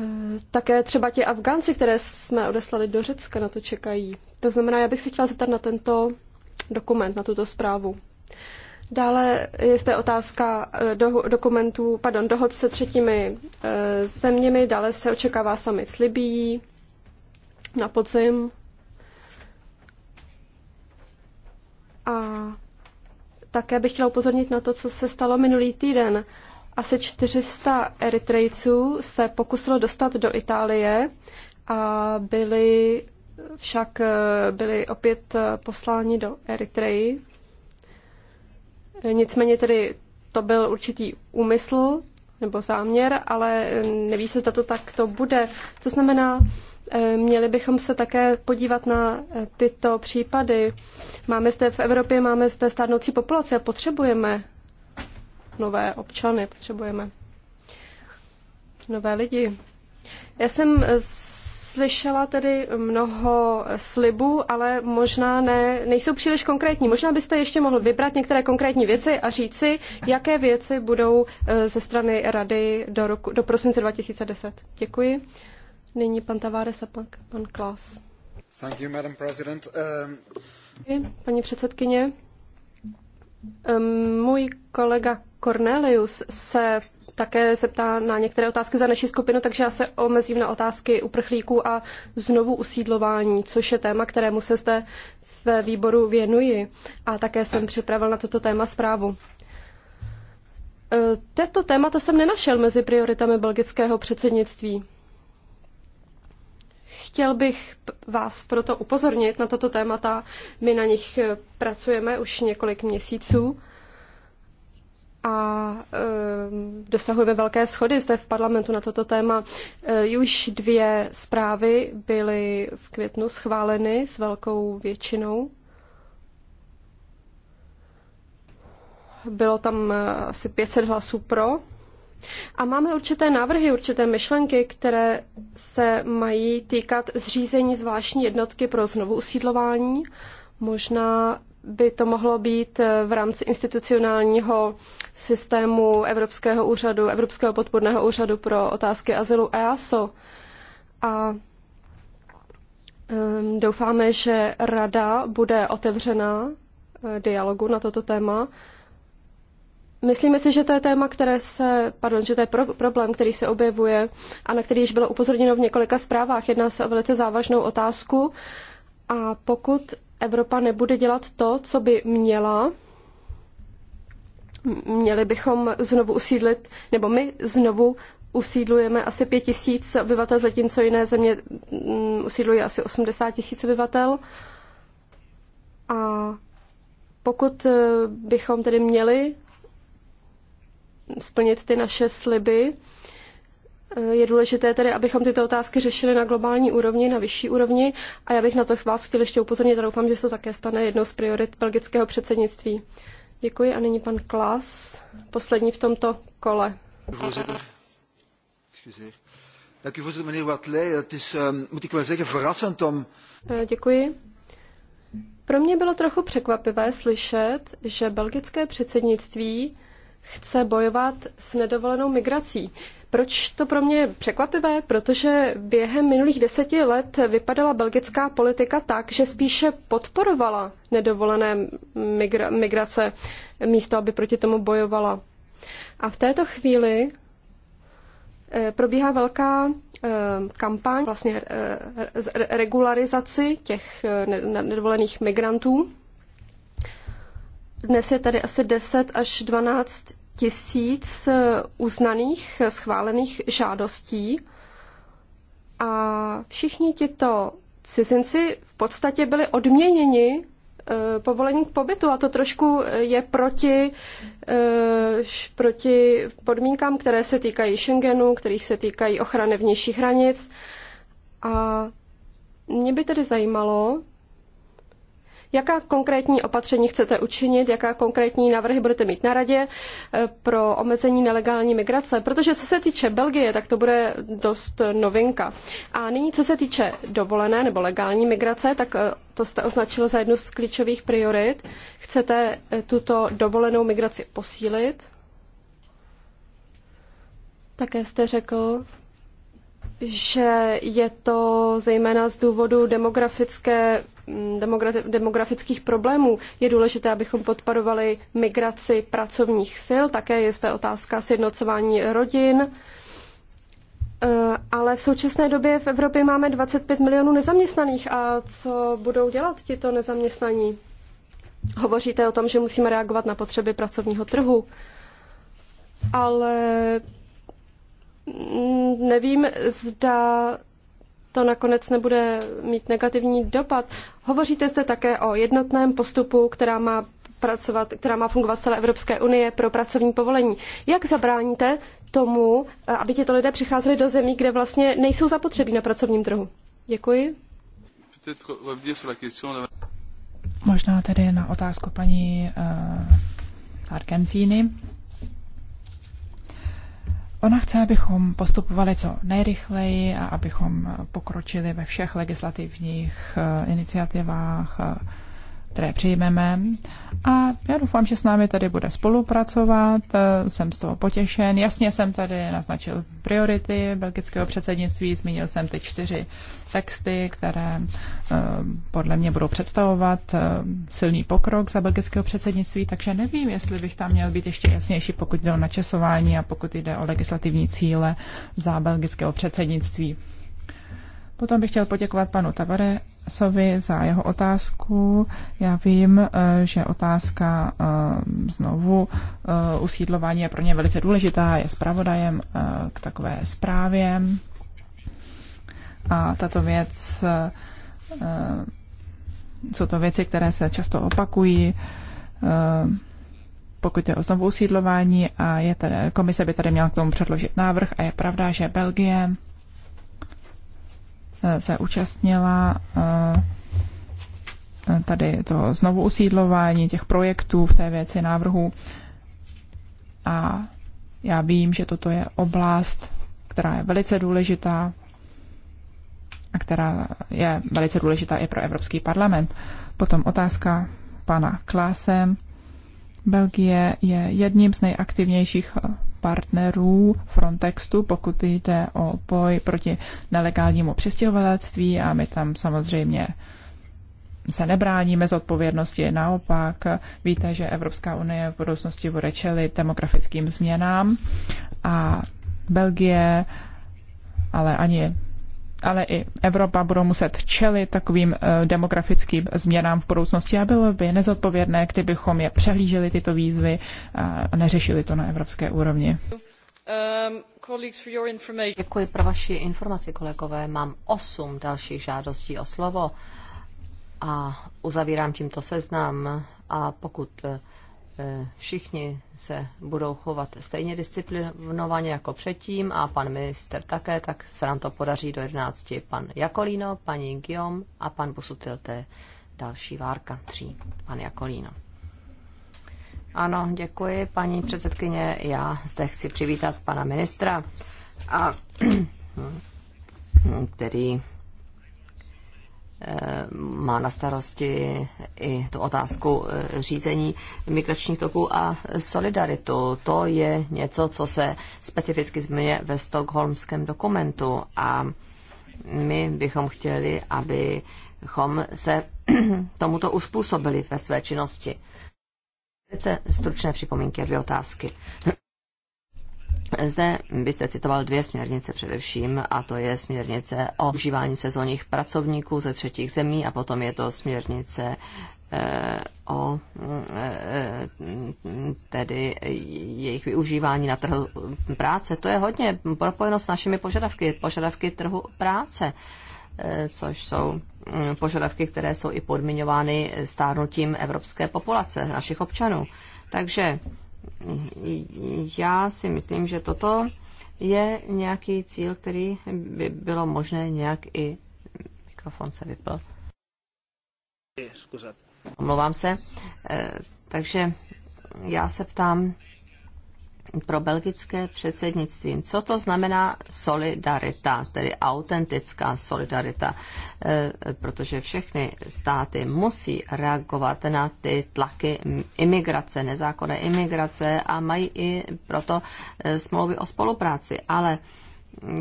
Speaker 1: také třeba ti Afgánci, které jsme odeslali do Řecka, na to čekají. To znamená, já bych se chtěla zeptat na tento dokument, na tuto zprávu. Dále je zde otázka eh, do, dokumentů, pardon, dohod se třetími eh, zeměmi, dále se očekává summit s Libií na podzim. A také bych chtěla upozornit na to, co se stalo minulý týden. Asi 400 Eritrejců se pokusilo dostat do Itálie a byli však byli opět posláni do Eritreji. Nicméně tedy to byl určitý úmysl nebo záměr, ale neví se, zda to tak to bude. To znamená, Eh, měli bychom se také podívat na eh, tyto případy. Máme zde v Evropě, máme zde stárnoucí populace a potřebujeme nové občany, potřebujeme nové lidi. Já jsem eh, slyšela tedy mnoho slibů, ale možná ne, nejsou příliš konkrétní. Možná byste ještě mohl vybrat některé konkrétní věci a říci, jaké věci budou ze strany Rady do, roku, do prosince 2010. Děkuji. Nyní pan Tavares a pak pan Klas.
Speaker 3: Thank you, Madam President.
Speaker 1: Um... Paní předsedkyně, um, můj kolega Cornelius se také zeptá na některé otázky za naši skupinu, takže já se omezím na otázky uprchlíků a znovu usídlování, což je téma, kterému se zde ve výboru věnuji a také jsem připravil na toto téma zprávu. Uh, tato témata jsem nenašel mezi prioritami belgického předsednictví. Chtěl bych vás proto upozornit na tato témata. My na nich eh, pracujeme už několik měsíců a e, dosahujeme velké schody zde v parlamentu na toto téma. E, už dvě zprávy byly v květnu schváleny s velkou většinou. Bylo tam asi 500 hlasů pro a máme určité návrhy, určité myšlenky, které se mají týkat zřízení zvláštní jednotky pro znovu usídlování. Možná by to mohlo být v rámci institucionálního systému Evropského úřadu, Evropského podporného úřadu pro otázky azylu EASO. A doufáme, že rada bude otevřená eh, dialogu na toto téma Myslíme si, že to je téma, které se, pardon, že to je pro, problém, který se objevuje a na který již bylo upozorněno v několika zprávách. Jedná se o velice závažnou otázku a pokud Evropa nebude dělat to, co by měla, měli bychom znovu usídlit, nebo my znovu usídlujeme asi pět tisíc obyvatel, zatímco jiné země mm, usídlují asi 80 tisíc obyvatel. A pokud eh, bychom tedy měli splnit ty naše sliby. Eh, je důležité tedy, abychom tyto otázky řešili na globální úrovni, na vyšší úrovni a já bych na to vás chtěl ještě upozornit a doufám, že se to také stane jednou z priorit belgického předsednictví. Děkuji a nyní pan Klas, poslední v tomto kole. Ehm, eh, děkuji. Pro mě bylo trochu překvapivé slyšet, že belgické předsednictví chce bojovat s nedovolenou migrací. Proč to pro mě je překvapivé? Protože během minulých deseti let vypadala belgická politika tak, že spíše podporovala nedovolené migra- migrace místo, aby proti tomu bojovala. A v této chvíli eh, probíhá velká eh, kampaň vlastně eh, regularizaci těch nedovolených migrantů. Dnes je tady asi 10 až 12 tisíc eh, uznaných, eh, schválených žádostí a všichni tito cizinci v podstatě byli odměněni eh, povolení k pobytu a to trošku je proti, proti podmínkám, které se týkají Schengenu, kterých se týkají ochrany vnějších hranic. A mě by tedy zajímalo, Jaká konkrétní opatření chcete učinit, jaká konkrétní návrhy budete mít na radě eh, pro omezení nelegální migrace? Protože co se týče Belgie, tak to bude dost novinka. A nyní, co se týče dovolené nebo legální migrace, tak eh, to jste označil za jednu z klíčových priorit. Chcete eh, tuto dovolenou migraci posílit? Také jste řekl, že je to zejména z důvodu demografické demografických problémů. Je důležité, abychom podporovali migraci pracovních sil, také je zde otázka sjednocování rodin. Eh, ale v současné době v Evropě máme 25 milionů nezaměstnaných a co budou dělat tito nezaměstnaní? Hovoříte o tom, že musíme reagovat na potřeby pracovního trhu, ale nevím, zda to nakonec nebude mít negativní dopad. Hovoříte zde také o jednotném postupu, která má pracovat, která má fungovat celé Evropské unie pro pracovní povolení. Jak zabráníte tomu, aby těto lidé přicházeli do zemí, kde vlastně nejsou zapotřebí na pracovním trhu? Děkuji.
Speaker 3: Možná tedy na otázku paní uh, eh, Argentíny. Ona chce, abychom postupovali co nejrychleji a abychom pokročili ve všech legislativních eh, iniciativách eh, které přijmeme. A já doufám, že s námi tady bude spolupracovat. Eh, jsem z toho potěšen. Jasně jsem tady naznačil priority belgického předsednictví. Zmínil jsem ty čtyři texty, které eh, podle mě budou představovat eh, silný pokrok za belgického předsednictví. Takže nevím, jestli bych tam měl být ještě jasnější, pokud jde o načasování a pokud jde o legislativní cíle za belgického předsednictví. Potom bych chtěl poděkovat panu Tavare Sovi za jeho otázku. Já vím, eh, že otázka eh, znovu eh, usídlování je pro ně velice důležitá, je zpravodajem k takové zprávě. A tato věc, jsou to věci, které se často opakují, pokud je o znovu usídlování a je tady, komise by tady měla k tomu předložit návrh a je pravda, že Belgie Eh, se účastnila eh, tady toho znovu usídlování, těch projektů v té věci, návrhu A já vím, že toto je oblast, která je velice důležitá a která je velice důležitá i pro Evropský parlament. Potom otázka pana Klásem Belgie je jedním z nejaktivnějších eh, partnerů Frontextu, pokud jde o boj proti nelegálnímu přistěhovalectví a my tam samozřejmě se nebráníme z odpovědnosti. Naopak eh, víte, že Evropská unie v budoucnosti bude čelit demografickým změnám a Belgie, ale ani ale i Evropa budou muset čelit takovým eh, demografickým změnám v budoucnosti a bylo by nezodpovědné, kdybychom je přehlíželi tyto výzvy a neřešili to na evropské úrovni.
Speaker 4: Um, Děkuji pro vaši informaci, kolegové. Mám osm dalších žádostí o slovo a uzavírám tímto seznam a pokud eh, E, všichni se budou chovat stejně disciplinovaně jako předtím a pan minister také, tak se nám to podaří do 11. Pan Jakolíno, paní Guillaume a pan Busutil, to je další várka, tří, pan Jakolíno. Ano, děkuji, paní předsedkyně. Já zde chci přivítat pana ministra, a, který Eh, má na starosti i tu otázku eh, řízení migračních toků a solidaritu. To je něco, co se specificky zmiňuje ve stokholmském dokumentu a my bychom chtěli, abychom se tomuto uspůsobili ve své činnosti. Velice stručné připomínky a dvě otázky. Zde byste citoval dvě směrnice především, a to je směrnice o užívání sezónních pracovníků ze třetích zemí a potom je to směrnice eh, o eh, eh, tedy jejich využívání na trhu práce. To je hodně propojeno s našimi požadavky, požadavky trhu práce, což jsou hm, požadavky, které jsou i podmiňovány stárnutím evropské populace, našich občanů. Takže já si myslím, že toto je nějaký cíl, který by bylo možné nějak i... Mikrofon se vypl. Omlouvám se. Eh, takže já se ptám, pro belgické předsednictví. Co to znamená solidarita, tedy autentická solidarita, eh, protože všechny státy musí reagovat na ty tlaky imigrace, nezákonné imigrace a mají i proto eh, smlouvy o spolupráci. Ale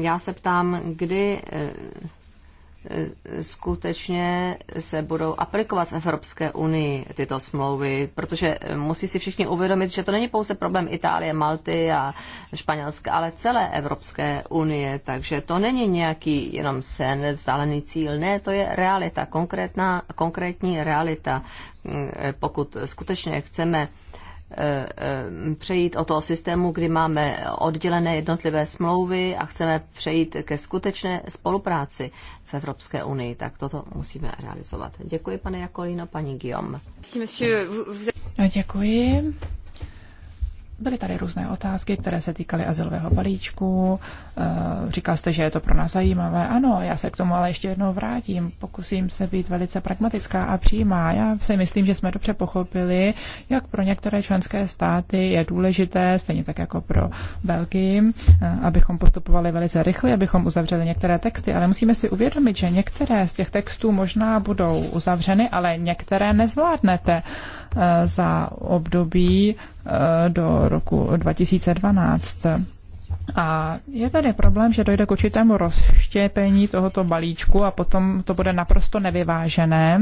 Speaker 4: já se ptám, kdy eh, E, skutečně se budou aplikovat v Evropské unii tyto smlouvy, protože e, musí si všichni uvědomit, že to není pouze problém Itálie, Malty a Španělska, ale celé Evropské unie, takže to není nějaký jenom sen, vzdálený cíl, ne, to je realita, konkrétná, konkrétní realita. E, pokud skutečně chceme Eh, eh, přejít od toho systému, kdy máme oddělené jednotlivé smlouvy a chceme přejít ke skutečné spolupráci v Evropské unii, tak toto musíme realizovat. Děkuji, pane Jakolino, paní Guillaume. No, děkuji.
Speaker 3: Byly tady různé otázky, které se týkaly azylového balíčku. Eh, říkal jste, že je to pro nás zajímavé. Ano, já se k tomu ale ještě jednou vrátím. Pokusím se být velice pragmatická a přímá. Já si myslím, že jsme dobře pochopili, jak pro některé členské státy je důležité, stejně tak jako pro Belgii, eh, abychom postupovali velice rychle, abychom uzavřeli některé texty. Ale musíme si uvědomit, že některé z těch textů možná budou uzavřeny, ale některé nezvládnete. Eh, za období eh, do roku 2012. A je tady problém, že dojde k určitému rozštěpení tohoto balíčku a potom to bude naprosto nevyvážené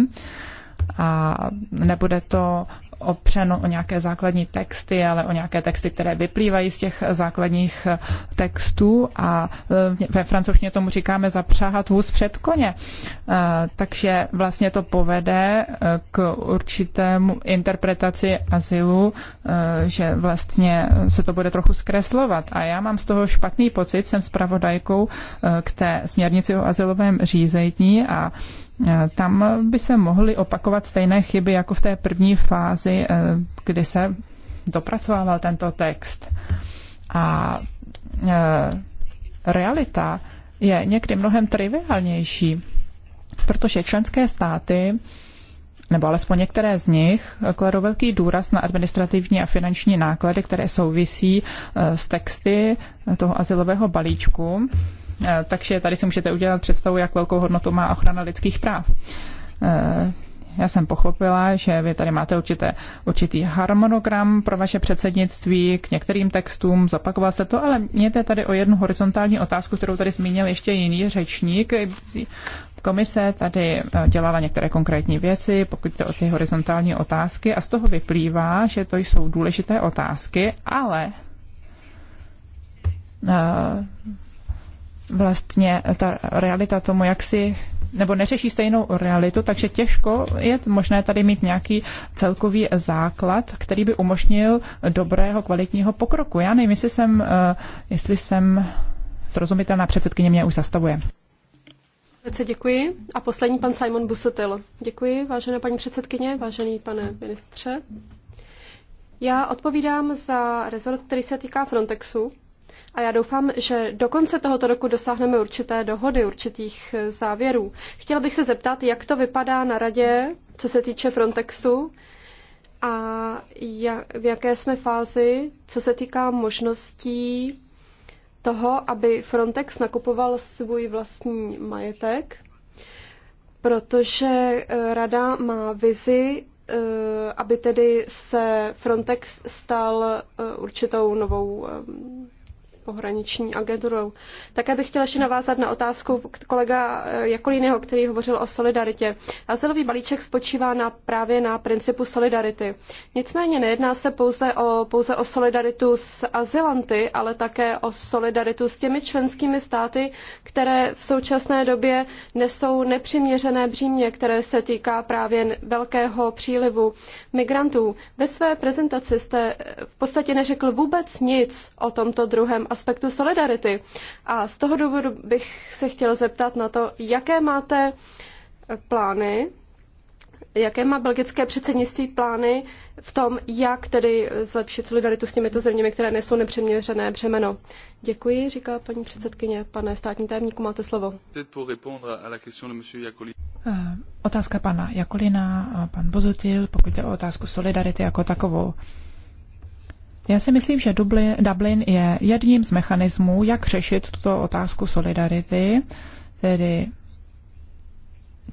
Speaker 3: a nebude to opřeno o nějaké základní texty, ale o nějaké texty, které vyplývají z těch základních eh, textů a eh, ve francouzštině tomu říkáme zapřáhat vůz před koně. Eh, takže vlastně to povede k určitému interpretaci asilu, že vlastně se to bude trochu zkreslovat. A já mám z toho špatný pocit, jsem zpravodajkou k té směrnici o asilovém řízení a Eh, tam by se mohly opakovat stejné chyby jako v té první fázi, eh, kdy se dopracovával tento text. A eh, realita je někdy mnohem triviálnější, protože členské státy nebo alespoň některé z nich, kladou velký důraz na administrativní a finanční náklady, které souvisí s texty toho asilového balíčku. Eh, takže tady si můžete udělat představu, jak velkou hodnotu má ochrana lidských práv. Eh, já jsem pochopila, že vy tady máte určité, určitý harmonogram pro vaše předsednictví k některým textům, zopakoval se to, ale mějte tady o jednu horizontální otázku, kterou tady zmínil ještě jiný řečník. Komise tady eh, dělala některé konkrétní věci, pokud jde o ty horizontální otázky, a z toho vyplývá, že to jsou důležité otázky, ale vlastně ta realita tomu, jak si nebo neřeší stejnou realitu, takže těžko je možné tady mít nějaký celkový základ, který by umožnil dobrého, kvalitního pokroku. Já nevím, jestli jsem, eh, jestli jsem srozumitelná předsedkyně mě už zastavuje.
Speaker 1: Velice děkuji. A poslední pan Simon Busotil. Děkuji, vážená paní předsedkyně, vážený pane ministře. Já odpovídám za rezort, který se týká Frontexu. A já doufám, že do konce tohoto roku dosáhneme určité dohody, určitých eh, závěrů. Chtěla bych se zeptat, jak to vypadá na radě, co se týče Frontexu a jak, v jaké jsme fázi, co se týká možností toho, aby Frontex nakupoval svůj vlastní majetek, protože eh, rada má vizi, eh, aby tedy se Frontex stal určitou novou pohraniční agenturou. Také bych chtěla ještě navázat na otázku kolega Jakolíneho, který hovořil o solidaritě. Azylový balíček spočívá na, právě na principu solidarity. Nicméně nejedná se pouze o, pouze o solidaritu s azylanty, ale také o solidaritu s těmi členskými státy, které v současné době nesou nepřiměřené břímě, které se týká právě velkého přílivu migrantů. Ve své prezentaci jste v podstatě neřekl vůbec nic o tomto druhém aspektu aspektu solidarity. A z toho důvodu bych se chtěl zeptat na to, jaké máte plány, jaké má belgické předsednictví plány v tom, jak tedy zlepšit solidaritu s těmito zeměmi, které nesou nepřeměřené břemeno. Děkuji, říká paní předsedkyně. Pane státní tajemníku, máte slovo.
Speaker 4: Eh,
Speaker 3: otázka pana Jakolina a pan Bozutil, pokud jde o otázku solidarity jako takovou. Já si myslím, že Dublin, Dublin je jedním z mechanismů, jak řešit tuto otázku solidarity, tedy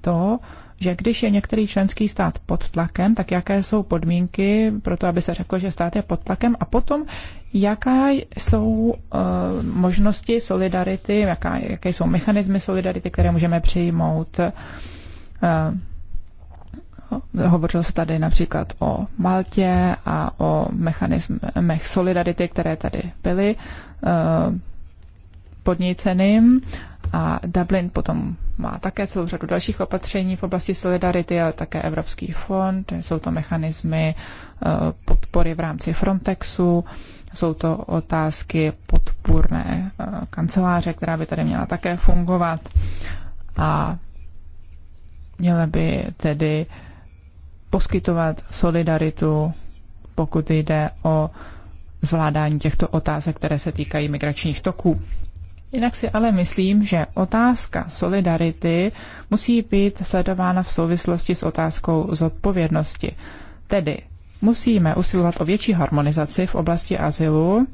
Speaker 3: to, že když je některý členský stát pod tlakem, tak jaké jsou podmínky pro to, aby se řeklo, že stát je pod tlakem a potom jaká jsou uh, možnosti solidarity, jaká, jaké jsou mechanismy solidarity, které můžeme přijmout. Uh, Hovořilo se tady například o Maltě a o mechanismech solidarity, které tady byly eh, podníceným. A Dublin potom má také celou řadu dalších opatření v oblasti solidarity, ale také Evropský fond. Jsou to mechanismy eh, podpory v rámci Frontexu, jsou to otázky podpůrné eh, kanceláře, která by tady měla také fungovat. A měla by tedy uh, poskytovat solidaritu, pokud jde o zvládání těchto otázek, které se týkají migračních toků. Jinak si ale myslím, že otázka solidarity musí být sledována v souvislosti s otázkou zodpovědnosti. Tedy musíme usilovat o větší harmonizaci v oblasti azylu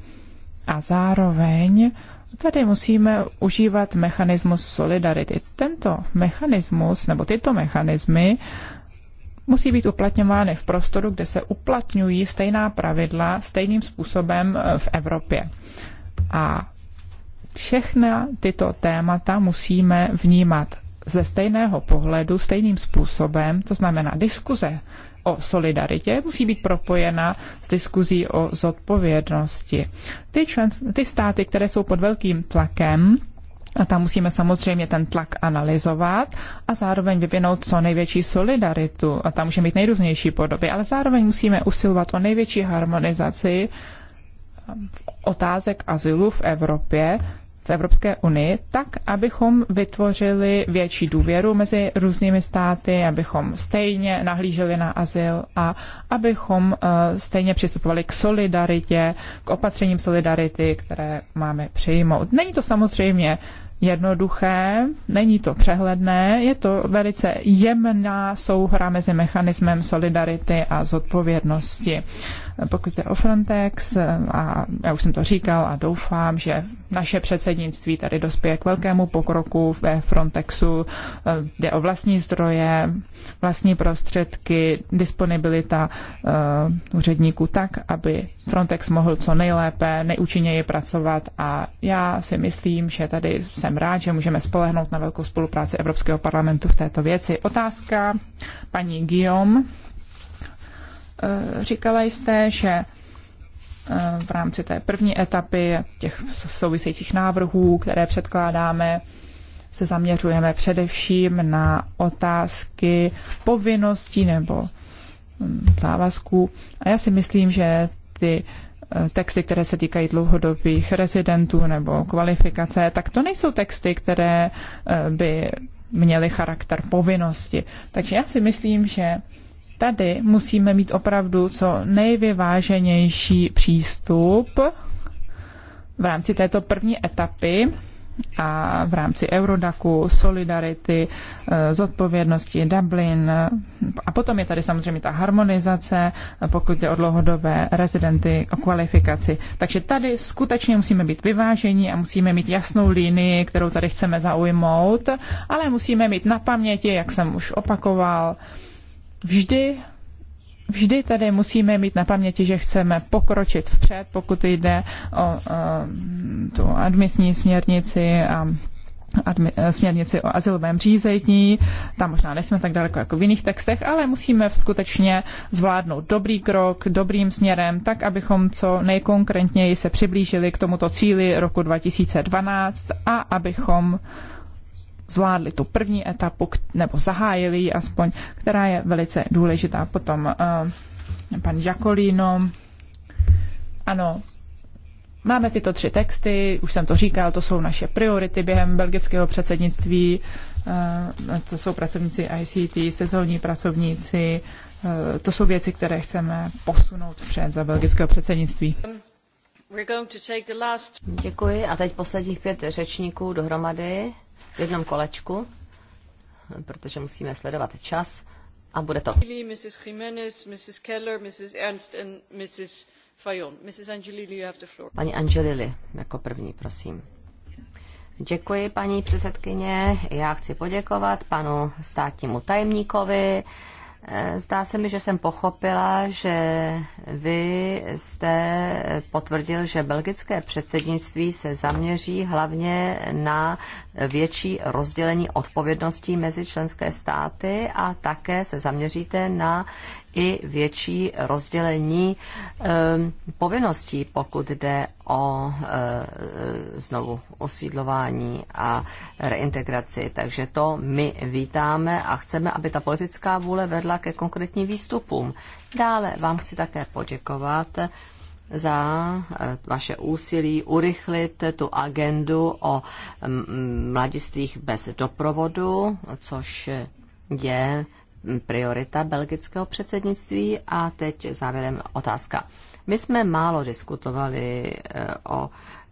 Speaker 3: a zároveň tady musíme užívat mechanismus solidarity. Tento mechanismus nebo tyto mechanismy musí být uplatňovány v prostoru, kde se uplatňují stejná pravidla stejným způsobem e, v Evropě. A všechna tyto témata musíme vnímat ze stejného pohledu, stejným způsobem, to znamená diskuze o solidaritě musí být propojena s diskuzí o zodpovědnosti. Ty, člen, ty státy, které jsou pod velkým tlakem, a tam musíme samozřejmě ten tlak analyzovat a zároveň vyvinout co největší solidaritu. A tam může mít nejrůznější podoby, ale zároveň musíme usilovat o největší harmonizaci otázek azylu v Evropě, v Evropské unii, tak abychom vytvořili větší důvěru mezi různými státy, abychom stejně nahlíželi na azyl a abychom eh, stejně přistupovali k solidaritě, k opatřením solidarity, které máme přijmout. Není to samozřejmě jednoduché, není to přehledné, je to velice jemná souhra mezi mechanismem solidarity a zodpovědnosti. Pokud je o Frontex, eh, a já už jsem to říkal a doufám, že naše předsednictví tady dospěje k velkému pokroku ve Frontexu, eh, jde o vlastní zdroje, vlastní prostředky, disponibilita uh, úředníků tak, aby Frontex mohl co nejlépe, nejúčinněji pracovat a já si myslím, že tady jsem rád, že můžeme spolehnout na velkou spolupráci Evropského parlamentu v této věci. Otázka paní Guillaume. Eh, říkala jste, že eh, v rámci té první etapy těch souvisejících návrhů, které předkládáme, se zaměřujeme především na otázky povinností nebo hm, závazků. A já si myslím, že ty eh, texty, které se týkají dlouhodobých rezidentů nebo kvalifikace, tak to nejsou texty, které by měly charakter povinnosti. Takže já si myslím, že tady musíme mít opravdu co nejvyváženější přístup v rámci této první etapy a v rámci Eurodaku, Solidarity, eh, zodpovědnosti Dublin a potom je tady samozřejmě ta harmonizace, eh, pokud je o dlouhodobé rezidenty, o kvalifikaci. Takže tady skutečně musíme být vyvážení a musíme mít jasnou linii, kterou tady chceme zaujmout, ale musíme mít na paměti, jak jsem už opakoval, vždy Vždy tady musíme mít na paměti, že chceme pokročit vpřed, pokud jde o, uh, tu admisní směrnici a admi, eh, směrnici o asilovém řízení. Tam možná nejsme tak daleko jako v jiných textech, ale musíme skutečně zvládnout dobrý krok, dobrým směrem, tak, abychom co nejkonkrétněji se přiblížili k tomuto cíli roku 2012 a abychom zvládli tu první etapu, nebo zahájili ji aspoň, která je velice důležitá. Potom eh, pan Jacolino, ano, Máme tyto tři texty, už jsem to říkal, to jsou naše priority během belgického předsednictví, eh, to jsou pracovníci ICT, sezónní pracovníci, eh, to jsou věci, které chceme posunout před za belgického předsednictví.
Speaker 4: Děkuji a teď posledních pět řečníků dohromady v jednom kolečku, protože musíme sledovat čas a bude to.
Speaker 1: Mrs. Jimenez, Mrs. Keller, Mrs. Ernst and Mrs. Mrs. Angelili, you have the floor. Paní
Speaker 4: Angelili, jako první, prosím. Děkuji, paní předsedkyně. Já chci poděkovat panu státnímu tajemníkovi Zdá se mi, že jsem pochopila, že vy jste potvrdil, že belgické předsednictví se zaměří hlavně na větší rozdělení odpovědností mezi členské státy a také se zaměříte na i větší rozdělení ehm, povinností, pokud jde o eh, znovu osídlování a reintegraci. Takže to my vítáme a chceme, aby ta politická vůle vedla ke konkrétním výstupům. Dále vám chci také poděkovat za eh, vaše úsilí urychlit tu agendu o mm, mladistvích bez doprovodu, což je priorita belgického předsednictví. A teď závěrem otázka. My jsme málo diskutovali eh, o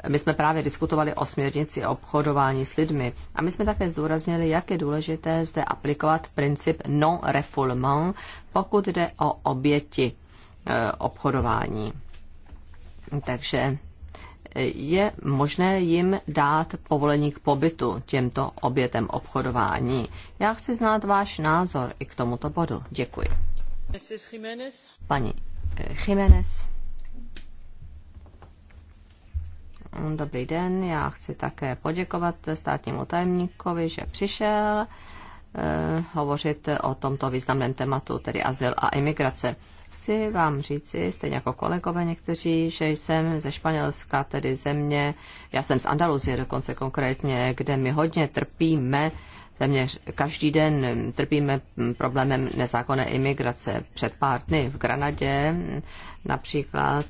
Speaker 4: my jsme právě diskutovali o směrnici o obchodování s lidmi a my jsme také zdůraznili, jak je důležité zde aplikovat princip non-refoulement, pokud jde o oběti eh, obchodování. Takže je možné jim dát povolení k pobytu těmto obětem obchodování. Já chci znát váš názor i k tomuto bodu. Děkuji. Pani Paní eh, Jiménez. Dobrý den, já chci také poděkovat státnímu tajemníkovi, že přišel eh, hovořit o tomto významném tématu, tedy azyl a imigrace chci vám říci, stejně jako kolegové někteří, že jsem ze Španělska, tedy země, já jsem z Andaluzie dokonce konkrétně, kde my hodně trpíme Téměř každý den trpíme problémem nezákonné imigrace. Před pár dny v Granadě například,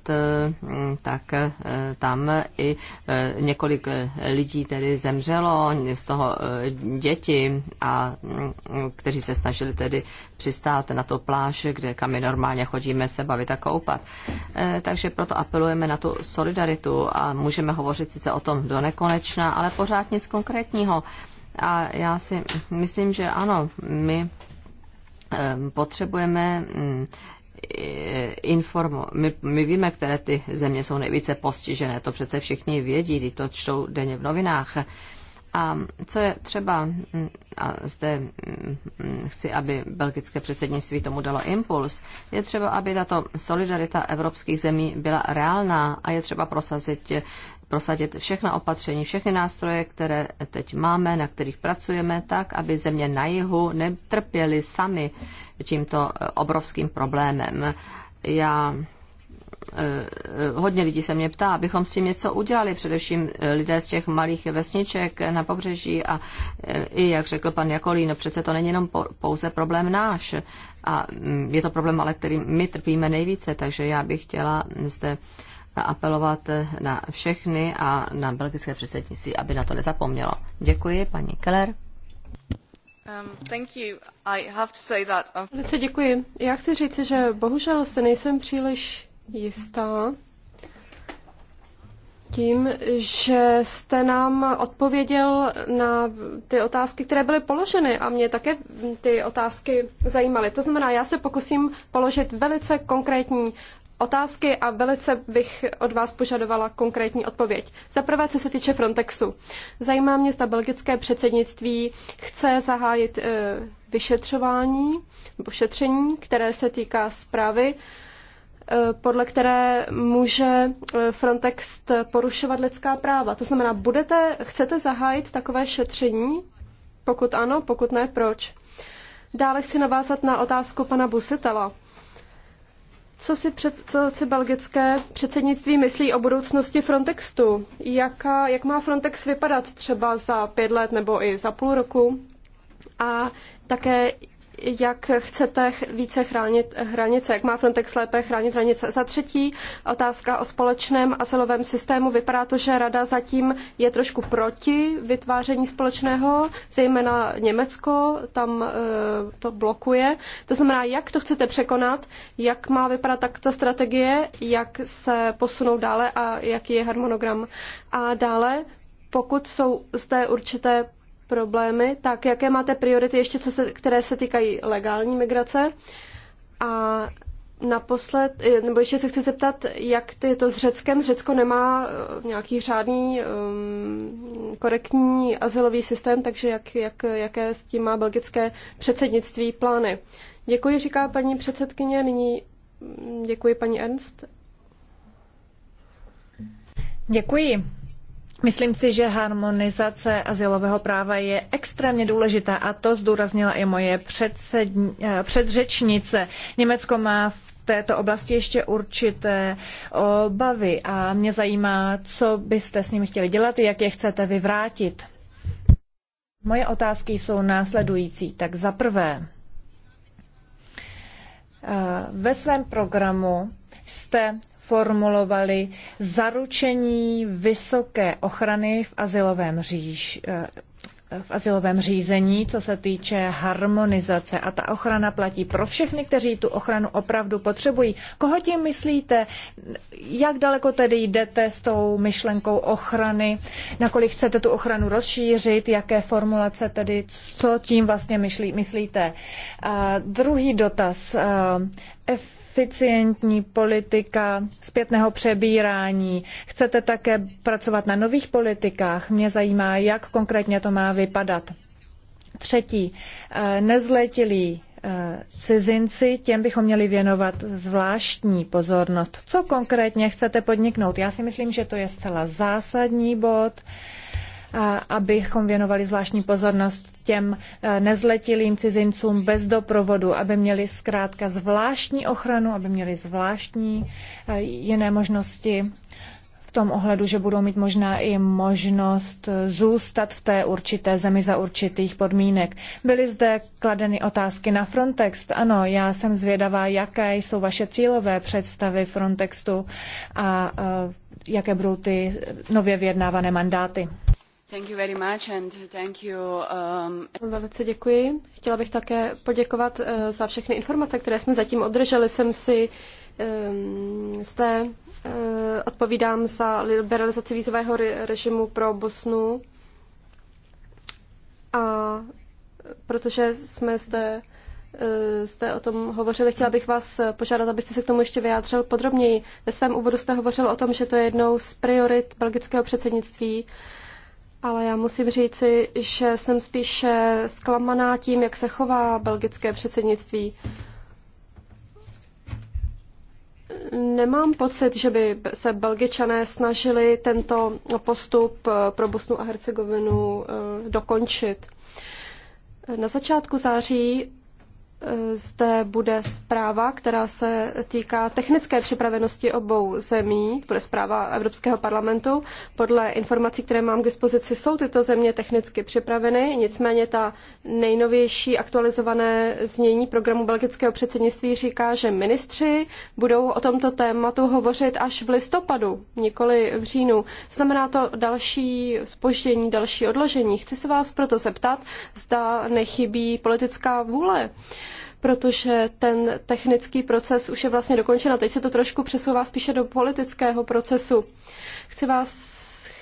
Speaker 4: tak eh, tam i eh, několik lidí tedy zemřelo, z toho eh, děti, a, mm, kteří se snažili tedy přistát na to pláž, kde kam my normálně chodíme se bavit a koupat. Takže proto apelujeme na tu solidaritu a můžeme hovořit sice o tom do nekonečna, ale pořád nic konkrétního. A já si myslím, že ano, my ehm, potřebujeme mm, informo. My, my víme, které ty země jsou nejvíce postižené. To přece všichni vědí, když to čtou denně v novinách. A co je třeba, mm, a zde mm, chci, aby belgické předsednictví tomu dalo impuls, je třeba, aby tato solidarita evropských zemí byla reálná a je třeba prosadit prosadit všechna opatření, všechny nástroje, které teď máme, na kterých pracujeme, tak, aby země na jihu netrpěly sami tímto eh, obrovským problémem. Já eh, hodně lidí se mě ptá, abychom s tím něco udělali, především eh, lidé z těch malých vesniček na pobřeží a i, jak řekl pan Jakolín, no přece to není jenom pouze problém náš a mm, je to problém, ale který my trpíme nejvíce, takže já bych chtěla zde apelovat na všechny a na belgické předsednictví, aby na to nezapomnělo. Děkuji, paní Keller.
Speaker 1: Um, um, velice děkuji.
Speaker 4: Já chci říct, že bohužel se
Speaker 1: nejsem příliš jistá tím, že jste nám odpověděl na ty otázky, které byly položeny a mě také ty otázky zajímaly. To znamená, já se pokusím položit velice konkrétní otázky a velice bych od vás požadovala konkrétní odpověď. Za prvé, co se týče Frontexu. Zajímá mě, zda belgické předsednictví chce zahájit e, vyšetřování nebo šetření, které se týká zprávy, e, podle které může eh, Frontex porušovat lidská práva. To znamená, budete, chcete zahájit takové šetření? Pokud ano, pokud ne, proč? Dále chci navázat na otázku pana Busitela. Co si, před, co si belgické předsednictví myslí o budoucnosti Frontextu? jak jak má Frontex vypadat třeba za pět let nebo i za půl roku? A také jak chcete více chránit hranice, jak má Frontex lépe chránit hranice. Za třetí, otázka o společném asilovém systému. Vypadá to, že rada zatím je trošku proti vytváření společného, zejména Německo tam e, to blokuje. To znamená, jak to chcete překonat, jak má vypadat tak ta strategie, jak se posunou dále a jaký je harmonogram. A dále, pokud jsou zde určité problémy, tak jaké máte priority ještě, co se, které se týkají legální migrace? A naposled, eh, nebo ještě se chci zeptat, jak ty to s Řeckem. Řecko nemá eh, nějaký řádný um, korektní azylový systém, takže jak, jak, jaké s tím má belgické předsednictví plány. Děkuji, říká paní předsedkyně. Nyní mm, děkuji paní Ernst.
Speaker 2: Děkuji. Myslím si, že harmonizace asilového práva je extrémně důležitá a to zdůraznila i moje eh, předřečnice. Německo má v této oblasti ještě určité obavy a mě zajímá, co byste s nimi chtěli dělat, jak je chcete vyvrátit. Moje otázky jsou následující. Tak za prvé, eh, ve svém programu jste formulovali zaručení vysoké ochrany v azylovém, říž, eh, v řízení, co se týče harmonizace. A ta ochrana platí pro všechny, kteří tu ochranu opravdu potřebují. Koho tím myslíte? Jak daleko tedy jdete s tou myšlenkou ochrany? Nakolik chcete tu ochranu rozšířit? Jaké formulace tedy, co tím vlastně myslí, myslíte? A druhý dotaz. A eh, eficientní politika zpětného přebírání. Chcete také pracovat na nových politikách. Mě zajímá, jak konkrétně to má vypadat. Třetí, eh, nezletilí eh, cizinci, těm bychom měli věnovat zvláštní pozornost. Co konkrétně chcete podniknout? Já si myslím, že to je zcela zásadní bod abychom věnovali zvláštní pozornost těm e, nezletilým cizincům bez doprovodu, aby měli zkrátka zvláštní ochranu, aby měli zvláštní e, jiné možnosti v tom ohledu, že budou mít možná i možnost zůstat v té určité zemi za určitých podmínek. Byly zde kladeny otázky na Frontex. Ano, já jsem zvědavá, jaké jsou vaše cílové představy Frontexu a e, jaké budou ty nově vyjednávané mandáty.
Speaker 1: Um, Velice děkuji. Chtěla bych také poděkovat eh, za všechny informace, které jsme zatím obdrželi. Jsem si ehm, zde eh, odpovídám za liberalizaci vízového režimu pro Bosnu. A protože jsme zde, jste eh, o tom hovořili, chtěla bych vás požádat, abyste se k tomu ještě vyjádřil podrobněji. Ve svém úvodu jste hovořil o tom, že to je jednou z priorit belgického předsednictví ale já musím říci, že jsem spíše zklamaná tím, jak se chová belgické předsednictví. Nemám pocit, že by se belgičané snažili tento postup eh, pro Bosnu a Hercegovinu eh, dokončit. Na začátku září zde bude zpráva, která se týká technické připravenosti obou zemí, bude zpráva Evropského parlamentu. Podle informací, které mám k dispozici, jsou tyto země technicky připraveny, nicméně ta nejnovější aktualizované znění programu belgického předsednictví říká, že ministři budou o tomto tématu hovořit až v listopadu, nikoli v říjnu. Znamená to další spoždění, další odložení. Chci se vás proto zeptat, zda nechybí politická vůle protože ten technický proces už je vlastně dokončen a teď se to trošku přesouvá spíše do politického procesu. Chci vás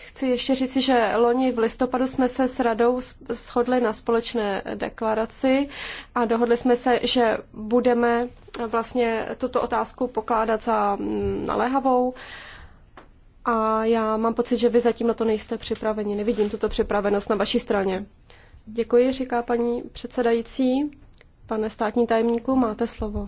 Speaker 1: chci ještě říci, že loni v listopadu jsme se s radou shodli na společné deklaraci a dohodli jsme se, že budeme vlastně tuto otázku pokládat za mm, naléhavou. A já mám pocit, že vy zatím na to nejste připraveni. Nevidím tuto připravenost na vaší straně. Děkuji, říká paní předsedající. Pane státní tajemníku, máte slovo.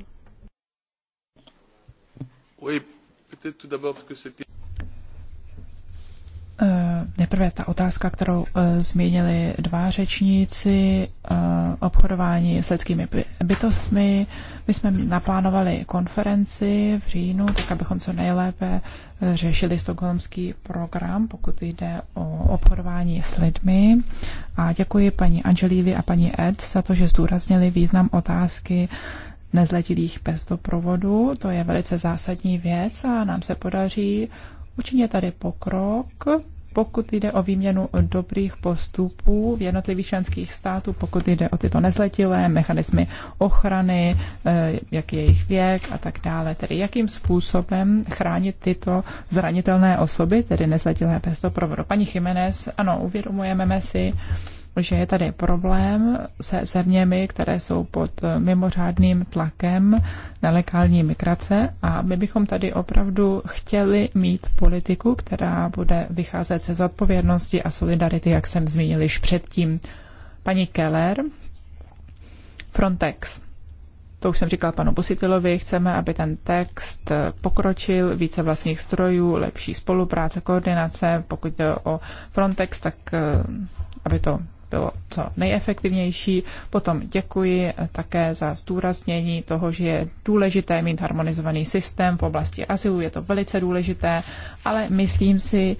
Speaker 1: Eh, nejprve ta otázka, kterou
Speaker 3: eh, zmínili dva řečníci, eh, obchodování s lidskými bytostmi. My jsme naplánovali konferenci v říjnu, tak abychom co nejlépe řešili stokholmský program, pokud jde o obchodování s lidmi. A děkuji paní Angelívi a paní Ed za to, že zdůraznili význam otázky nezletilých bez doprovodu. To je velice zásadní věc a nám se podaří učinit tady pokrok pokud jde o výměnu dobrých postupů v jednotlivých členských států, pokud jde o tyto nezletilé, mechanismy ochrany, eh, jak je jejich věk a tak dále. Tedy jakým způsobem chránit tyto zranitelné osoby, tedy nezletilé bez doprovodu. Paní Jiménez, ano, uvědomujeme si, že je tady problém se zeměmi, které jsou pod eh, mimořádným tlakem nelegální migrace a my bychom tady opravdu chtěli mít politiku, která bude vycházet se zodpovědnosti a solidarity, jak jsem zmínil již předtím. Paní Keller, Frontex. To už jsem říkal panu Busitilovi, chceme, aby ten text eh, pokročil, více vlastních strojů, lepší spolupráce, koordinace. Pokud jde o Frontex, tak eh, aby to bylo co nejefektivnější. Potom děkuji také za zdůraznění toho, že je důležité mít harmonizovaný systém v oblasti asilu, je to velice důležité, ale myslím si,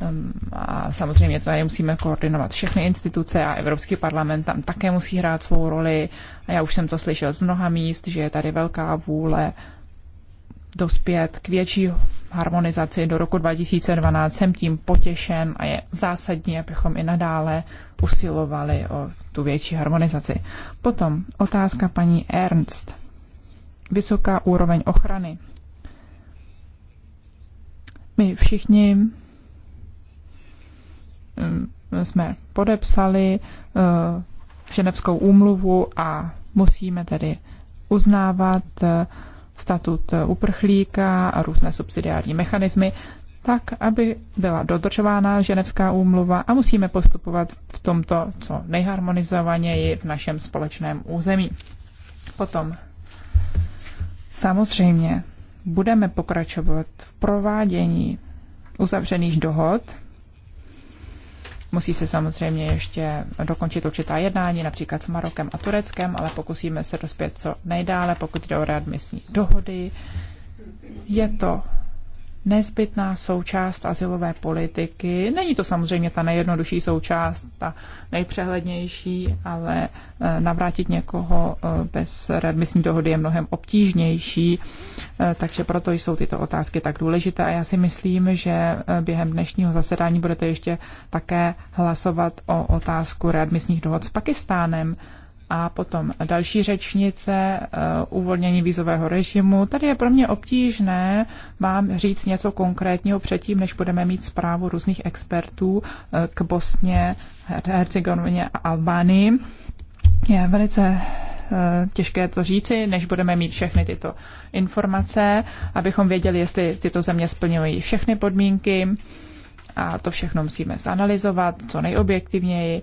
Speaker 3: um, a samozřejmě tady musíme koordinovat všechny instituce a Evropský parlament tam také musí hrát svou roli. A já už jsem to slyšel z mnoha míst, že je tady velká vůle dospět k větší harmonizaci do roku 2012. Jsem tím potěšen a je zásadní, abychom i nadále usilovali o tu větší harmonizaci. Potom otázka paní Ernst. Vysoká úroveň ochrany. My všichni mm, jsme podepsali eh, Ženevskou úmluvu a musíme tedy uznávat eh, statut uprchlíka a různé subsidiární mechanismy, tak, aby byla dodržována ženevská úmluva a musíme postupovat v tomto co nejharmonizovaněji v našem společném území. Potom samozřejmě budeme pokračovat v provádění uzavřených dohod Musí se samozřejmě ještě dokončit určitá jednání, například s Marokem a Tureckem, ale pokusíme se dospět co nejdále, pokud jde o readmisní dohody. Je to nezbytná součást asilové politiky. Není to samozřejmě ta nejjednodušší součást, ta nejpřehlednější, ale eh, navrátit někoho eh, bez readmisní dohody je mnohem obtížnější, eh, takže proto jsou tyto otázky tak důležité. A já si myslím, že během dnešního zasedání budete ještě také hlasovat o otázku readmisních dohod s Pakistánem a potom další řečnice, eh, uvolnění vízového režimu. Tady je pro mě obtížné vám říct něco konkrétního předtím, než budeme mít zprávu různých expertů eh, k Bosně, Hercegovině a Albánii. Je velice eh, těžké to říci, než budeme mít všechny tyto informace, abychom věděli, jestli tyto země splňují všechny podmínky. A to všechno musíme zanalizovat co nejobjektivněji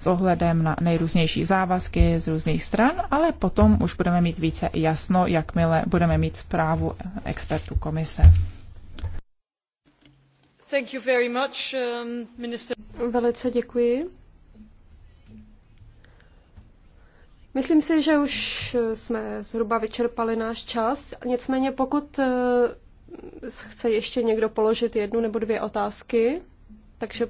Speaker 3: s ohledem na nejrůznější závazky z různých stran, ale potom už budeme mít více jasno, jakmile budeme mít zprávu expertů komise.
Speaker 1: Thank you very much, um, Velice děkuji. Myslím si, že už eh, jsme zhruba vyčerpali náš čas. Nicméně pokud eh, chce ještě někdo položit jednu nebo dvě otázky, takže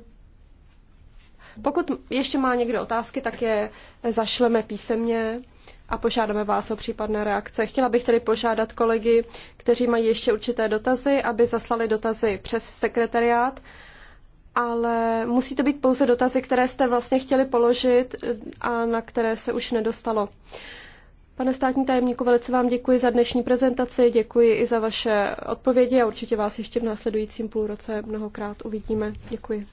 Speaker 1: pokud ještě má někdo otázky, tak je zašleme písemně a požádáme vás o případné reakce. Chtěla bych tedy požádat kolegy, kteří mají ještě určité dotazy, aby zaslali dotazy přes sekretariát, ale musí to být pouze dotazy, které jste vlastně chtěli položit a na které se už nedostalo. Pane státní tajemníku, velice vám děkuji za dnešní prezentaci, děkuji i za vaše odpovědi a určitě vás ještě v následujícím půlroce mnohokrát uvidíme. Děkuji.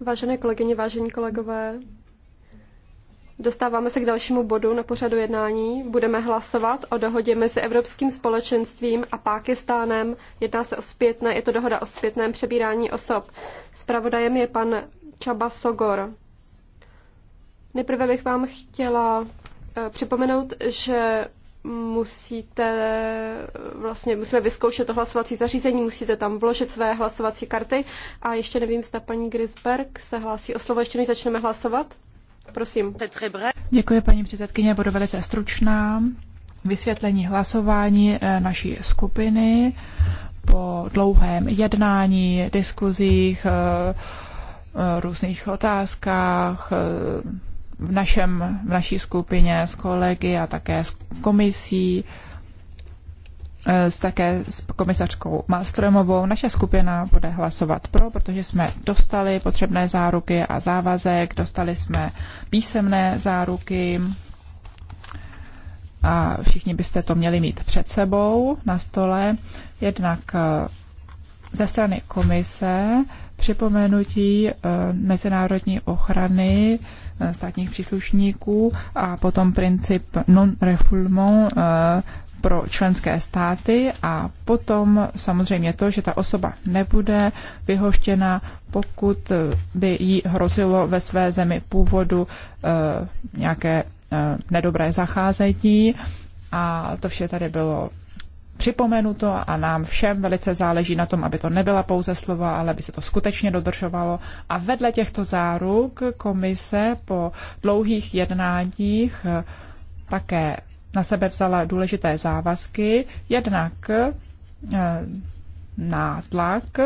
Speaker 1: Vážené kolegyně, vážení kolegové, dostáváme se k dalšímu bodu na pořadu jednání. Budeme hlasovat o dohodě mezi Evropským společenstvím a Pákistánem. Jedná se o zpětné, je to dohoda o zpětném přebírání osob. Spravodajem je pan Čaba Sogor. Nejprve bych vám chtěla eh, připomenout, že musíte vlastně, musíme vyzkoušet to hlasovací zařízení, musíte tam vložit své hlasovací karty a ještě nevím, zda paní Grisberg se hlásí o slovo, ještě než začneme hlasovat. Prosím.
Speaker 3: Děkuji, paní předsedkyně, budu velice stručná. Vysvětlení hlasování eh, naší skupiny po dlouhém jednání, diskuzích, eh, eh, různých otázkách, v, našem, v naší skupině s kolegy a také s komisí, e, s také s komisařkou Malstromovou. Naše skupina bude hlasovat pro, protože jsme dostali potřebné záruky a závazek, dostali jsme písemné záruky a všichni byste to měli mít před sebou na stole. Jednak e, ze strany komise připomenutí eh, mezinárodní ochrany eh, státních příslušníků a potom princip non-refoulement eh, pro členské státy a potom samozřejmě to, že ta osoba nebude vyhoštěna, pokud by jí hrozilo ve své zemi původu nějaké nedobré zacházetí. A to vše tady bylo Připomenu to a nám všem velice záleží na tom, aby to nebyla pouze slova, ale aby se to skutečně dodržovalo. A vedle těchto záruk komise po dlouhých jednáních eh, také na sebe vzala důležité závazky, jednak eh, na tlak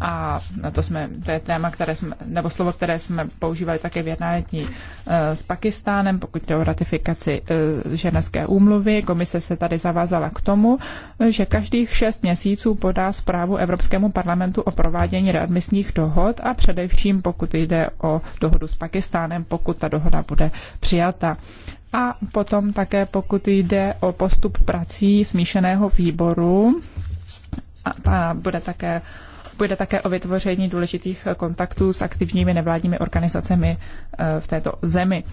Speaker 3: a to, jsme, to je téma, které jsme, nebo slovo, které jsme používali také v jednání eh, s Pakistánem, pokud jde o ratifikaci eh, ženské úmluvy. Komise se tady zavázala k tomu, že každých šest měsíců podá zprávu Evropskému parlamentu o provádění readmisních dohod a především pokud jde o dohodu s Pakistánem, pokud ta dohoda bude přijata. A potom také pokud jde o postup prací smíšeného výboru, a bude také Půjde také o vytvoření důležitých kontaktů s aktivními nevládními organizacemi eh, v této zemi.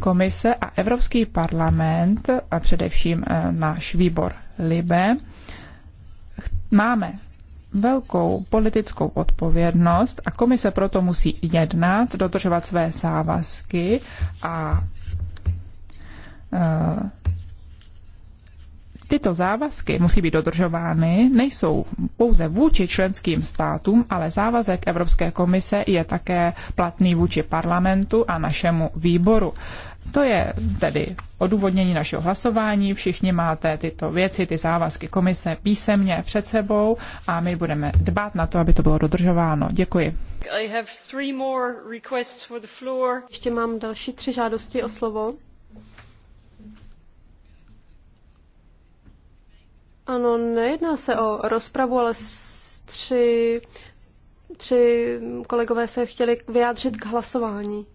Speaker 3: Komise a Evropský parlament a především eh, náš výbor LIBE máme velkou politickou odpovědnost a komise proto musí jednat, dodržovat své závazky a eh, Tyto závazky musí být dodržovány, nejsou pouze vůči členským státům, ale závazek Evropské komise je také platný vůči parlamentu a našemu výboru. To je tedy odůvodnění našeho hlasování. Všichni máte tyto věci, ty závazky komise písemně před sebou a my budeme dbát na to, aby to bylo dodržováno. Děkuji.
Speaker 1: Ještě mám další tři žádosti o slovo. Ano, nejedná se o rozpravu, ale tři, tři kolegové se chtěli vyjádřit k hlasování.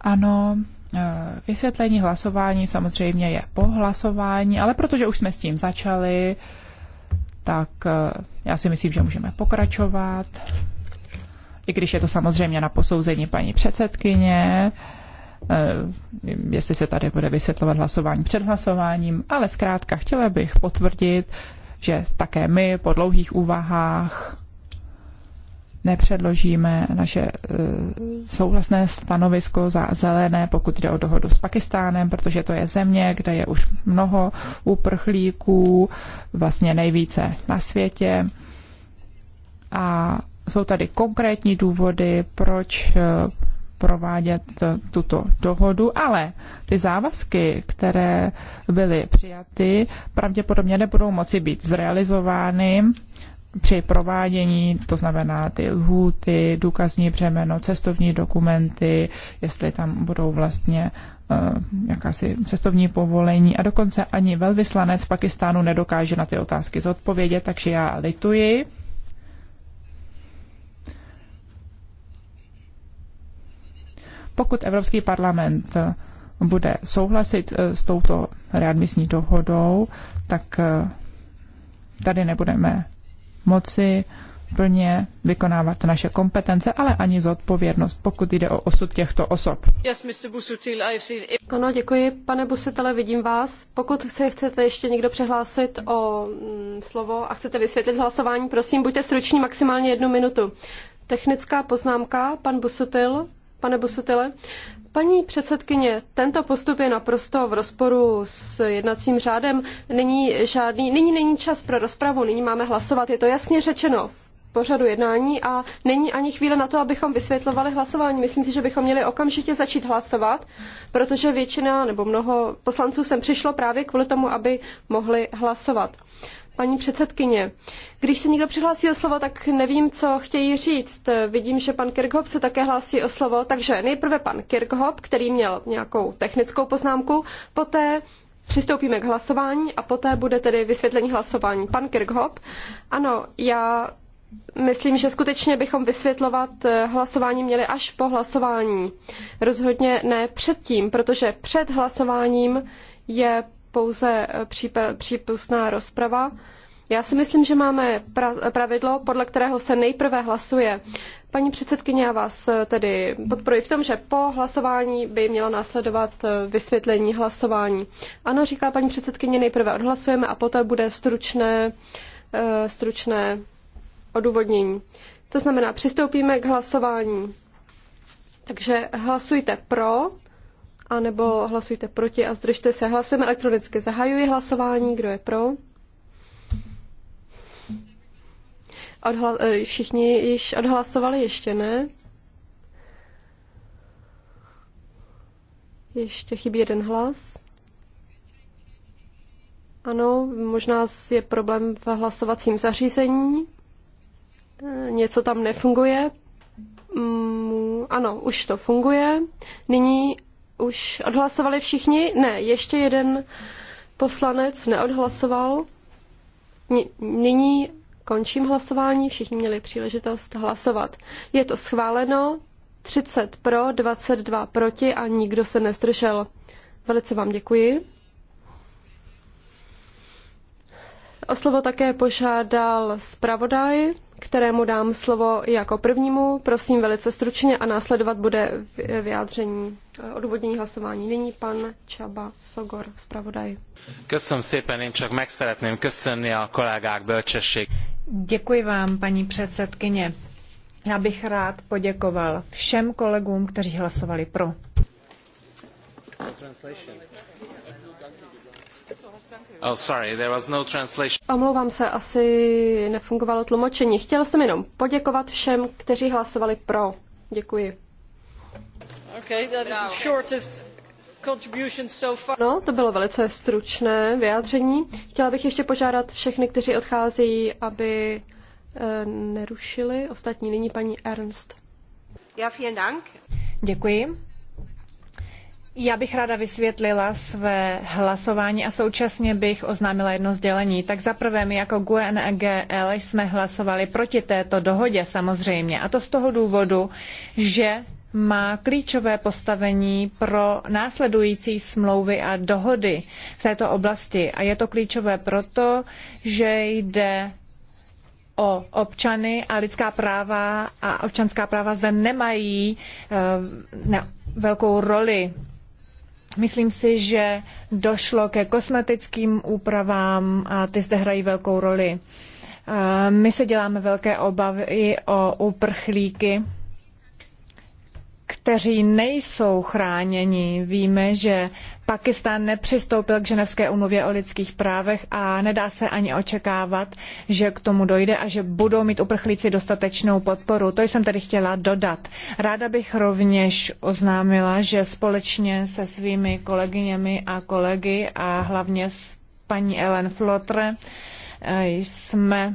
Speaker 3: Ano, eh, vysvětlení hlasování samozřejmě je po hlasování, ale protože už jsme s tím začali, tak eh, já si myslím, že můžeme pokračovat i když je to samozřejmě na posouzení paní předsedkyně, eh, jestli se tady bude vysvětlovat hlasování před hlasováním, ale zkrátka chtěla bych potvrdit, že také my po dlouhých úvahách nepředložíme naše eh, souhlasné stanovisko za zelené, pokud jde o dohodu s Pakistánem, protože to je země, kde je už mnoho úprchlíků, vlastně nejvíce na světě. A jsou tady konkrétní důvody, proč eh, provádět eh, tuto dohodu, ale ty závazky, které byly přijaty, pravděpodobně nebudou moci být zrealizovány při provádění, to znamená ty lhůty, důkazní břemeno, cestovní dokumenty, jestli tam budou vlastně eh, jakási cestovní povolení a dokonce ani velvyslanec v Pakistánu nedokáže na ty otázky zodpovědět, takže já lituji Pokud Evropský parlament eh, bude souhlasit eh, s touto readmisní dohodou, tak eh, tady nebudeme moci plně vykonávat naše kompetence, ale ani zodpovědnost, pokud jde o osud těchto osob.
Speaker 1: Ano, děkuji, pane Busutele, vidím vás. Pokud se chcete ještě někdo přihlásit o mm, slovo a chcete vysvětlit hlasování, prosím, buďte struční maximálně jednu minutu. Technická poznámka, pan Busutil pane Busutele. Paní předsedkyně, tento postup je naprosto v rozporu s jednacím řádem. Není žádný, nyní není čas pro rozpravu, nyní máme hlasovat, je to jasně řečeno v pořadu jednání a není ani chvíle na to, abychom vysvětlovali hlasování. Myslím si, že bychom měli okamžitě začít hlasovat, protože většina nebo mnoho poslanců sem přišlo právě kvůli tomu, aby mohli hlasovat paní předsedkyně. Když se někdo přihlásí o slovo, tak nevím, co chtějí říct. Vidím, že pan Kirchhoff se také hlásí o slovo, takže nejprve pan Kirchhoff, který měl nějakou technickou poznámku, poté přistoupíme k hlasování a poté bude tedy vysvětlení hlasování. Pan Kirchhoff, ano, já Myslím, že skutečně bychom vysvětlovat eh, hlasování měli až po hlasování. Rozhodně ne předtím, protože před hlasováním je pouze eh, přípustná rozprava. Já si myslím, že máme pravidlo, podle kterého se nejprve hlasuje. Paní předsedkyně, já vás eh, tedy podporuji v tom, že po hlasování by mělo následovat eh, vysvětlení hlasování. Ano, říká paní předsedkyně, nejprve odhlasujeme a poté bude stručné, stručné odůvodnění. To znamená, přistoupíme k hlasování. Takže hlasujte pro anebo hlasujte proti a zdržte se. Hlasujeme elektronicky. Zahajuji hlasování. Kdo je pro? Odhla- eh, všichni již odhlasovali, ještě ne? Ještě chybí jeden hlas. Ano, možná je problém v hlasovacím zařízení. Eh, něco tam nefunguje. Mm, ano, už to funguje. Nyní už odhlasovali všichni? Ne, ještě jeden poslanec neodhlasoval. Nyní končím hlasování, všichni měli příležitost hlasovat. Je to schváleno, 30 pro, 22 proti a nikdo se nezdržel. Velice vám děkuji. O slovo také požádal zpravodaj kterému dám slovo jako prvnímu. Prosím velice stručně a následovat bude vyjádření eh, odůvodnění hlasování. Nyní pan Čaba Sogor, zpravodaj. Děkuji
Speaker 2: vám, paní předsedkyně. Já bych rád poděkoval všem kolegům, kteří
Speaker 1: hlasovali pro.
Speaker 4: Translation. Oh, sorry, there was no translation.
Speaker 1: Omlouvám se, asi nefungovalo tlumočení. Chtěla jsem jenom poděkovat všem, kteří hlasovali pro. Děkuji. Okay, that is the shortest contribution so far. No, to bylo velice stručné vyjádření. Chtěla bych ještě požádat všechny, kteří odcházejí, aby eh, nerušili. Ostatní nyní paní Ernst.
Speaker 4: Ja, vielen Dank.
Speaker 1: Děkuji. Já
Speaker 2: bych ráda vysvětlila své hlasování a současně bych oznámila jedno sdělení. Tak zaprvé my jako GUNGL e jsme hlasovali proti této dohodě samozřejmě a to z toho důvodu, že má klíčové postavení pro následující smlouvy a dohody v této oblasti. A je to klíčové proto, že jde o občany a lidská práva a občanská práva zde nemají eh, ne, velkou roli Myslím si, že došlo ke kosmetickým úpravám a ty zde hrají velkou roli. My se děláme velké obavy o uprchlíky, kteří nejsou chráněni. Víme, že Pakistan nepřistoupil k Ženevské umluvě o lidských právech a nedá se ani očekávat, že k tomu dojde a že budou mít uprchlíci dostatečnou podporu. To jsem tedy chtěla dodat. Ráda bych rovněž oznámila, že společně se svými kolegyněmi a kolegy a hlavně s paní Ellen Flotre eh, jsme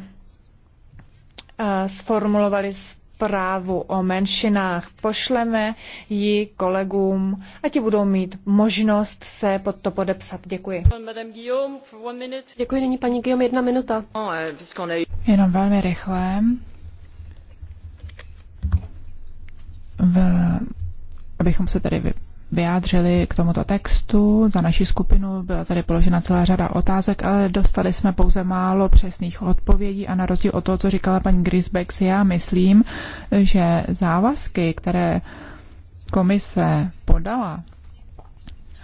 Speaker 2: eh, sformulovali zprávu o menšinách, pošleme ji kolegům a ti budou mít možnost se pod to podepsat. Děkuji.
Speaker 1: Děkuji, nyní paní Guillaume, jedna minuta. Oh, eh,
Speaker 3: Jenom velmi rychle. V... Abychom se tady vy vyjádřili k tomuto textu. Za naši skupinu byla tady položena celá řada otázek, ale dostali jsme pouze málo přesných odpovědí a na rozdíl od toho, co říkala paní Grisbeck, si já myslím, že závazky, které komise podala,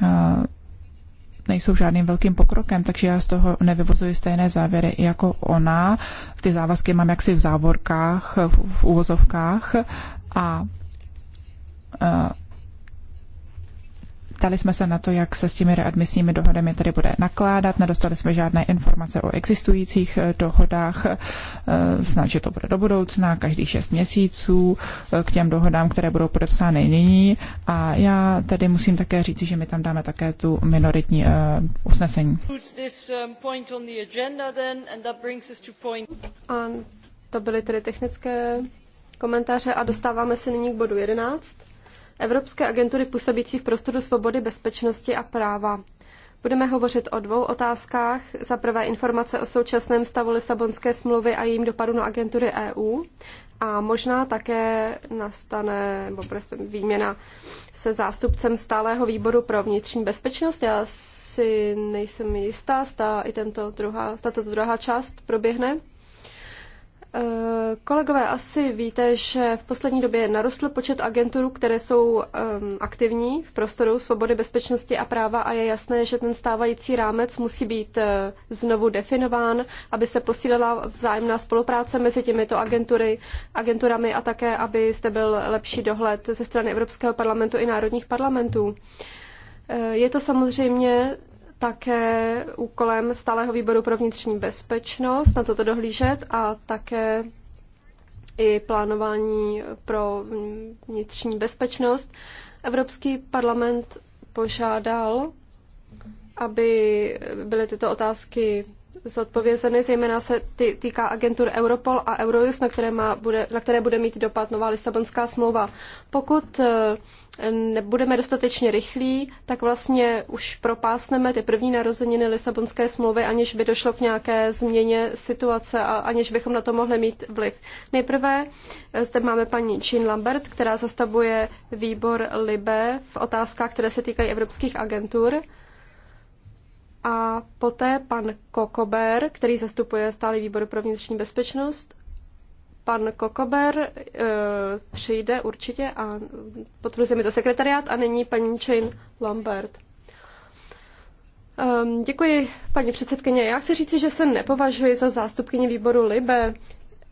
Speaker 3: eh, nejsou žádným velkým pokrokem, takže já z toho nevyvozuji stejné závěry jako ona. Ty závazky mám jaksi v závorkách, v, úvozovkách a eh, Ptali jsme se na to, jak se s těmi readmisními dohodami tady bude nakládat. Nedostali jsme žádné informace o existujících eh, dohodách. Eh, snad, že to bude do budoucna, každý šest měsíců eh, k těm dohodám, které budou podepsány nyní. A já tedy musím také říci, že my tam dáme také tu minoritní usnesení.
Speaker 1: Um, a to byly tedy technické komentáře a dostáváme se nyní k bodu 11. Evropské agentury působící v prostoru svobody, bezpečnosti a práva. Budeme hovořit o dvou otázkách. Za prvé informace o současném stavu Lisabonské smlouvy a jejím dopadu na agentury EU. A možná také nastane nebo prostě výměna se zástupcem stálého výboru pro vnitřní bezpečnost. Já si nejsem jistá, zda i tento druhá, tato druhá část proběhne. Eh, kolegové, asi víte, že v poslední době narostl počet agenturů, které jsou um, aktivní v prostoru svobody, bezpečnosti a práva a je jasné, že ten stávající rámec musí být uh, znovu definován, aby se posílila vzájemná spolupráce mezi těmito agentury, agenturami a také, aby zde byl lepší dohled ze strany Evropského parlamentu i národních parlamentů. Eh, je to samozřejmě také úkolem stáleho výboru pro vnitřní bezpečnost na toto dohlížet a také i plánování pro vnitřní bezpečnost. Evropský parlament požádal, aby byly tyto otázky zodpovězeny, zejména se ty, týká agentur Europol a Eurojust, na které, má, bude, na které bude mít dopad nová Lisabonská smlouva. Pokud eh, nebudeme dostatečně rychlí, tak vlastně už propásneme ty první narozeniny Lisabonské smlouvy, aniž by došlo k nějaké změně situace a aniž bychom na to mohli mít vliv. Nejprve eh, zde máme paní Jean Lambert, která zastavuje výbor LIBE v otázkách, které se týkají evropských agentur. A poté pan Kokober, který zastupuje stále výbor pro vnitřní bezpečnost pan Kokober e, přijde určitě a potvrzuje mi to sekretariát a nyní paní Jane Lambert. Um, děkuji, paní předsedkyně. Já chci říct, že se nepovažuji za zástupkyni výboru LIBE,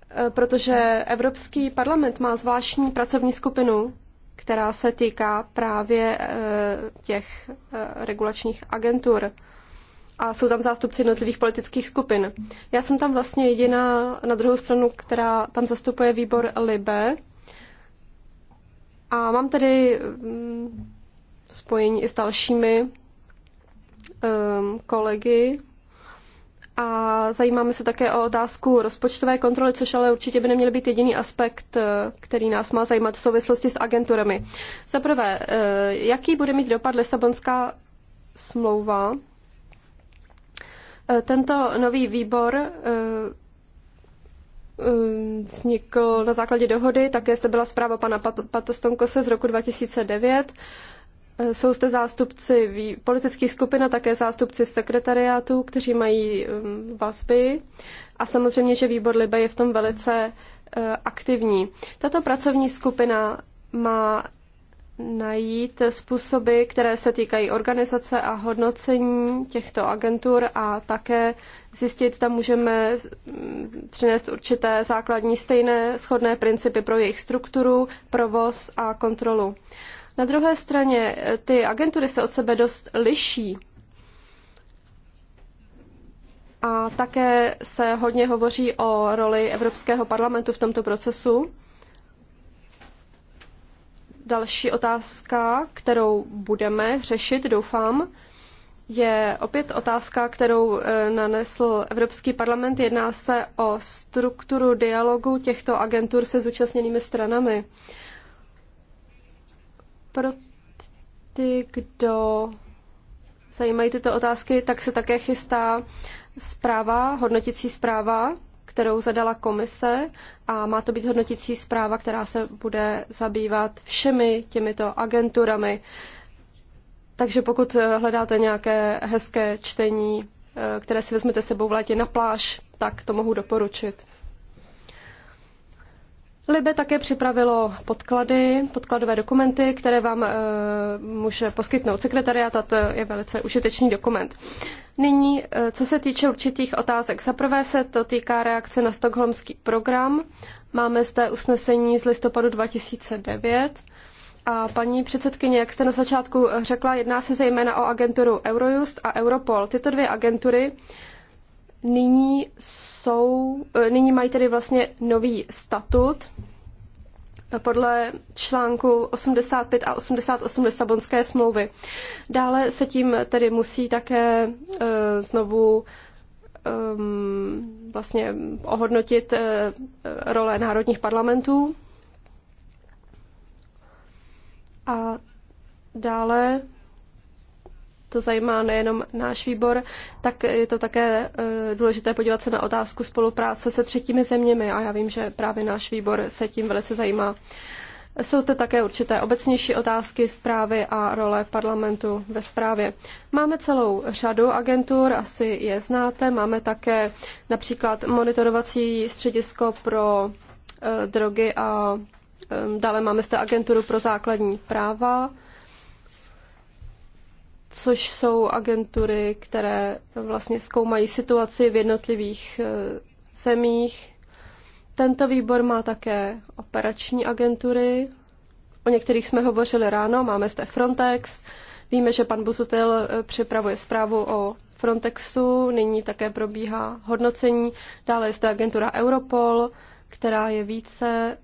Speaker 1: eh, protože Evropský parlament má zvláštní pracovní skupinu, která se týká právě eh, těch regulačních agentur a jsou tam zástupci jednotlivých politických skupin. Já jsem tam vlastně jediná na druhou stranu, která tam zastupuje výbor LIBE. A mám tedy mm, spojení i s dalšími um, kolegy. A zajímáme se také o otázku rozpočtové kontroly, což ale určitě by neměl být jediný aspekt, eh, který nás má zajímat v souvislosti s agenturami. Za prvé, eh, jaký bude mít dopad Lisabonská smlouva Eh, tento nový výbor eh, eh, vznikl na základě dohody, také jste byla zpráva pana Patostonkose z roku 2009. Jsou zde zástupci politických skupin a také zástupci sekretariátů, kteří mají vazby. A samozřejmě, že výbor Libe je v tom velice aktivní. Tato pracovní skupina má najít způsoby, které se týkají organizace a hodnocení těchto agentur a také zjistit, zda můžeme přinést určité základní stejné shodné principy pro jejich strukturu, provoz a kontrolu. Na druhé straně eh, ty agentury se od sebe dost liší. A také se hodně hovoří o roli Evropského parlamentu v tomto procesu. Další otázka, kterou budeme řešit, doufám, je opět otázka, kterou eh, nanesl Evropský parlament. Jedná se o strukturu dialogu těchto agentur se zúčastněnými stranami. Pro ty, kdo zajímají tyto otázky, tak se také chystá zpráva, hodnotící zpráva kterou zadala komise a má to být hodnotící zpráva, která se bude zabývat všemi těmito agenturami. Takže pokud eh, hledáte nějaké hezké čtení, eh, které si vezmete sebou v létě na pláž, tak to mohu doporučit. Libe také připravilo podklady, podkladové dokumenty, které vám e, může poskytnout sekretariat a to je velice užitečný dokument. Nyní, e, co se týče určitých otázek. Za prvé se to týká reakce na stokholmský program. Máme zde usnesení z listopadu 2009. A paní předsedkyně, jak jste na začátku řekla, jedná se zejména o agenturu Eurojust a Europol. Tyto dvě agentury nyní jsou, eh, nyní mají tedy vlastně nový statut podle článku 85 a 88 Lisabonské smlouvy. Dále se tím tedy musí také eh, znovu ehm, vlastně ohodnotit eh, role národních parlamentů. A dále to zajímá nejenom náš výbor, tak je to také eh, důležité podívat se na otázku spolupráce se třetími zeměmi a já vím, že právě náš výbor se tím velice zajímá. Jsou zde také určité obecnější otázky zprávy a role parlamentu ve zprávě. Máme celou řadu agentur, asi je znáte. Máme také například monitorovací středisko pro eh, drogy a eh, dále máme zde agenturu pro základní práva což jsou agentury, které vlastně zkoumají situaci v jednotlivých eh, zemích. Tento výbor má také operační agentury. O některých jsme hovořili ráno, máme zde Frontex. Víme, že pan Buzutel eh, připravuje zprávu o Frontexu, nyní také probíhá hodnocení. Dále je zde agentura Europol, která je více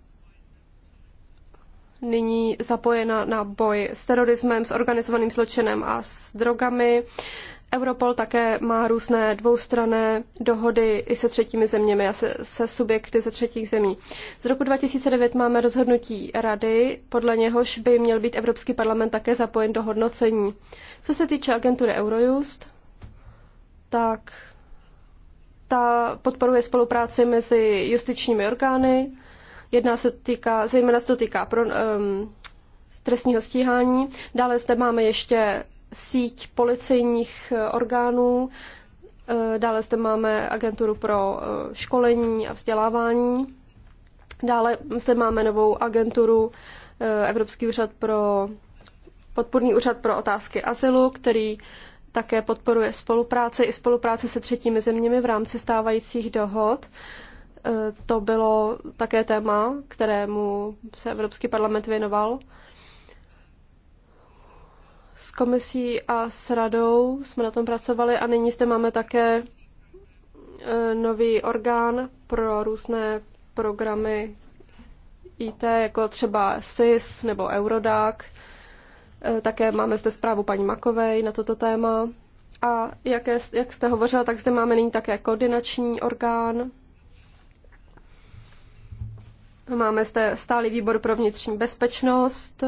Speaker 1: nyní zapojena na boj s terorismem, s organizovaným zločinem a s drogami. Europol také má různé dvoustrané dohody i se třetími zeměmi a se, se subjekty ze třetích zemí. Z roku 2009 máme rozhodnutí Rady, podle něhož by měl být Evropský parlament také zapojen do hodnocení. Co se týče agentury Eurojust, tak ta podporuje spolupráci mezi justičními orgány, Jedná se týká, zejména se to týká pro, um, trestního stíhání. Dále zde máme ještě síť policejních eh, orgánů, eh, dále zde máme agenturu pro eh, školení a vzdělávání, dále zde máme novou agenturu Evropský úřad pro podporný úřad pro otázky azylu, který také podporuje spolupráci i spolupráci se třetími zeměmi v rámci stávajících dohod. Uh, Eh, to bylo také téma, kterému se Evropský parlament věnoval. S komisí a s radou jsme na tom pracovali a nyní zde máme také eh, nový orgán pro různé programy IT, jako třeba SIS nebo Eurodac. Eh, také máme zde zprávu paní Makovej na toto téma. A jak, je, jak jste hovořila, tak zde máme nyní také koordinační orgán Máme zde stálý výbor pro vnitřní bezpečnost,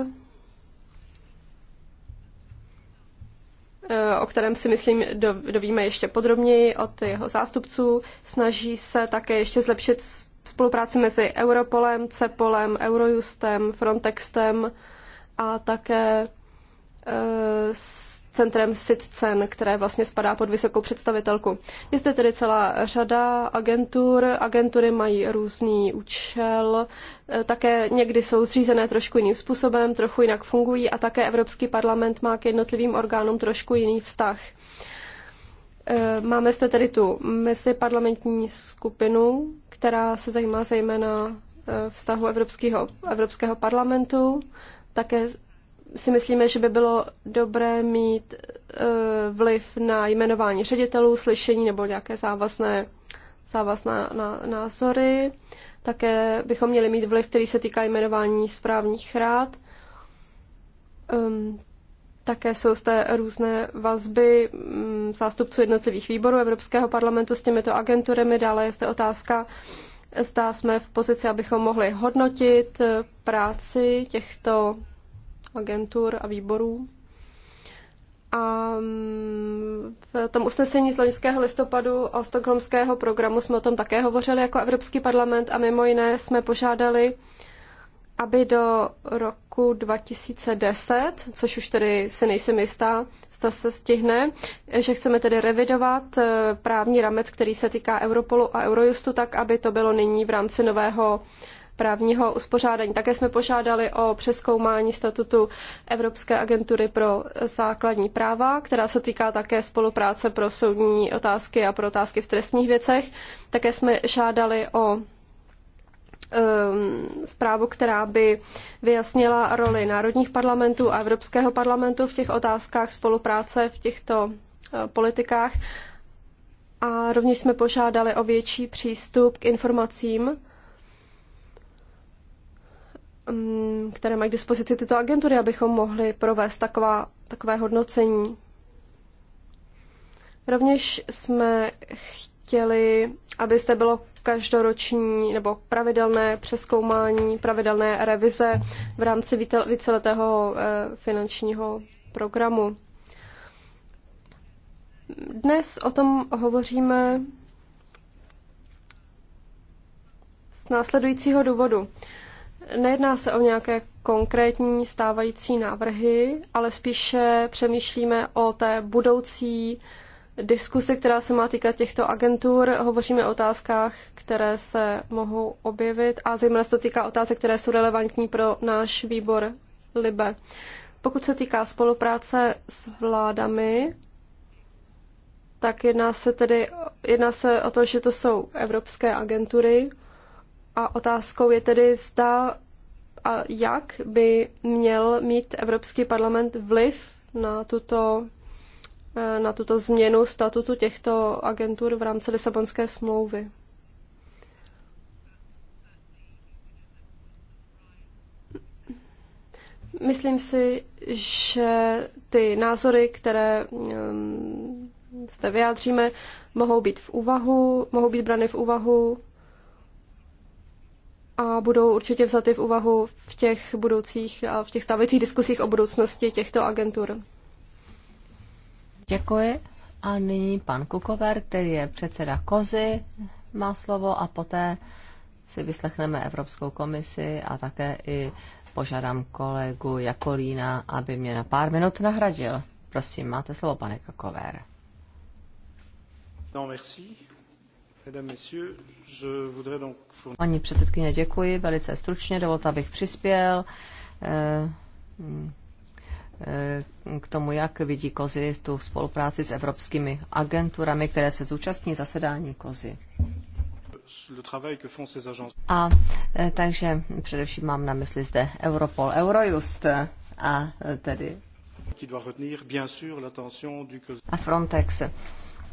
Speaker 1: eh, o kterém si myslím dovíme ještě podrobněji od jeho zástupců. Snaží se také ještě zlepšit spolupráci mezi Europolem, Cepolem, Eurojustem, Frontextem a také eh, s centrem SITCEN, které vlastně spadá pod vysokou představitelku. Je zde tedy celá řada agentur, agentury mají různý účel, e, také někdy jsou zřízené trošku jiným způsobem, trochu jinak fungují a také Evropský parlament má k jednotlivým orgánům trošku jiný vztah. E, máme zde tedy tu parlamentní skupinu, která se zajímá zejména e, vztahu Evropského, Evropského parlamentu, také si myslíme, že by bylo dobré mít e, vliv na jmenování ředitelů, slyšení nebo nějaké závazné, závazné názory. Také bychom měli mít vliv, který se týká jmenování správních rád. Ehm, také jsou zde různé vazby mm, zástupců jednotlivých výborů Evropského parlamentu s těmito agenturemi. Dále je zde otázka, zda jsme v pozici, abychom mohli hodnotit e, práci těchto agentur a výborů. A mm, v tom usnesení z loňského listopadu o stokholmského programu jsme o tom také hovořili jako Evropský parlament a mimo jiné jsme požádali, aby do roku 2010, což už tedy si nejsem jistá, zda se stihne, že chceme tedy revidovat eh, právní ramec, který se týká Europolu a Eurojustu, tak aby to bylo nyní v rámci nového právního uspořádání. Také jsme požádali o přeskoumání statutu Evropské agentury pro základní práva, která se týká také spolupráce pro soudní otázky a pro otázky v trestních věcech. Také jsme žádali o ehm, zprávu, která by vyjasnila roli národních parlamentů a Evropského parlamentu v těch otázkách spolupráce v těchto e, politikách. A rovněž jsme požádali o větší přístup k informacím Mm, které mají k dispozici tyto agentury, abychom mohli provést taková, takové hodnocení. Rovněž jsme chtěli, aby zde bylo každoroční nebo pravidelné přeskoumání, pravidelné revize v rámci víceletého eh, finančního programu. Dnes o tom hovoříme z následujícího důvodu. Nejedná se o nějaké konkrétní stávající návrhy, ale spíše přemýšlíme o té budoucí diskuse, která se má týkat těchto agentur. Hovoříme o otázkách, které se mohou objevit a zejména se to týká otázek, které jsou relevantní pro náš výbor LIBE. Pokud se týká spolupráce s vládami, tak jedná se tedy jedná se o to, že to jsou evropské agentury, a otázkou je tedy, zda a jak by měl mít Evropský parlament vliv na tuto, eh, na tuto změnu statutu těchto agentur v rámci Lisabonské smlouvy. Myslím si, že ty názory, které ehm, zde vyjádříme, mohou být v úvahu, mohou být brany v úvahu a budou určitě vzaty v úvahu v těch budoucích a v těch stávajících diskusích o budoucnosti těchto agentur.
Speaker 4: Děkuji. A nyní pan Kukover, který je předseda Kozy, má slovo a poté si vyslechneme Evropskou komisi a také i požádám kolegu Jakolína, aby mě na pár minut nahradil. Prosím, máte slovo, pane Kukover. No, merci. Paní předsedkyně, děkuji. Velice stručně dovolte, abych přispěl eh, eh, k tomu, jak vidí Kozy tu spolupráci s evropskými agenturami, které se zúčastní zasedání Kozy. A eh, takže především mám na mysli zde Europol, Eurojust a tedy a Frontex.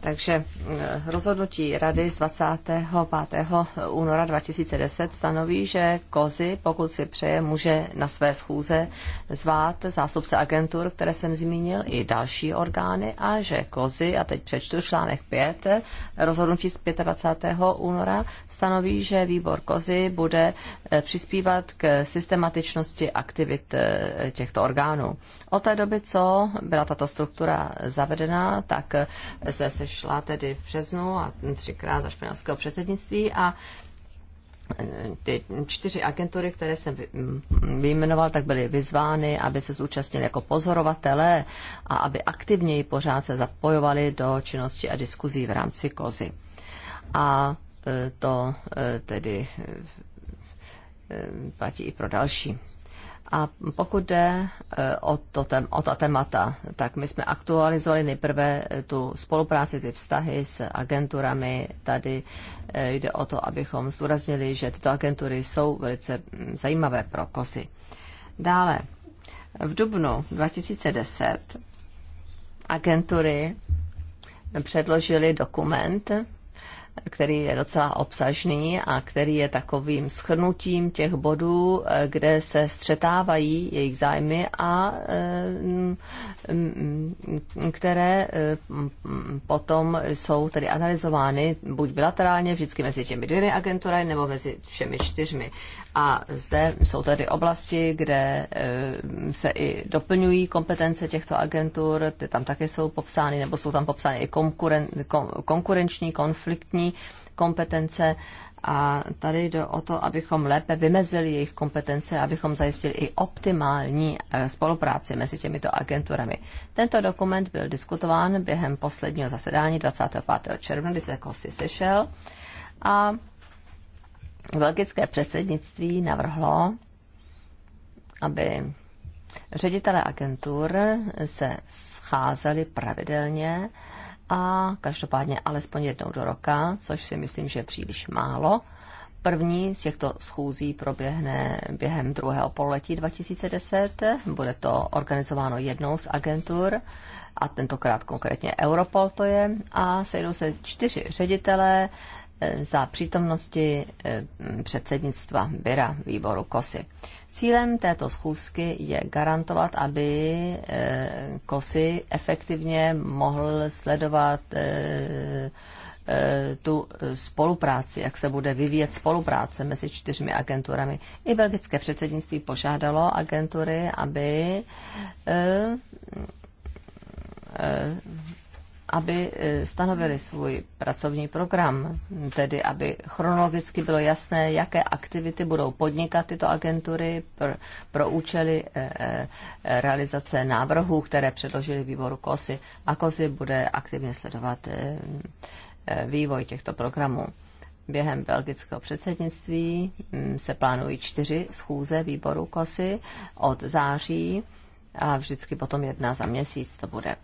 Speaker 4: Takže eh, rozhodnutí Rady z 25. února 2010 stanoví, že Kozy, pokud si přeje, může na své schůze zvát zástupce agentur, které jsem zmínil, i další orgány a že Kozy, a teď přečtu článek 5, rozhodnutí z 25. února stanoví, že výbor Kozy bude eh, přispívat k systematičnosti aktivit eh, těchto orgánů. Od té doby, co byla tato struktura zavedena, tak se odešla tedy v březnu a třikrát za španělského předsednictví a eh, ty čtyři agentury, které jsem mm, vyjmenoval, tak byly vyzvány, aby se zúčastnili jako pozorovatelé a aby aktivněji pořád se zapojovali do činnosti a diskuzí v rámci kozy. A eh, to eh, tedy platí i pro další a pokud jde eh, o, to, o ta témata, tak my jsme aktualizovali nejprve eh, tu spolupráci, ty vztahy s agenturami. Tady eh, jde o to, abychom zdůraznili, že tyto agentury jsou velice mm, zajímavé pro kozy. Dále, v dubnu 2010 agentury předložili dokument který je docela obsažný a který je takovým schrnutím těch bodů, eh, kde se střetávají jejich zájmy a eh, mm, které eh, potom jsou tedy analyzovány buď bilaterálně vždycky mezi těmi dvěmi agenturami nebo mezi všemi čtyřmi. A zde jsou tedy oblasti, kde eh, se i doplňují kompetence těchto agentur, ty tam také jsou popsány, nebo jsou tam popsány i konkuren, konkurenční, konfliktní kompetence. A tady jde o to, abychom lépe vymezili jejich kompetence, abychom zajistili i optimální eh, spolupráci mezi těmito agenturami. Tento dokument byl diskutován během posledního zasedání 25. června, kdy se Kosi jako sešel. A Belgické předsednictví navrhlo, aby ředitelé agentur se scházeli pravidelně a každopádně alespoň jednou do roka, což si myslím, že je příliš málo. První z těchto schůzí proběhne během druhého pololetí 2010. Bude to organizováno jednou z agentur, a tentokrát konkrétně Europol to je, a sejdou se čtyři ředitelé za přítomnosti eh, předsednictva Byra výboru KOSY. Cílem této schůzky je garantovat, aby eh, KOSY efektivně mohl sledovat eh, tu spolupráci, jak se bude vyvíjet spolupráce mezi čtyřmi agenturami. I belgické předsednictví požádalo agentury, aby aby e, stanovili svůj pracovní program, tedy aby chronologicky bylo jasné, jaké aktivity budou podnikat tyto agentury pro, pro účely e, e, realizace návrhů, které předložili výboru KOSY. A KOSY bude aktivně sledovat vývoj těchto programů. Během belgického předsednictví mm, se plánují čtyři schůze výboru KOSY od září a vždycky potom jedna za měsíc to bude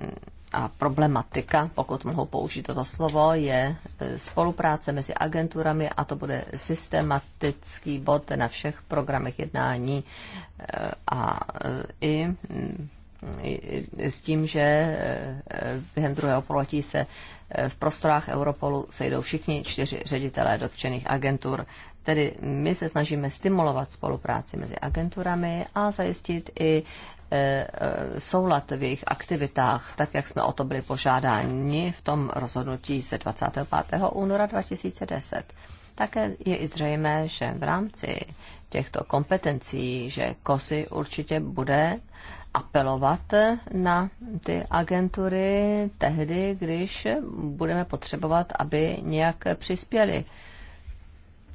Speaker 4: mm, a problematika, pokud mohu použít toto slovo, je e, spolupráce mezi agenturami a to bude systematický bod na všech programech jednání e, a e, i s tím, že během druhého poletí se v prostorách Europolu sejdou všichni čtyři ředitelé dotčených agentur. Tedy my se snažíme stimulovat spolupráci mezi agenturami a zajistit i Eh, eh, soulad v jejich aktivitách, tak jak jsme o to byli požádáni v tom rozhodnutí ze 25. února 2010. Také je i zřejmé, že v rámci těchto kompetencí, že KOSY určitě bude apelovat na ty agentury tehdy, když budeme potřebovat, aby nějak přispěli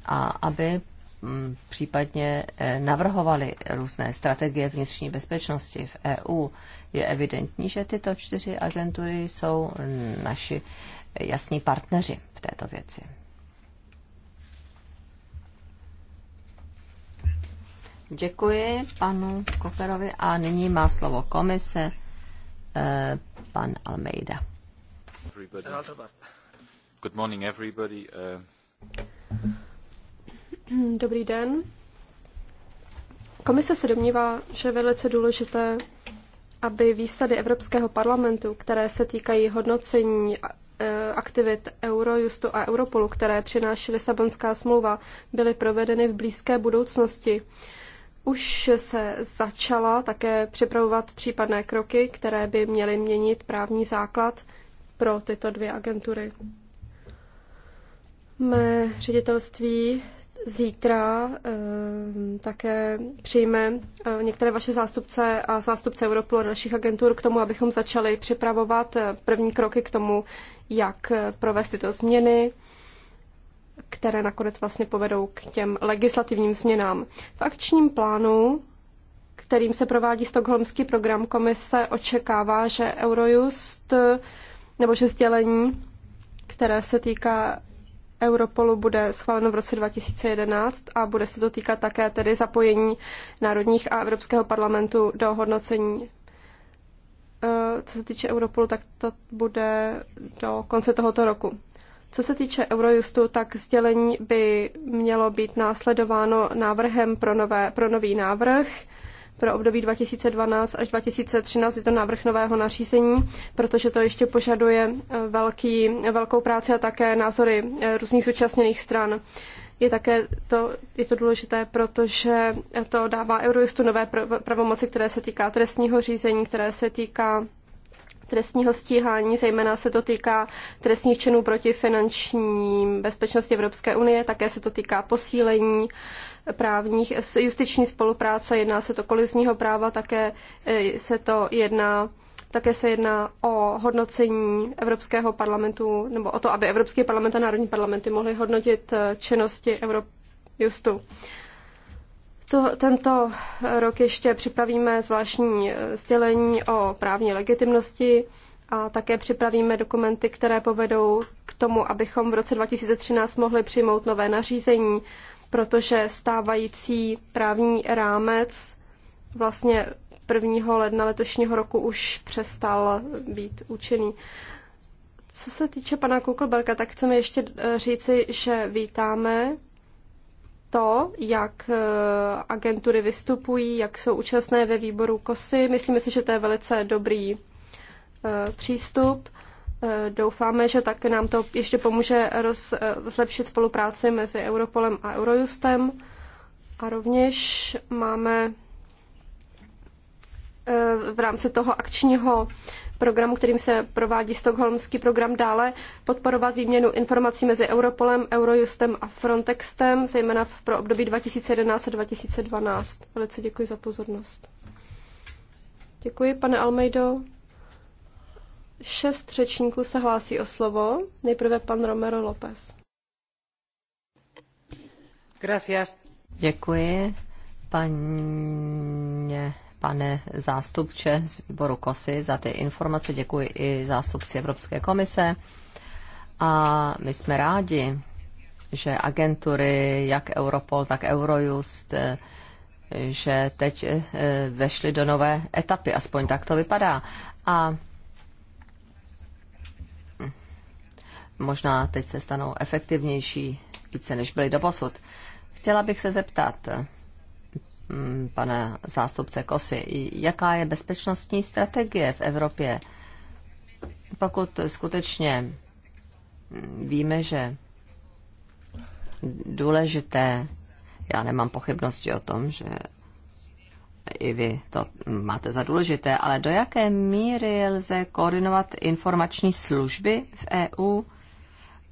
Speaker 4: a aby Mm, případně eh, navrhovali různé strategie vnitřní bezpečnosti v EU, je evidentní, že tyto čtyři agentury jsou naši jasní partneři v této věci. Děkuji panu Koperovi a nyní má slovo komise eh, pan Almeida.
Speaker 3: Good morning everybody. Uh...
Speaker 1: Hmm, dobrý den. Komise se domnívá, že je velice důležité, aby výsady Evropského parlamentu, které se týkají hodnocení eh, aktivit Eurojustu a Europolu, které přináší Lisabonská smlouva, byly provedeny v blízké budoucnosti. Už se začala také připravovat případné kroky, které by měly měnit právní základ pro tyto dvě agentury. Mé ředitelství Zítra ehm, také přijme eh, některé vaše zástupce a zástupce Europolu a dalších agentur k tomu, abychom začali připravovat eh, první kroky k tomu, jak eh, provést tyto změny, které nakonec vlastně povedou k těm legislativním změnám. V akčním plánu, kterým se provádí stokholmský program komise, očekává, že Eurojust nebo že sdělení, které se týká Europolu bude schváleno v roce 2011 a bude se to týkat také tedy zapojení národních a Evropského parlamentu do hodnocení. Eh, co se týče Europolu, tak to bude do konce tohoto roku. Co se týče Eurojustu, tak sdělení by mělo být následováno návrhem pro, nové, pro nový návrh pro období 2012 až 2013 je to návrh nového nařízení, protože to ještě požaduje eh, velký, velkou práci a také názory eh, různých zúčastněných stran. Je také to, je to důležité, protože to dává Eurojustu nové pravomoci, které se týká trestního řízení, které se týká trestního stíhání, zejména se to týká trestních činů proti finanční bezpečnosti Evropské unie, také se to týká posílení právních, justiční spolupráce, jedná se to kolizního práva, také eh, se to jedná také se jedná o hodnocení Evropského parlamentu, nebo o to, aby Evropský parlament a národní parlamenty mohly hodnotit eh, činnosti Eurojustu. To, tento rok ještě připravíme zvláštní eh, sdělení o právní legitimnosti a také připravíme dokumenty, které povedou k tomu, abychom v roce 2013 mohli přijmout nové nařízení, protože stávající právní rámec vlastně 1. ledna letošního roku už přestal být účinný. Co se týče pana Kukelberga, tak chceme ještě eh, říci, že vítáme to, jak eh, agentury vystupují, jak jsou účastné ve výboru KOSY. Myslíme si, že to je velice dobrý eh, přístup. Eh, doufáme, že tak nám to ještě pomůže roz, zlepšit spolupráci mezi Europolem a Eurojustem. A rovněž máme v rámci toho akčního programu, kterým se provádí stokholmský program dále, podporovat výměnu informací mezi Europolem, Eurojustem a Frontextem, zejména pro období 2011 a 2012. Velice děkuji za pozornost. Děkuji, pane Almeido. Šest řečníků se hlásí o slovo. Nejprve pan Romero López. Gracias.
Speaker 4: Děkuji, paní pane zástupče z výboru KOSY, za ty informace. Děkuji i zástupci Evropské komise. A my jsme rádi, že agentury, jak Europol, tak Eurojust, eh, že teď eh, vešly do nové etapy, aspoň tak to vypadá. A možná teď se stanou efektivnější více, než byly doposud. Chtěla bych se zeptat, Mm, pane zástupce Kosy, jaká je bezpečnostní strategie v Evropě? Pokud skutečně mm, víme, že důležité, já nemám pochybnosti o tom, že i vy to máte za důležité, ale do jaké míry lze koordinovat informační služby v EU?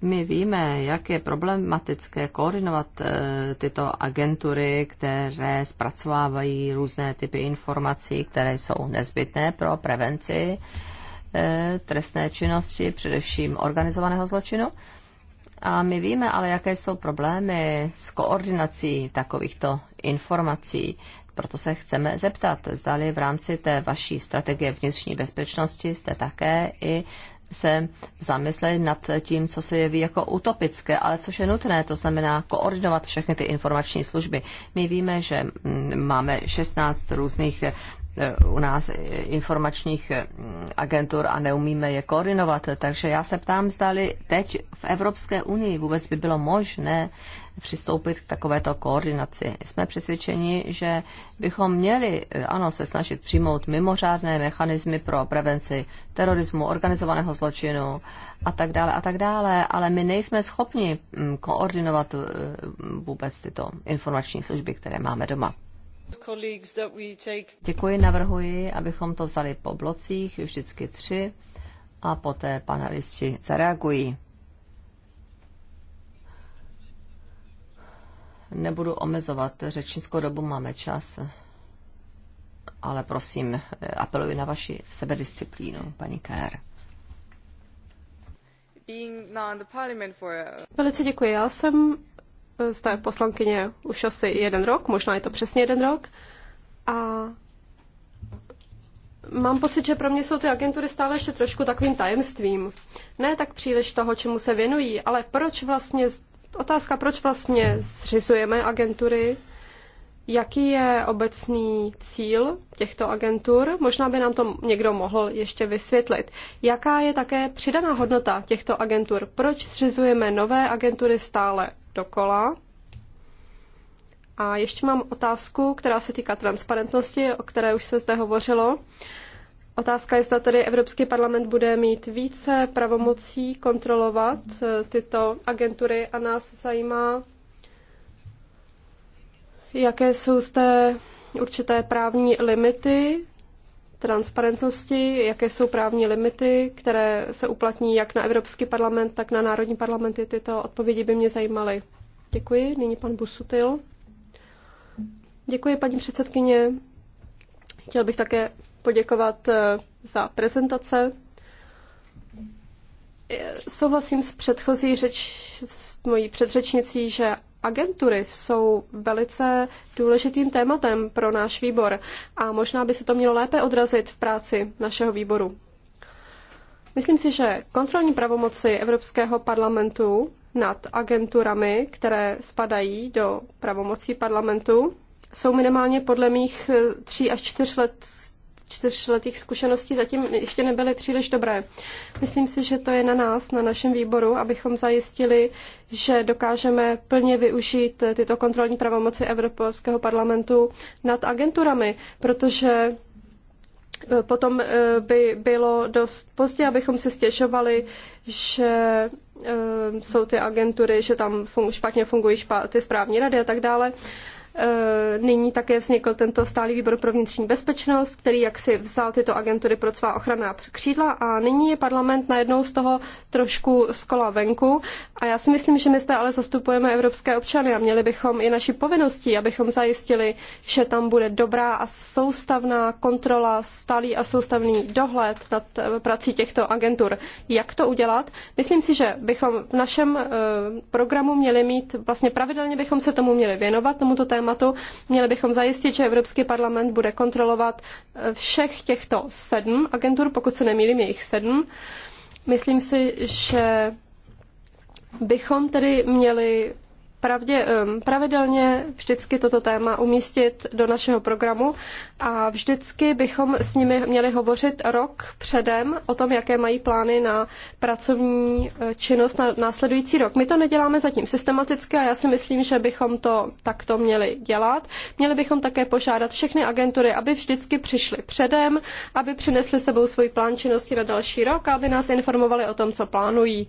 Speaker 4: my víme, jak je problematické koordinovat eh, tyto agentury, které zpracovávají různé typy informací, které jsou nezbytné pro prevenci eh, trestné činnosti, především organizovaného zločinu. A my víme ale, jaké jsou problémy s koordinací takovýchto informací. Proto se chceme zeptat, zdali v rámci té vaší strategie vnitřní bezpečnosti jste také i se zamyslet nad tím, co se jeví jako utopické, ale což je nutné, to znamená koordinovat všechny ty informační služby. My víme, že mm, máme 16 různých Eh, u nás informačních eh, agentur a neumíme je koordinovat. Takže já se ptám, zdali teď v Evropské unii vůbec by bylo možné přistoupit k takovéto koordinaci. Jsme přesvědčeni, že bychom měli, eh, ano, se snažit přijmout mimořádné mechanismy pro prevenci terorismu, organizovaného zločinu a tak dále a tak dále, ale my nejsme schopni mm, koordinovat vůbec tyto informační služby, které máme doma. Děkuji, navrhuji, abychom to vzali po blocích, vždycky tři, a poté panelisti zareagují. Nebudu omezovat řečnickou dobu, máme čas, ale prosím, apeluji na vaši sebedisciplínu, paní Kerr.
Speaker 1: Velice děkuji. Já jsem jste poslankyně už asi jeden rok, možná je to přesně jeden rok. A mám pocit, že pro mě jsou ty agentury stále ještě trošku takovým tajemstvím. Ne tak příliš toho, čemu se věnují, ale proč vlastně, otázka, proč vlastně zřizujeme agentury, jaký je obecný cíl těchto agentur, možná by nám to někdo mohl ještě vysvětlit. Jaká je také přidaná hodnota těchto agentur, proč zřizujeme nové agentury stále, dokola. A ještě mám otázku, která se týká transparentnosti, o které už se zde hovořilo. Otázka je, zda tedy Evropský parlament bude mít více pravomocí kontrolovat eh, tyto agentury a nás zajímá, jaké jsou zde určité právní limity transparentnosti, jaké jsou právní limity, které se uplatní jak na Evropský parlament, tak na národní parlamenty. Tyto odpovědi by mě zajímaly. Děkuji. Nyní pan Busutil. Děkuji, paní předsedkyně. Chtěl bych také poděkovat eh, za prezentace. Eh, souhlasím s předchozí řeč, s mojí předřečnicí, že agentury jsou velice důležitým tématem pro náš výbor a možná by se to mělo lépe odrazit v práci našeho výboru. Myslím si, že kontrolní pravomoci Evropského parlamentu nad agenturami, které spadají do pravomocí parlamentu, jsou minimálně podle mých eh, tří až čtyř let čtyřletých zkušeností zatím ještě nebyly příliš dobré. Myslím si, že to je na nás, na našem výboru, abychom zajistili, že dokážeme plně využít tyto kontrolní pravomoci Evropského parlamentu nad agenturami, protože eh, potom eh, by bylo dost pozdě, abychom se stěžovali, že eh, jsou ty agentury, že tam špatně fungují ty správní rady a tak dále. Eh, nyní také vznikl tento stálý výbor pro vnitřní bezpečnost, který jak si vzal tyto agentury pro svá ochranná křídla a nyní je parlament najednou z toho trošku z kola venku. A já si myslím, že my zde ale zastupujeme evropské občany a měli bychom i naši povinnosti, abychom zajistili, že tam bude dobrá a soustavná kontrola, stálý a soustavný dohled nad eh, prací těchto agentur. Jak to udělat? Myslím si, že bychom v našem eh, programu měli mít, vlastně pravidelně bychom se tomu měli věnovat, tomuto tématu tématu. Měli bychom zajistit, že Evropský parlament bude kontrolovat eh, všech těchto sedm agentur, pokud se nemýlím, jejich sedm. Myslím si, že bychom tedy měli pravdě, pravidelně vždycky toto téma umístit do našeho programu a vždycky bychom s nimi měli hovořit rok předem o tom, jaké mají plány na pracovní e, činnost na následující rok. My to neděláme zatím systematicky a já si myslím, že bychom to takto měli dělat. Měli bychom také požádat všechny agentury, aby vždycky přišly předem, aby přinesly sebou svůj plán činnosti na další rok a aby nás informovali o tom, co plánují.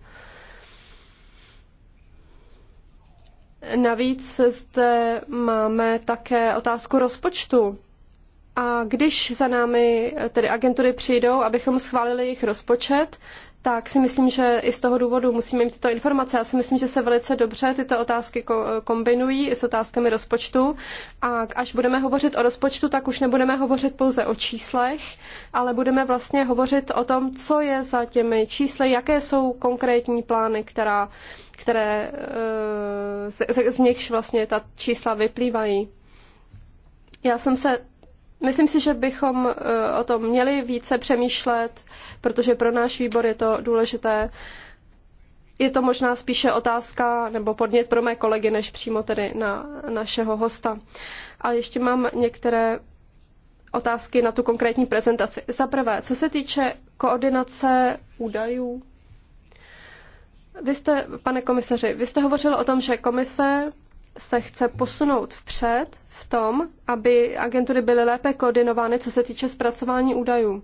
Speaker 1: Navíc zde máme také otázku rozpočtu. A když za námi tedy agentury přijdou, abychom schválili jejich rozpočet, tak si myslím, že i z toho důvodu musíme mít tyto informace. Já si myslím, že se velice dobře tyto otázky kombinují s otázkami rozpočtu. A až budeme hovořit o rozpočtu, tak už nebudeme hovořit pouze o číslech, ale budeme vlastně hovořit o tom, co je za těmi čísly, jaké jsou konkrétní plány, která které, eh, z, z, z nichž vlastně ta čísla vyplývají. Já jsem se, myslím si, že bychom eh, o tom měli více přemýšlet, protože pro náš výbor je to důležité. Je to možná spíše otázka nebo podnět pro mé kolegy, než přímo tedy na našeho hosta. A ještě mám některé otázky na tu konkrétní prezentaci. Za prvé, co se týče koordinace údajů, vy jste, pane komisaři, vy jste hovořil o tom, že komise se chce posunout vpřed v tom, aby agentury byly lépe koordinovány, co se týče zpracování údajů.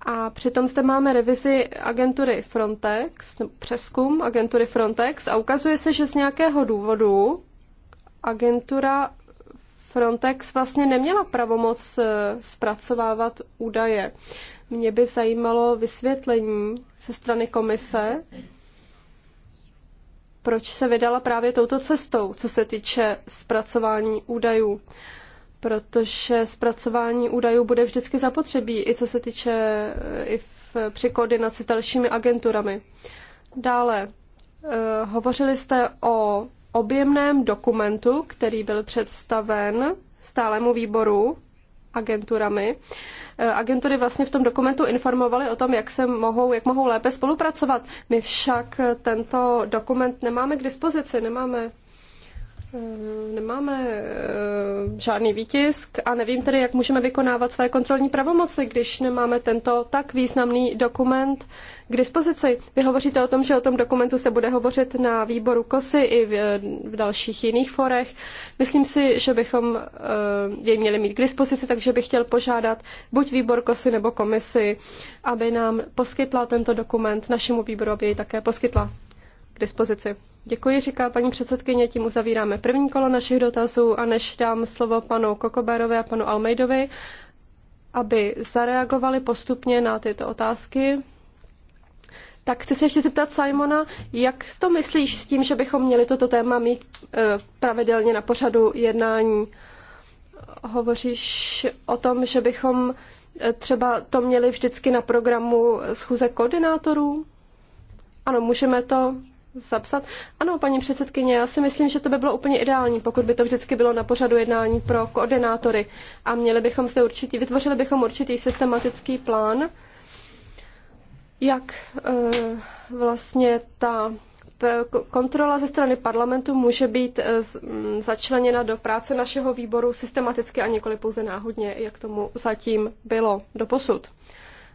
Speaker 1: A přitom zde máme revizi agentury Frontex, přeskum agentury Frontex a ukazuje se, že z nějakého důvodu agentura Frontex vlastně neměla pravomoc eh, zpracovávat údaje. Mě by zajímalo vysvětlení ze strany komise, proč se vydala právě touto cestou, co se týče zpracování údajů. Protože zpracování údajů bude vždycky zapotřebí, i co se týče i v, při koordinaci s dalšími agenturami. Dále, eh, hovořili jste o objemném dokumentu, který byl představen stálemu výboru agenturami. Eh, agentury vlastně v tom dokumentu informovaly o tom, jak se mohou, jak mohou lépe spolupracovat. My však eh, tento dokument nemáme k dispozici, nemáme eh, Nemáme žádný výtisk a nevím tedy, jak můžeme vykonávat své kontrolní pravomoci, když nemáme tento tak významný dokument, k dispozici. Vy hovoříte o tom, že o tom dokumentu se bude hovořit na výboru KOSY i v, eh, v dalších jiných forech. Myslím si, že bychom eh, jej měli mít k dispozici, takže bych chtěl požádat buď výbor KOSY nebo komisi, aby nám poskytla tento dokument našemu výboru, aby jej také poskytla k dispozici. Děkuji, říká paní předsedkyně, tím uzavíráme první kolo našich dotazů a než dám slovo panu Kokoberovi a panu Almejdovi, aby zareagovali postupně na tyto otázky, tak chci se ještě zeptat Simona, jak to myslíš s tím, že bychom měli toto téma mít eh, pravidelně na pořadu jednání? Hovoříš o tom, že bychom eh, třeba to měli vždycky na programu schůze koordinátorů? Ano, můžeme to zapsat. Ano, paní předsedkyně, já si myslím, že to by bylo úplně ideální, pokud by to vždycky bylo na pořadu jednání pro koordinátory a měli bychom se určitý, vytvořili bychom určitý systematický plán, jak e, vlastně ta kontrola ze strany parlamentu může být e, začleněna do práce našeho výboru systematicky a nikoli pouze náhodně, jak tomu zatím bylo doposud.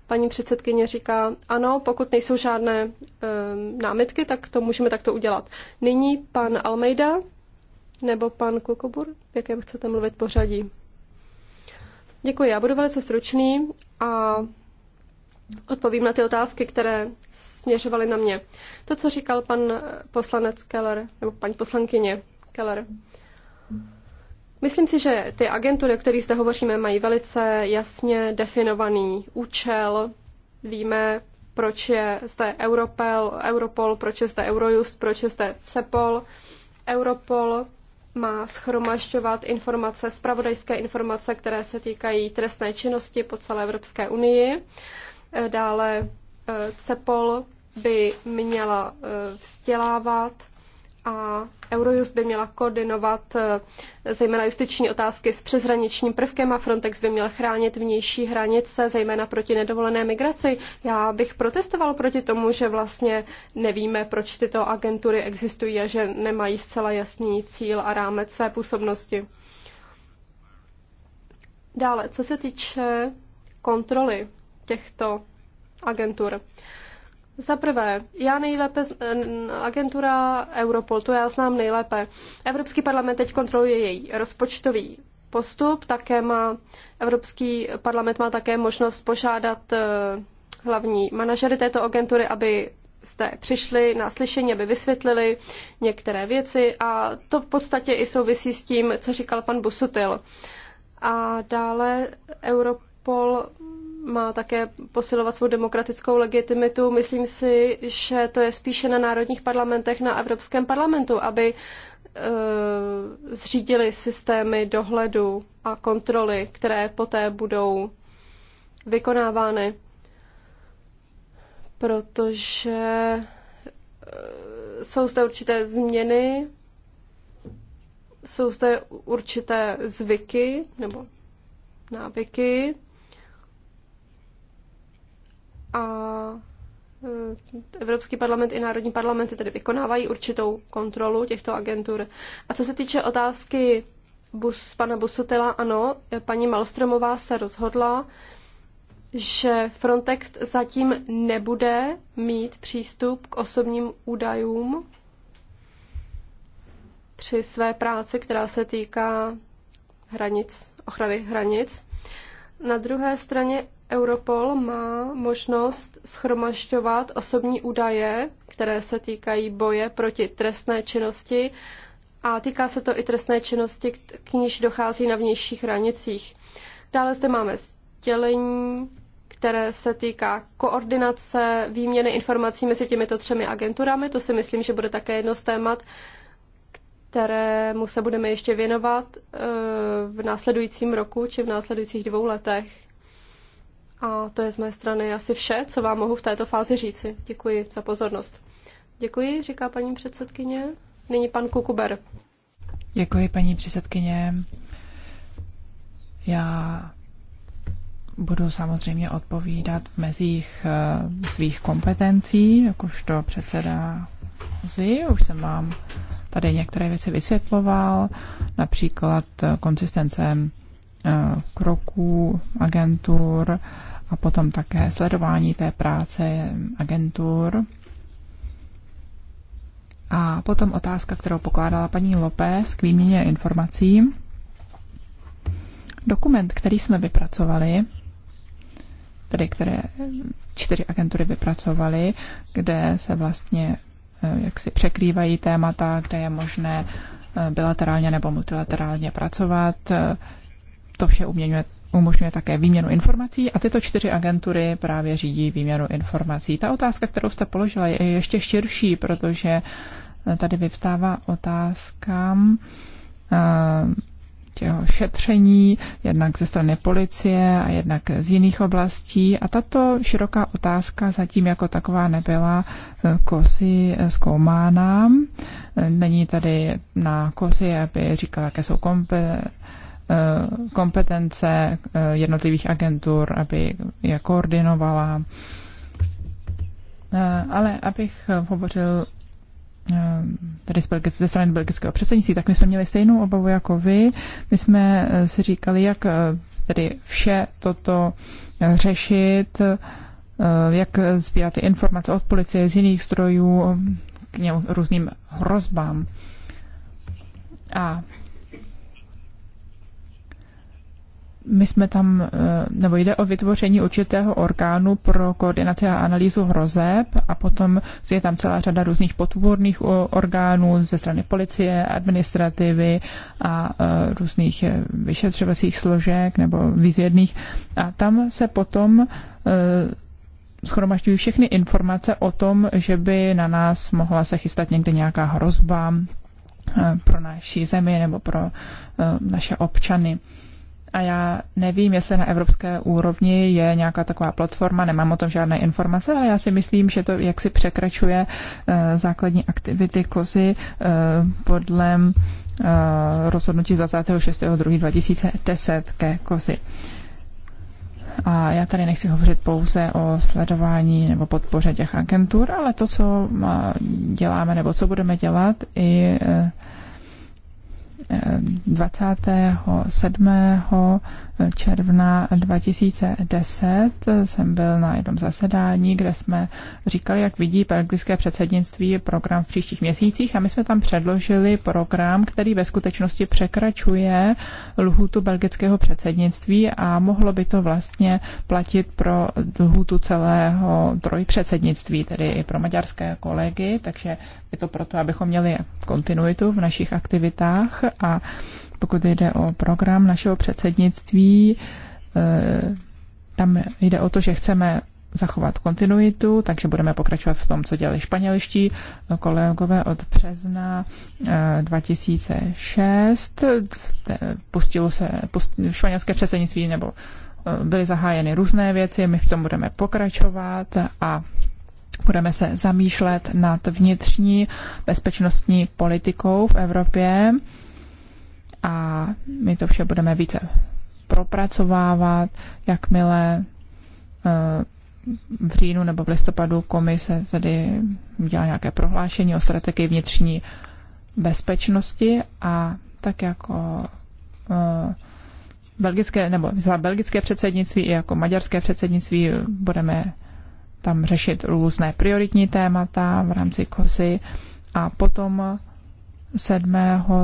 Speaker 1: Paní předsedkyně říká, ano, pokud nejsou žádné um, námitky, tak to můžeme takto udělat. Nyní pan Almeida nebo pan Kukobur, v jakém chcete mluvit pořadí? Děkuji, já budu velice stručný a odpovím na ty otázky, které směřovaly na mě. To, co říkal pan poslanec Keller, nebo paní poslankyně Keller. Myslím si, že ty agentury, o kterých zde hovoříme, mají velice jasně definovaný účel. Víme, proč je zde Europol, Europol proč je zde Eurojust, proč je zde CEPOL. Europol má schromažďovat informace, spravodajské informace, které se týkají trestné činnosti po celé Evropské unii. Eh, dále eh, CEPOL by měla eh, vzdělávat a Eurojust by měla koordinovat zejména justiční otázky s přeshraničním prvkem a Frontex by měl chránit vnější hranice, zejména proti nedovolené migraci. Já bych protestoval proti tomu, že vlastně nevíme, proč tyto agentury existují a že nemají zcela jasný cíl a rámec své působnosti. Dále, co se týče kontroly těchto agentur. Za prvé, já nejlépe, agentura Europol, to já znám nejlépe. Evropský parlament teď kontroluje její rozpočtový postup, také má, Evropský parlament má také možnost požádat eh, hlavní manažery této agentury, aby jste přišli na slyšení, aby vysvětlili některé věci a to v podstatě i souvisí s tím, co říkal pan Busutil. A dále Europol má také posilovat svou demokratickou legitimitu. Myslím si, že to je spíše na národních parlamentech, na Evropském parlamentu, aby e, zřídili systémy dohledu a kontroly, které poté budou vykonávány. Protože e, jsou zde určité změny, jsou zde určité zvyky nebo návyky, a e, Evropský parlament i národní parlamenty tedy vykonávají určitou kontrolu těchto agentur. A co se týče otázky Bus, pana Busutela, ano, paní Malstromová se rozhodla, že Frontex zatím nebude mít přístup k osobním údajům při své práci, která se týká hranic, ochrany hranic. Na druhé straně Europol má možnost schromažďovat osobní údaje, které se týkají boje proti trestné činnosti a týká se to i trestné činnosti, k níž dochází na vnějších hranicích. Dále zde máme sdělení, které se týká koordinace, výměny informací mezi těmito třemi agenturami. To si myslím, že bude také jedno z témat, kterému se budeme ještě věnovat eh, v následujícím roku či v následujících dvou letech. A to je z mé strany asi vše, co vám mohu v této fázi říci. Děkuji za pozornost. Děkuji, říká paní předsedkyně. Nyní pan Kukuber.
Speaker 3: Děkuji, paní předsedkyně. Já budu samozřejmě odpovídat v mezích eh, svých kompetencí, jakožto předseda ZI. Už jsem vám tady některé věci vysvětloval, například eh, konsistence eh, kroků agentur, a potom také sledování té práce agentur. A potom otázka, kterou pokládala paní López k výměně informací. Dokument, který jsme vypracovali, tedy které čtyři agentury vypracovaly, kde se vlastně eh, jak si překrývají témata, kde je možné eh, bilaterálně nebo multilaterálně pracovat. Eh, to vše uměňuje umožňuje také výměnu informací a tyto čtyři agentury právě řídí výměnu informací. Ta otázka, kterou jste položila, je ještě širší, protože eh, tady vyvstává otázka eh, těho šetření, jednak ze strany policie a jednak z jiných oblastí. A tato široká otázka zatím jako taková nebyla eh, kosy zkoumána. Není tady na kosy, aby říkala, jaké jsou kompetence Eh, kompetence eh, jednotlivých agentur, aby je koordinovala. Eh, ale abych hovořil tady z Belgic, ze strany belgického předsednictví, tak my jsme měli stejnou obavu jako vy. My jsme si říkali, jak tedy vše toto řešit, jak sbírat ty informace od policie z jiných strojů k různým hrozbám. A my jsme tam, eh, nebo jde o vytvoření určitého orgánu pro koordinaci a analýzu hrozeb a potom je tam celá řada různých potvorných orgánů ze strany policie, administrativy a eh, různých eh, vyšetřovacích složek nebo výzvědných. A tam se potom schromažďují všechny informace o tom, že by na nás mohla se chystat někde nějaká hrozba pro naší zemi nebo pro naše občany a já nevím, jestli na evropské úrovni je nějaká taková platforma, nemám o tom žádné informace, ale já si myslím, že to jaksi překračuje eh, základní aktivity kozy eh, podle eh, rozhodnutí 26.2.2010 ke kozy. A já tady nechci hovořit pouze o sledování nebo podpoře těch agentur, ale to, co děláme nebo co budeme dělat, i 27. června 2010 jsem byl na jednom zasedání, kde jsme říkali, jak vidí belgické předsednictví program v příštích měsících a my jsme tam předložili program, který ve skutečnosti překračuje lhůtu belgického předsednictví a mohlo by to vlastně platit pro lhůtu celého trojpředsednictví, tedy i pro maďarské kolegy, takže je to proto, abychom měli kontinuitu v našich aktivitách a pokud jde o program našeho předsednictví, eh, tam jde o to, že chceme zachovat kontinuitu, takže budeme pokračovat v tom, co dělali španělští kolegové od března 2006. Eh, pustilo se pust, španělské předsednictví nebo eh, byly zahájeny různé věci, my v tom budeme pokračovat a budeme se zamýšlet nad vnitřní bezpečnostní politikou v Evropě a my to vše budeme více propracovávat, jakmile eh, v říjnu nebo v listopadu komise tedy udělá nějaké prohlášení o strategii vnitřní bezpečnosti a tak jako eh, belgické, nebo za belgické předsednictví i jako maďarské předsednictví budeme tam řešit různé prioritní témata v rámci kozy a potom 7.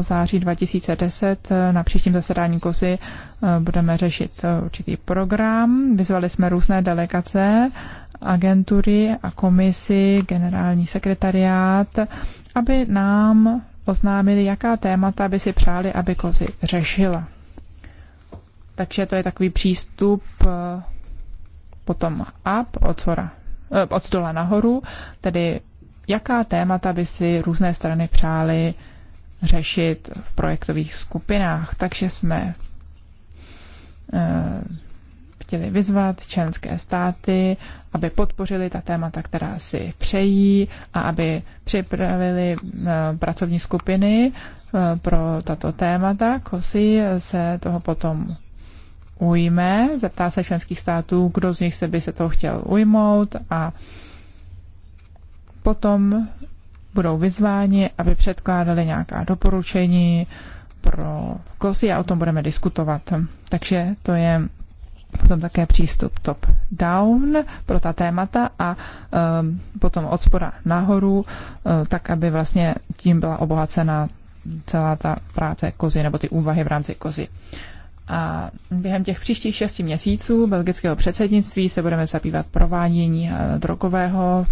Speaker 3: září 2010 eh, na příštím zasedání KOSY eh, budeme řešit eh, určitý program. Vyzvali jsme různé delegace, agentury a komisi, generální sekretariát, aby nám oznámili, jaká témata by si přáli, aby kozy řešila. Takže to je takový přístup potom up, od, zora, od stola nahoru, tedy jaká témata by si různé strany přály řešit v projektových skupinách. Takže jsme eh, chtěli vyzvat členské státy, aby podpořili ta témata, která si přejí a aby připravili eh, pracovní skupiny eh, pro tato témata. KOSI se toho potom ujme, zeptá se členských států, kdo z nich se by se toho chtěl ujmout a potom budou vyzváni, aby předkládali nějaká doporučení pro kozy a o tom budeme diskutovat. Takže to je potom také přístup top-down pro ta témata a um, potom od spora nahoru, uh, tak aby vlastně tím byla obohacena celá ta práce kozy nebo ty úvahy v rámci kozy. A během těch příštích šesti měsíců belgického předsednictví se budeme zabývat provádění e, drogového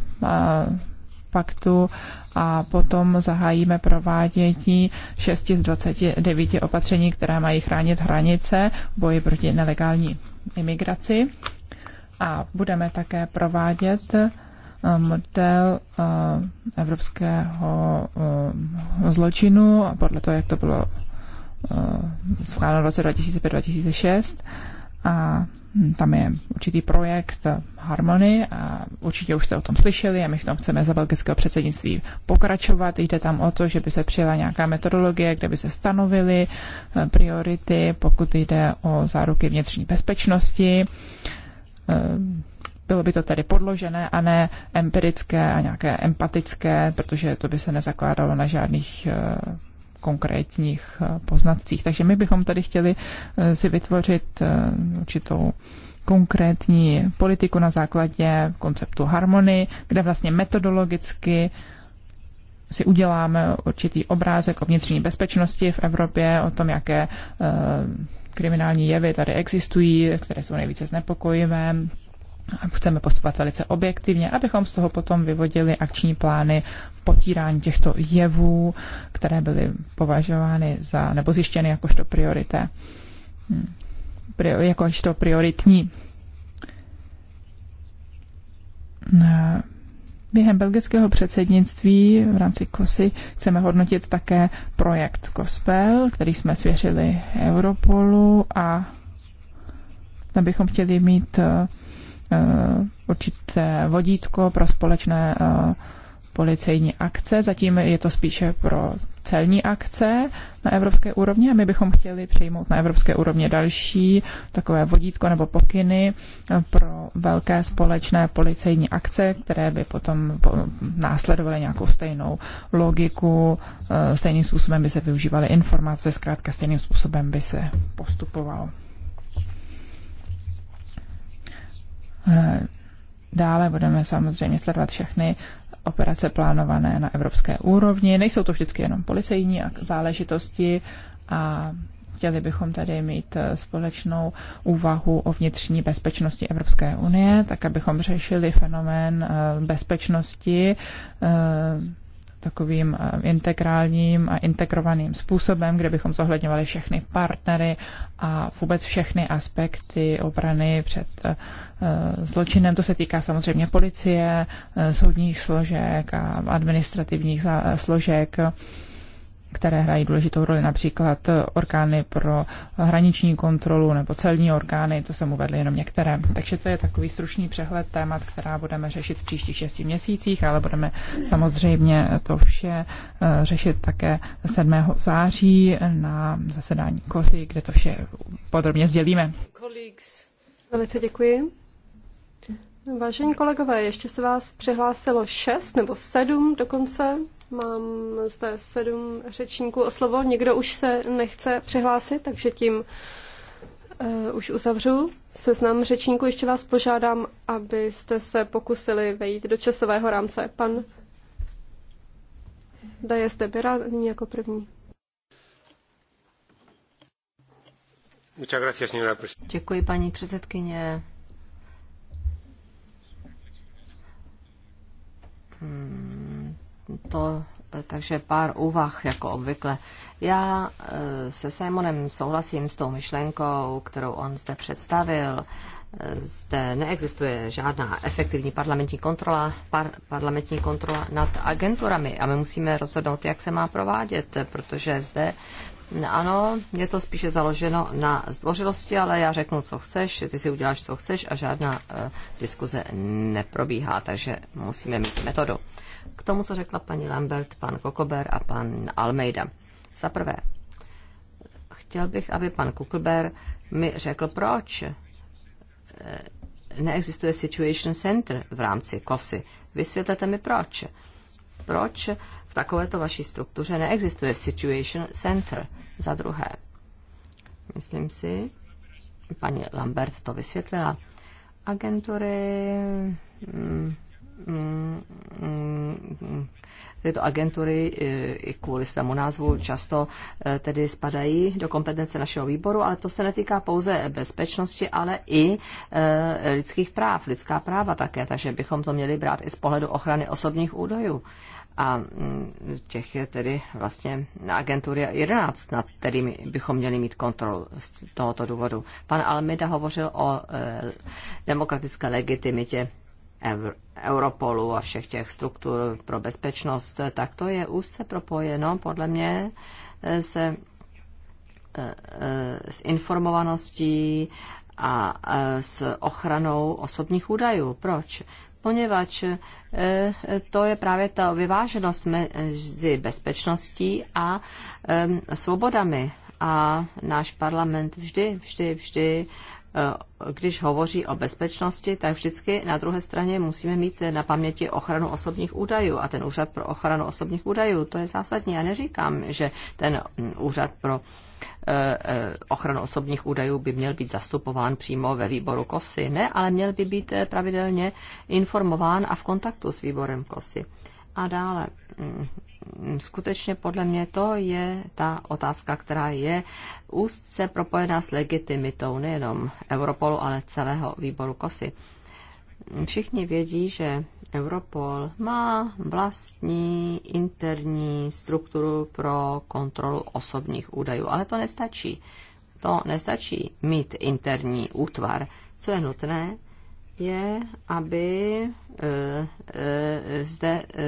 Speaker 3: paktu a potom zahájíme provádění 6 z 29 opatření, která mají chránit hranice v boji proti nelegální imigraci. A budeme také provádět eh, model eh, evropského eh, zločinu, podle toho, jak to bylo schváleno v roce 2005-2006 a hm, tam je určitý projekt Harmony a určitě už jste o tom slyšeli a my v tom chceme za belgického předsednictví pokračovat. Jde tam o to, že by se přijela nějaká metodologie, kde by se stanovily e, priority, pokud jde o záruky vnitřní bezpečnosti. E, bylo by to tedy podložené a ne empirické a nějaké empatické, protože to by se nezakládalo na žádných e, konkrétních eh, poznatcích. Takže my bychom tady chtěli eh, si vytvořit eh, určitou konkrétní politiku na základě konceptu harmonie, kde vlastně metodologicky si uděláme určitý obrázek o vnitřní bezpečnosti v Evropě, o tom, jaké kriminální jevy tady existují, které jsou nejvíce znepokojivé. Chceme postupovat velice objektivně, abychom z toho potom vyvodili akční plány potírání těchto jevů, které byly považovány za, nebo zjištěny jakožto priorité, hm, jakožto prioritní. Během belgického předsednictví v rámci KOSY chceme hodnotit také projekt KOSPEL, který jsme svěřili Europolu a tam bychom chtěli mít eh, eh, určité vodítko pro společné eh, policejní akce, zatím je to spíše pro celní akce na evropské úrovni a my bychom chtěli přijmout na evropské úrovni další takové vodítko nebo pokyny pro velké společné policejní akce, které by potom následovaly nějakou stejnou logiku, eh, stejným způsobem by se využívaly informace, zkrátka stejným způsobem by se postupovalo. Eh, dále budeme samozřejmě sledovat všechny operace plánované na evropské úrovni. Nejsou to vždycky jenom policejní záležitosti a chtěli bychom tady mít eh, společnou úvahu o vnitřní bezpečnosti Evropské unie, tak abychom řešili fenomén eh, bezpečnosti eh, takovým integrálním a integrovaným způsobem, kde bychom zohledňovali všechny partnery a vůbec všechny aspekty obrany před Eh, zločinem. To se týká samozřejmě policie, eh, soudních složek a administrativních eh, složek které hrají důležitou roli, například orgány pro hraniční kontrolu nebo celní orgány, to jsem uvedl jenom některé. Takže to je takový stručný přehled témat, která budeme řešit v příštích šesti měsících, ale budeme samozřejmě to vše řešit také 7. září na zasedání KOSY, kde to vše podrobně sdělíme.
Speaker 1: Velice děkuji. Vážení kolegové, ještě se vás přihlásilo šest nebo sedm dokonce. Mám zde sedm řečníků o slovo. Někdo už se nechce přihlásit, takže tím uh, už uzavřu seznam řečníků. Ještě vás požádám, abyste se pokusili vejít do časového rámce. Pan Daje zde nyní jako první.
Speaker 4: Děkuji, paní předsedkyně. Mm, to, takže pár úvah, jako obvykle. Já eh, se Simonem souhlasím s tou myšlenkou, kterou on zde představil. Eh, zde neexistuje žádná efektivní parlamentní kontrola, par, parlamentní kontrola nad agenturami a my musíme rozhodnout, jak se má provádět, protože zde ano, je to spíše založeno na zdvořilosti, ale já řeknu, co chceš, ty si uděláš, co chceš a žádná uh, diskuze neprobíhá, takže musíme mít metodu. K tomu, co řekla paní Lambert, pan Kokober a pan Almeida. Za prvé, chtěl bych, aby pan Kokober mi řekl, proč eh, neexistuje Situation Center v rámci KOSY. Vysvětlete mi proč. Proč v takovéto vaší struktuře neexistuje Situation Center? Za druhé, myslím si, paní Lambert to vysvětlila, agentury mm, mm, mm, tyto agentury eh, i kvůli svému názvu často eh, tedy spadají do kompetence našeho výboru, ale to se netýká pouze bezpečnosti, ale i eh, lidských práv, lidská práva také, takže bychom to měli brát i z pohledu ochrany osobních údajů a mm, těch je tedy vlastně na agentury 11, nad kterými bychom měli mít kontrolu z tohoto důvodu. Pan Almeida hovořil o e, demokratické legitimitě Europolu a všech těch struktur pro bezpečnost, tak to je úzce propojeno podle mě e, se e, s informovaností a s ochranou osobních údajů. Proč? poněvadž eh, to je právě ta vyváženost mezi bezpečností a eh, svobodami. A náš parlament vždy, vždy, vždy Eh, když hovoří o bezpečnosti, tak vždycky na druhé straně musíme mít na paměti ochranu osobních údajů. A ten úřad pro ochranu osobních údajů, to je zásadní. Já neříkám, že ten mm, úřad pro eh, eh, ochranu osobních údajů by měl být zastupován přímo ve výboru KOSY. Ne, ale měl by být pravidelně informován a v kontaktu s výborem KOSY. A dále, mm, mm, skutečně podle mě to je ta otázka, která je úzce propojená s legitimitou nejenom Europolu, ale celého výboru KOSY. Všichni vědí, že Europol má vlastní interní strukturu pro kontrolu osobních údajů, ale to nestačí. To nestačí mít interní útvar. Co je nutné, je, aby eh, eh, zde eh,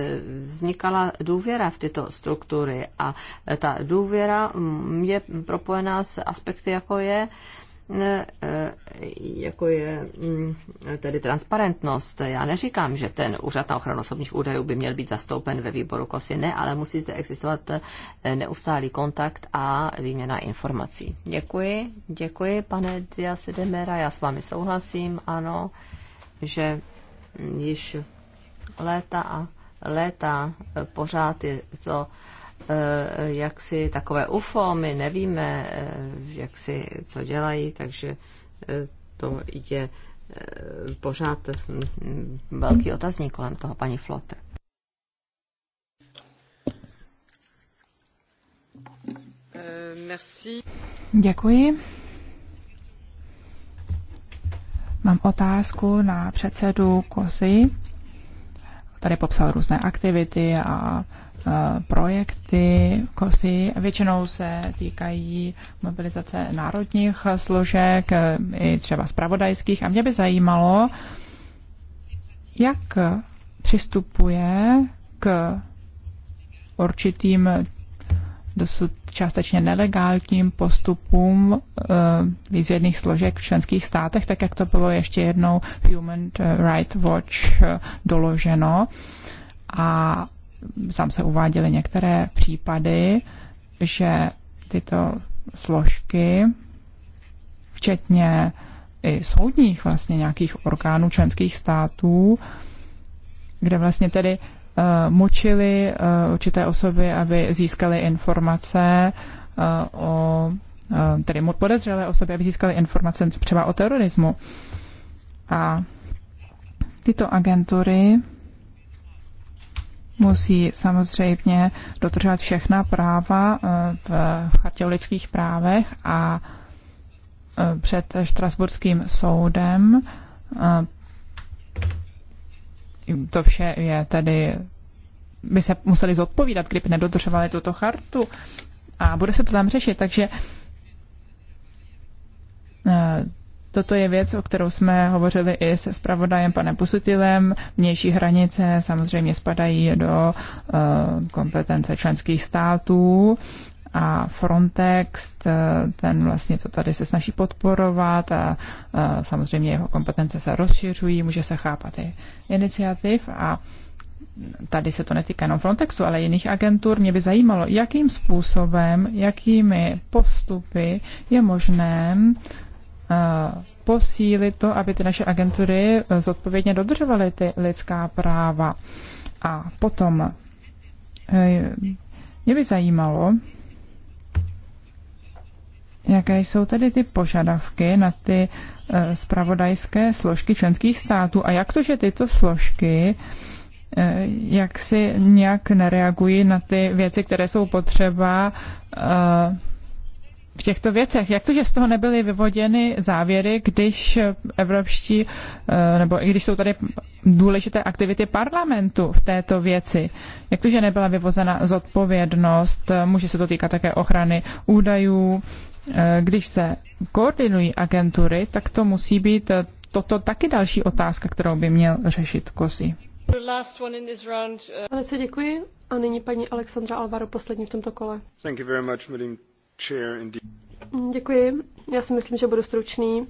Speaker 4: vznikala důvěra v tyto struktury a ta důvěra mm, je propojená s aspekty, jako je jako je mm, tedy transparentnost. Já neříkám, že ten úřad na ochranu osobních údajů by měl být zastoupen ve výboru KOSY, ne, ale musí zde existovat neustálý kontakt a výměna informací. Děkuji, děkuji, pane Diasidemera, já s vámi souhlasím, ano že již léta a léta pořád je to eh, jak si takové UFO, my nevíme, eh, jak si co dělají, takže eh, to je pořád hm, velký otazník kolem toho paní Flotter.
Speaker 3: Děkuji. Mám otázku na předsedu Kozy. Tady popsal různé aktivity a projekty KOSY většinou se týkají mobilizace národních složek e, i třeba spravodajských. A mě by zajímalo, jak přistupuje k určitým dosud částečně nelegálním postupům eh, výzvědných složek v členských státech, tak jak to bylo ještě jednou Human Rights Watch eh, doloženo. A sám se uváděly některé případy, že tyto složky, včetně i soudních vlastně nějakých orgánů členských států, kde vlastně tedy Eh, mučili eh, určité osoby, aby získali informace eh, o tedy podezřelé osoby, aby získali informace třeba o terorismu. A tyto agentury musí samozřejmě dodržovat všechna práva v chartě o lidských právech a před Štrasburským soudem to vše je tedy by se museli zodpovídat, kdyby nedodržovali tuto chartu. A bude se to tam řešit, takže eh, Toto je věc, o kterou jsme hovořili i se spravodajem panem Pusutilem. Vnější hranice samozřejmě spadají do eh, kompetence členských států a Frontex, eh, ten vlastně to tady se snaží podporovat a samozřejmě jeho kompetence se rozšiřují, může se chápat i iniciativ a tady se to netýká jenom Frontexu, ale jiných agentur, mě by zajímalo, jakým způsobem, jakými postupy je možné eh, posílit to, aby ty naše agentury eh, zodpovědně dodržovaly ty lidská práva. A potom eh, mě by zajímalo, Jaké jsou tedy ty požadavky na ty spravodajské složky členských států a jak to, že tyto složky Eh, jak si nějak nereagují na ty věci, které jsou potřeba eh, v těchto věcech. Jak to, že z toho nebyly vyvoděny závěry, když evropští, eh, nebo i když jsou tady důležité aktivity parlamentu v této věci? Jak to, že nebyla vyvozena zodpovědnost? Může se to týkat také ochrany údajů. Když se koordinují agentury, tak to musí být toto taky další otázka, kterou by měl řešit KOSI.
Speaker 1: Uh, Velice děkuji. A nyní paní Alexandra Alvaro, poslední v tomto kole. Mm, děkuji. Já si myslím, že budu stručný,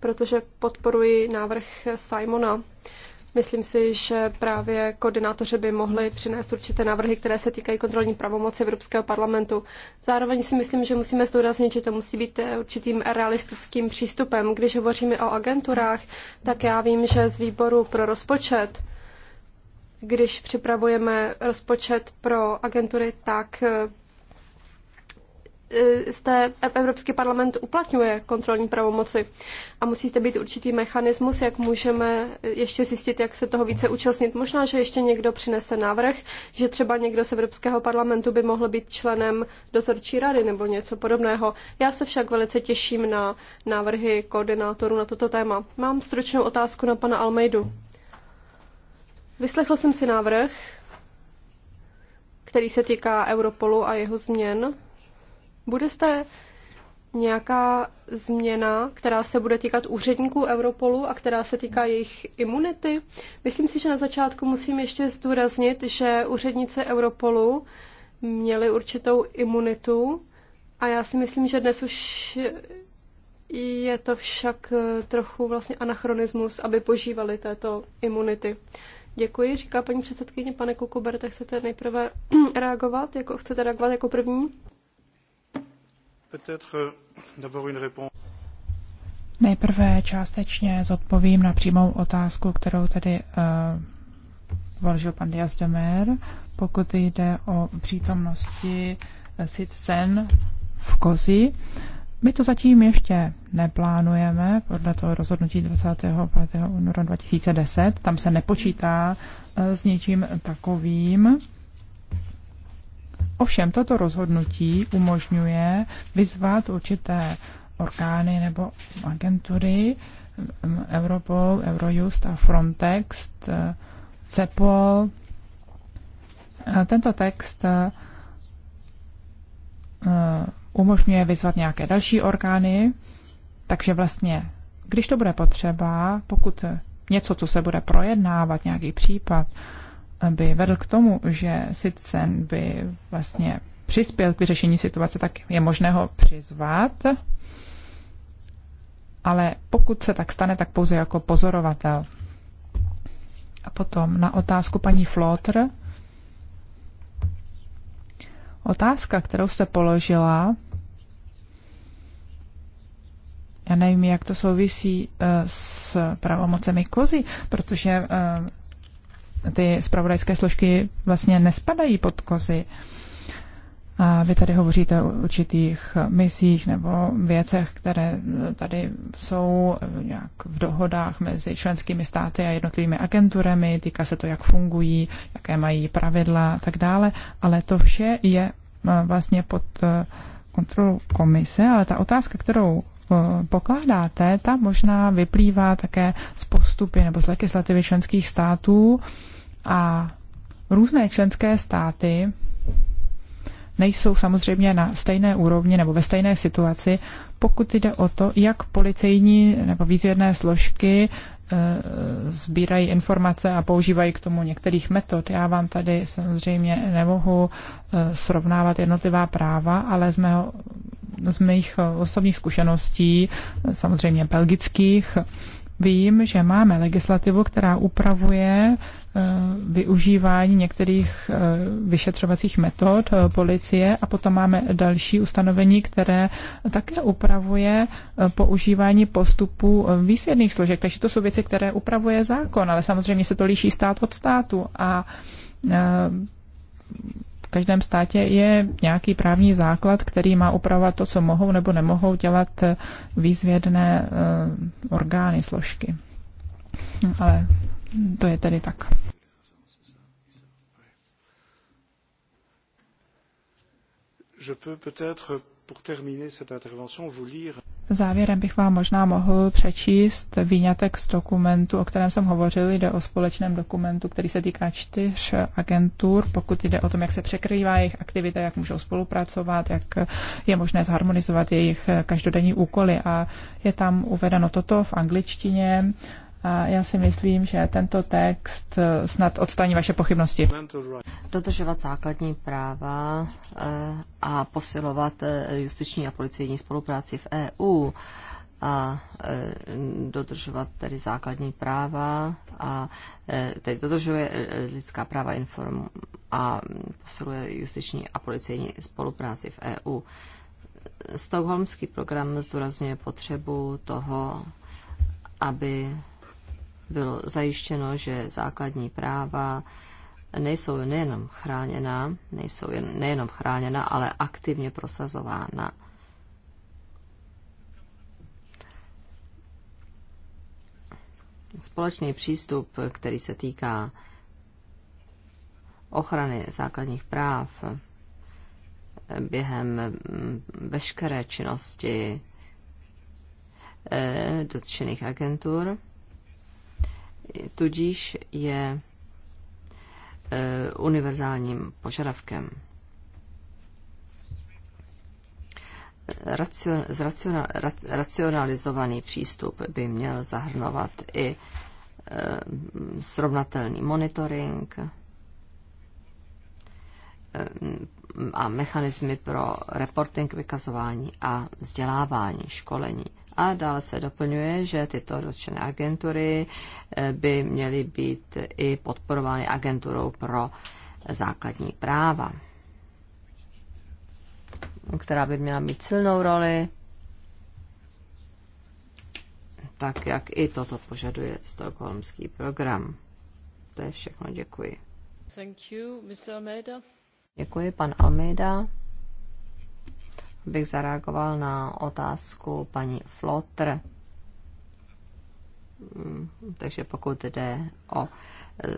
Speaker 1: protože podporuji návrh Simona. Myslím si, že právě koordinátoři by mohli přinést určité návrhy, které se týkají kontrolní pravomoci Evropského parlamentu. Zároveň si myslím, že musíme zdůraznit, že to musí být eh, určitým realistickým přístupem. Když hovoříme o agenturách, tak já vím, že z výboru pro rozpočet když připravujeme rozpočet pro agentury, tak jste, eh, eh, Evropský parlament uplatňuje kontrolní pravomoci a musíte být určitý mechanismus, jak můžeme eh, ještě zjistit, jak se toho více účastnit. Možná, že ještě někdo přinese návrh, že třeba někdo z Evropského parlamentu by mohl být členem dozorčí rady nebo něco podobného. Já se však velice těším na návrhy koordinátorů na toto téma. Mám stručnou otázku na pana Almeidu. Vyslechl jsem si návrh, který se týká Europolu a jeho změn. Bude zde nějaká změna, která se bude týkat úředníků Europolu a která se týká jejich imunity. Myslím si, že na začátku musím ještě zdůraznit, že úředníci Europolu měli určitou imunitu a já si myslím, že dnes už je to však trochu vlastně anachronismus, aby požívali této imunity. Děkuji, říká paní předsedkyně. Pane Kukuberte, chcete nejprve reagovat? Jako, chcete reagovat jako první?
Speaker 3: Euh, nejprve částečně zodpovím na přímou otázku, kterou tady uh, položil pan Dias de Mer, pokud jde o přítomnosti eh, Sitsen v Kozi. Uh, my to zatím ještě neplánujeme podle toho rozhodnutí 25. února 2010. Tam se nepočítá eh, s něčím takovým. Ovšem, toto rozhodnutí umožňuje vyzvat určité orgány nebo agentury, mm, mm, Europol, Eurojust a Frontex, eh, CEPOL. Eh, tento text umožňuje vyzvat nějaké další orgány, takže vlastně, když to bude potřeba, pokud něco, co se bude projednávat, nějaký případ, by vedl k tomu, že Sitcen by vlastně přispěl k vyřešení situace, tak je možné ho přizvat, ale pokud se tak stane, tak pouze jako pozorovatel. A potom na otázku paní Flotr. Otázka, kterou jste položila, já nevím, jak to souvisí eh, s pravomocemi kozy, protože eh, ty spravodajské složky vlastně nespadají pod kozy. A vy tady hovoříte o určitých misích nebo věcech, které eh, tady jsou nějak v dohodách mezi členskými státy a jednotlivými agenturami, týká se to, jak fungují, jaké mají pravidla a tak dále, ale to vše je vlastně pod kontrolou komise, ale ta otázka, kterou Eh, pokládáte, ta možná vyplývá také z postupy nebo z legislativy členských států a různé členské státy nejsou samozřejmě na stejné úrovni nebo ve stejné situaci, pokud jde o to, jak policejní nebo výzvědné složky eh, sbírají informace a používají k tomu některých metod. Já vám tady samozřejmě nemohu eh, srovnávat jednotlivá práva, ale z, mého, z mých osobních zkušeností, samozřejmě belgických, vím, že máme legislativu, která upravuje Eh, využívání některých eh, vyšetřovacích metod eh, policie a potom máme další ustanovení, které také upravuje používání postupů výsledných složek. Takže to jsou věci, které upravuje zákon, ale samozřejmě se to líší stát od státu a v každém státě je nějaký právní základ, který má upravovat to, co mohou nebo nemohou dělat výzvědné orgány, složky. Ale to je tedy tak. Závěrem bych vám možná mohl přečíst výňatek z dokumentu, o kterém jsem hovořil. Jde o společném dokumentu, který se týká čtyř agentur, pokud jde o tom, jak se překrývá jejich aktivita, jak můžou spolupracovat, jak je možné zharmonizovat jejich každodenní úkoly. A je tam uvedeno toto v angličtině a já si myslím, že tento text eh, snad odstaní vaše pochybnosti.
Speaker 4: Dodržovat základní práva eh, a posilovat eh, justiční a policijní spolupráci v EU a dodržovat tedy základní práva a tedy dodržuje lidská práva inform a posiluje justiční a policejní spolupráci v EU. Stockholmský program zdůrazňuje potřebu toho, aby bylo zajištěno, že základní práva nejsou nejenom chráněna, nejsou jen, nejenom chráněna, ale aktivně prosazována. Společný přístup, který se týká ochrany základních práv během mm, veškeré činnosti eh, dotčených agentur, tudíž je eh, univerzálním požadavkem. Racion, rac, racionalizovaný přístup by měl zahrnovat i e, srovnatelný monitoring e, a mechanismy pro reporting, vykazování a vzdělávání, školení. A dále se doplňuje, že tyto dotčené agentury eh, by měly být i podporovány agenturou pro základní práva, která by měla mít silnou roli, tak jak i toto požaduje stokholmský program. To je všechno, děkuji.
Speaker 1: Thank you, Mr.
Speaker 4: Almeida. Děkuji, pan Almeida bych zareagoval na otázku paní Flotr. Mm, takže pokud jde o e,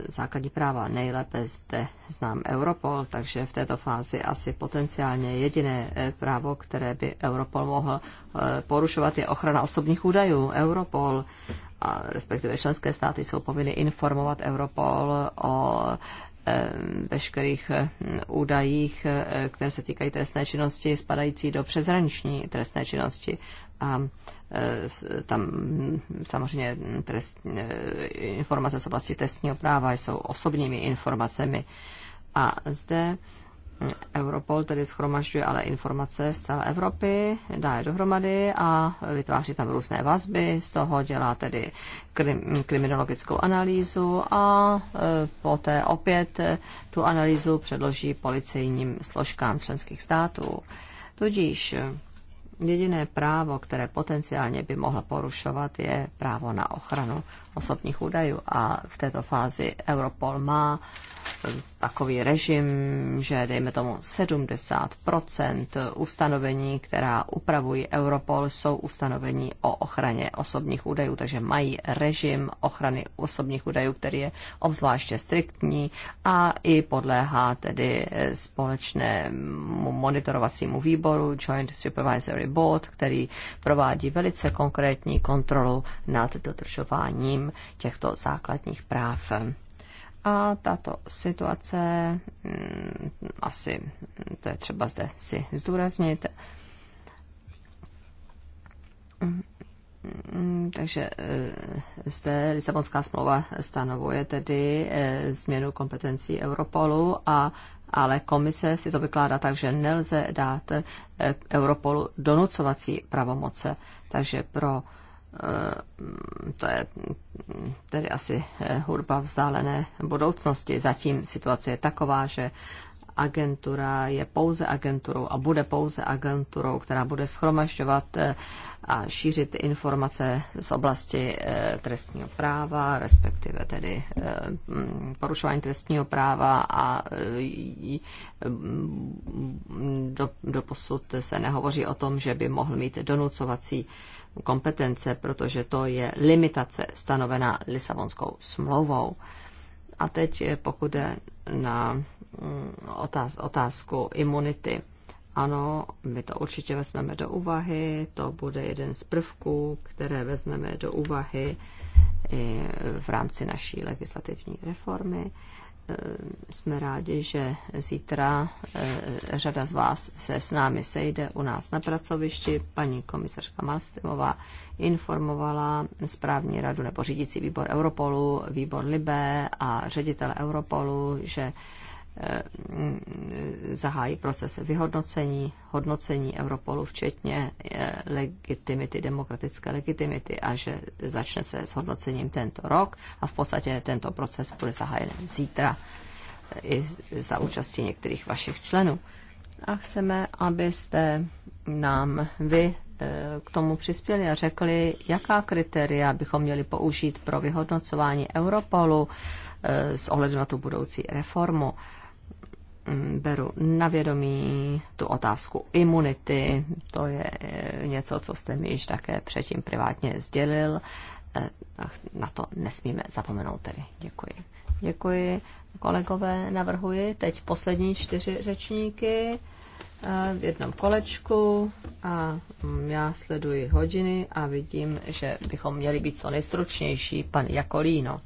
Speaker 4: základní práva, nejlépe zde znám Europol, takže v této fázi asi potenciálně jediné e, právo, které by Europol mohl e, porušovat, je ochrana osobních údajů. Europol a respektive členské státy jsou povinny informovat Europol o Eh, veškerých eh, údajích, eh, které se týkají trestné činnosti, spadající do přezraniční trestné činnosti. A tam hm, samozřejmě trest, informace z oblasti trestního práva jsou osobními informacemi. A zde Europol tedy schromažďuje ale informace z celé Evropy, dá je dohromady a vytváří tam různé vazby, z toho dělá tedy krim, kriminologickou analýzu a e, poté opět e, tu analýzu předloží policejním složkám členských států. Tudíž e, jediné právo, které potenciálně by mohl porušovat, je právo na ochranu osobních údajů a v této fázi Europol má eh, takový režim, že dejme tomu 70% ustanovení, která upravují Europol, jsou ustanovení o ochraně osobních údajů, takže mají režim ochrany osobních údajů, který je obzvláště striktní a i podléhá tedy eh, společnému monitorovacímu výboru Joint Supervisory Board, který provádí velice konkrétní kontrolu nad dodržováním těchto základních práv. A tato situace, mm, asi to je třeba zde si zdůraznit, mm, takže eh, zde Lisabonská smlouva stanovuje tedy eh, změnu kompetencí Europolu, a, ale komise si to vykládá tak, že nelze dát eh, Europolu donucovací pravomoce. Takže pro Eh, to je tedy asi eh, hudba vzdálené budoucnosti. Zatím situace je taková, že agentura je pouze agenturou a bude pouze agenturou, která bude schromažďovat eh, a šířit informace z oblasti trestního práva, respektive tedy porušování trestního práva a mm, do, posud se nehovoří o tom, že by mohl mít donucovací kompetence, protože to je limitace stanovená Lisabonskou smlouvou. A teď eh, pokud jde na mm, otázku imunity. Ano, my to určitě vezmeme do úvahy, to bude jeden z prvků, které vezmeme do úvahy i v rámci naší legislativní reformy. Eh, jsme rádi, že zítra eh, řada z vás se s námi sejde u nás na pracovišti. Paní komisařka Malstimová informovala správní radu nebo řídící výbor Europolu, výbor Libé a ředitel Europolu, že Eh, zahájí proces vyhodnocení, hodnocení Europolu, včetně eh, legitimity, demokratické legitimity a že začne se s hodnocením tento rok a v podstatě tento proces bude zahájen zítra eh, i za účasti některých vašich členů. A chceme, abyste nám vy k tomu přispěli a řekli, jaká kritéria bychom měli použít pro vyhodnocování Europolu s ohledem na tu budoucí reformu. Mm, beru na vědomí tu otázku imunity. To je e, něco, co jste mi již také předtím privátně sdělil. E, na to nesmíme zapomenout tedy. Děkuji. Děkuji. Kolegové, navrhuji teď poslední čtyři řečníky e, v jednom kolečku a mm, já sleduji hodiny a vidím, že bychom měli být co nejstručnější. Pan Jakolíno.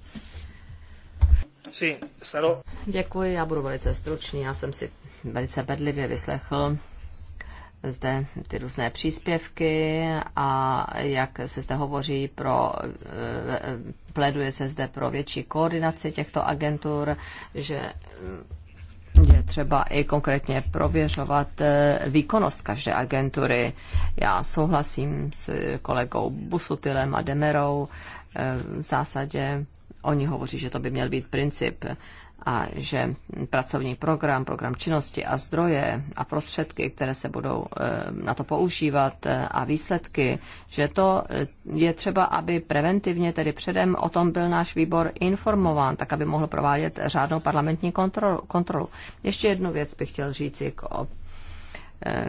Speaker 4: Děkuji, já budu velice stručný. Já jsem si velice bedlivě vyslechl zde ty různé příspěvky a jak se zde hovoří pro, eh, pléduje se zde pro větší koordinaci těchto agentur, že mm, je třeba i konkrétně prověřovat eh, výkonnost každé agentury. Já souhlasím s kolegou Busutilem a Demerou eh, v zásadě Oni hovoří, že to by měl být princip a že pracovní program, program činnosti a zdroje a prostředky, které se budou eh, na to používat eh, a výsledky, že to eh, je třeba, aby preventivně, tedy předem o tom byl náš výbor informován, tak aby mohl provádět řádnou parlamentní kontrolu. kontrolu. Ještě jednu věc bych chtěl říct, k, ob,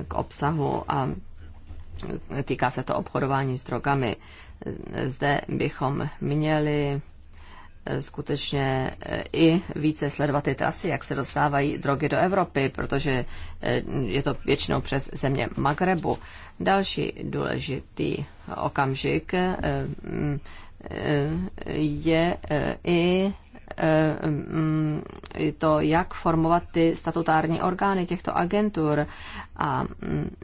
Speaker 4: k obsahu a týká se to obchodování s drogami. Zde bychom měli Eh, skutečně eh, i více sledovat ty trasy, jak se dostávají drogy do Evropy, protože eh, je to většinou přes země Magrebu. Další důležitý okamžik mm, je i mm, to, jak formovat ty statutární orgány těchto agentur a mm,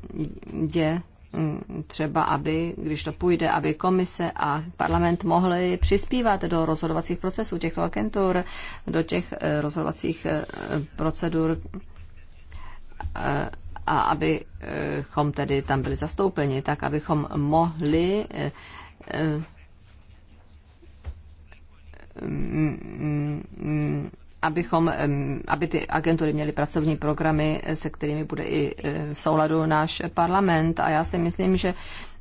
Speaker 4: je Mm, třeba, aby, když to půjde, aby komise a parlament mohly přispívat do rozhodovacích procesů těchto agentur, do těch eh, rozhodovacích eh, procedur eh, a abychom tedy tam byli zastoupeni, tak abychom mohli mm, mm, abychom, aby ty agentury měly pracovní programy, eh, se kterými bude i eh, v souladu náš parlament. A já si myslím, že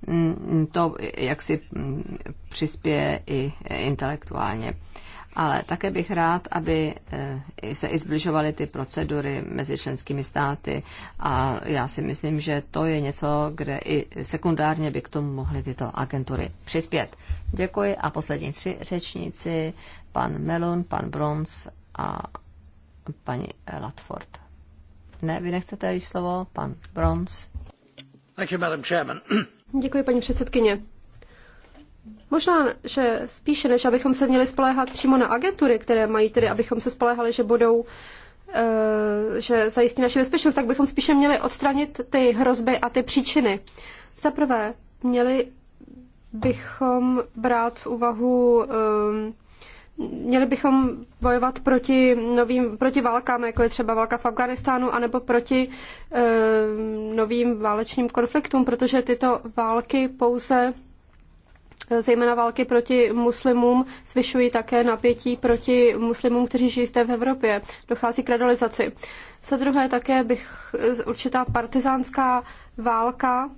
Speaker 4: mm, to jak si mm, přispěje i eh, intelektuálně. Ale také bych rád, aby se i zbližovaly ty procedury mezi členskými státy a já si myslím, že to je něco, kde i sekundárně by k tomu mohly tyto agentury přispět. Děkuji a poslední tři řečníci, pan Melon, pan Brons a paní Latford. Ne, vy nechcete již slovo, pan Bronz.
Speaker 1: Děkuji, paní předsedkyně. Možná, že spíše, než abychom se měli spoléhat přímo na agentury, které mají tedy, abychom se spoléhali, že budou eh, že zajistí naši bezpečnost, tak bychom spíše měli odstranit ty hrozby a ty příčiny. Za prvé, měli bychom brát v úvahu um, Měli bychom bojovat proti novým, proti válkám, jako je třeba válka v Afganistánu, anebo proti e, novým válečným konfliktům, protože tyto války pouze, eh, zejména války proti muslimům, zvyšují také napětí proti muslimům, kteří žijí zde v Evropě. Dochází k radolizaci. Za druhé také bych eh, určitá partizánská válka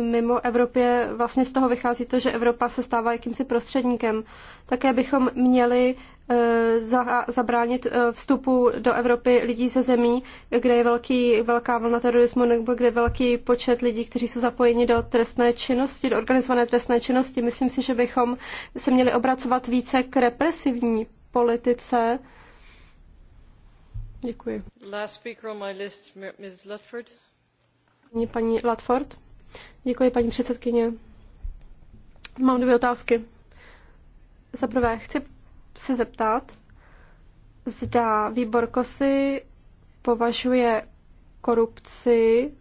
Speaker 1: mimo Evropě, vlastně z toho vychází to, že Evropa se stává jakýmsi prostředníkem. Také bychom měli e, za, zabránit e, vstupu do Evropy lidí ze zemí, kde je velký, velká vlna terorismu nebo kde je velký počet lidí, kteří jsou zapojeni do trestné činnosti, do organizované trestné činnosti. Myslím si, že bychom se měli obracovat více k represivní politice. Děkuji. Last speaker on my list, Ms. Ludford. Paní Latford. Děkuji, paní předsedkyně. Mám dvě otázky. Za prvé, chci se zeptat, zda výbor KOSY považuje korupci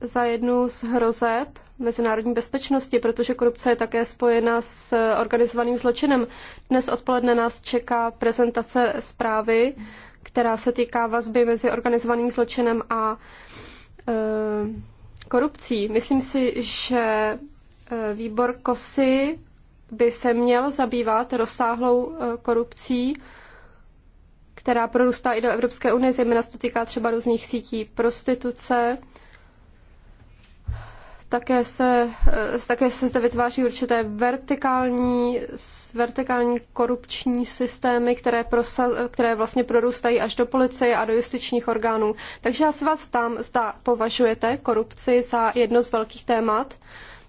Speaker 1: za jednu z hrozeb mezinárodní bezpečnosti, protože korupce je také spojena s organizovaným zločinem. Dnes odpoledne nás čeká prezentace zprávy, která se týká vazby mezi organizovaným zločinem a eh, korupcí. Myslím si, že eh, výbor KOSY by se měl zabývat rozsáhlou eh, korupcí, která prorůstá i do Evropské unie, zejména se to týká třeba různých sítí prostituce, také se, eh, také se zde vytváří určité vertikální, vertikální korupční systémy, které, prosa, které vlastně prorůstají až do policie a do justičních orgánů. Takže já se vás ptám, zda považujete korupci za jedno z velkých témat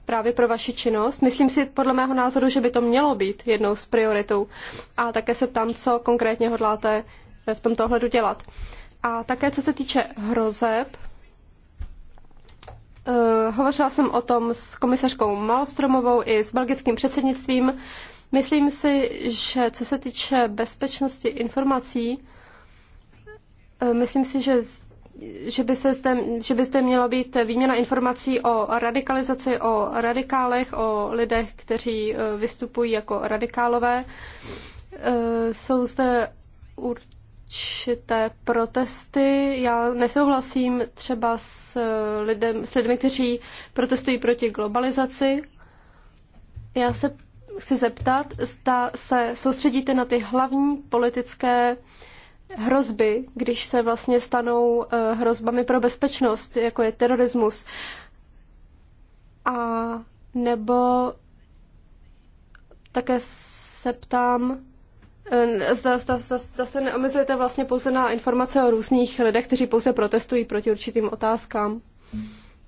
Speaker 1: právě pro vaši činnost. Myslím si podle mého názoru, že by to mělo být jednou z prioritou. A také se ptám, co konkrétně hodláte v tomto ohledu dělat. A také co se týče hrozeb, Eh, hovořila jsem o tom s komisařkou Malstromovou i s belgickým předsednictvím. Myslím si, že co se týče bezpečnosti informací, eh, myslím si, že že by, se zde, že by zde měla být výměna informací o radikalizaci, o radikálech, o lidech, kteří eh, vystupují jako radikálové. Jsou zde určitě určité protesty. Já nesouhlasím třeba s, lidem, s lidmi, kteří protestují proti globalizaci. Já se chci zeptat, zda se soustředíte na ty hlavní politické hrozby, když se vlastně stanou eh, hrozbami pro bezpečnost, jako je terorismus. A nebo také se ptám, Eh, zda, zda, zda, zda se neomezujete vlastně pouze na informace o různých lidech, kteří pouze protestují proti určitým otázkám.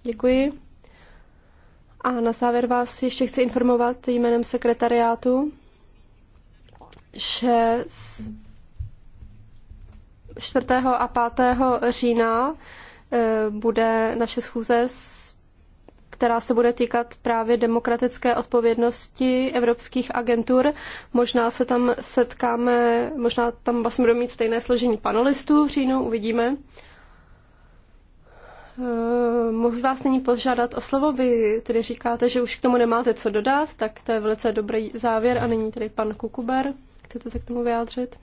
Speaker 1: Děkuji. A na závěr vás ještě chci informovat jménem sekretariátu, že z 4. a 5. října eh, bude naše schůze s která se bude týkat právě demokratické odpovědnosti evropských agentur. Možná se tam setkáme, možná tam vlastně budeme mít stejné složení panelistů v říjnu, uvidíme. Eh, mohu vás nyní požádat o slovo, vy tedy říkáte, že už k tomu nemáte co dodat, tak to je velice dobrý závěr a nyní tedy pan Kukuber, chcete se k tomu vyjádřit?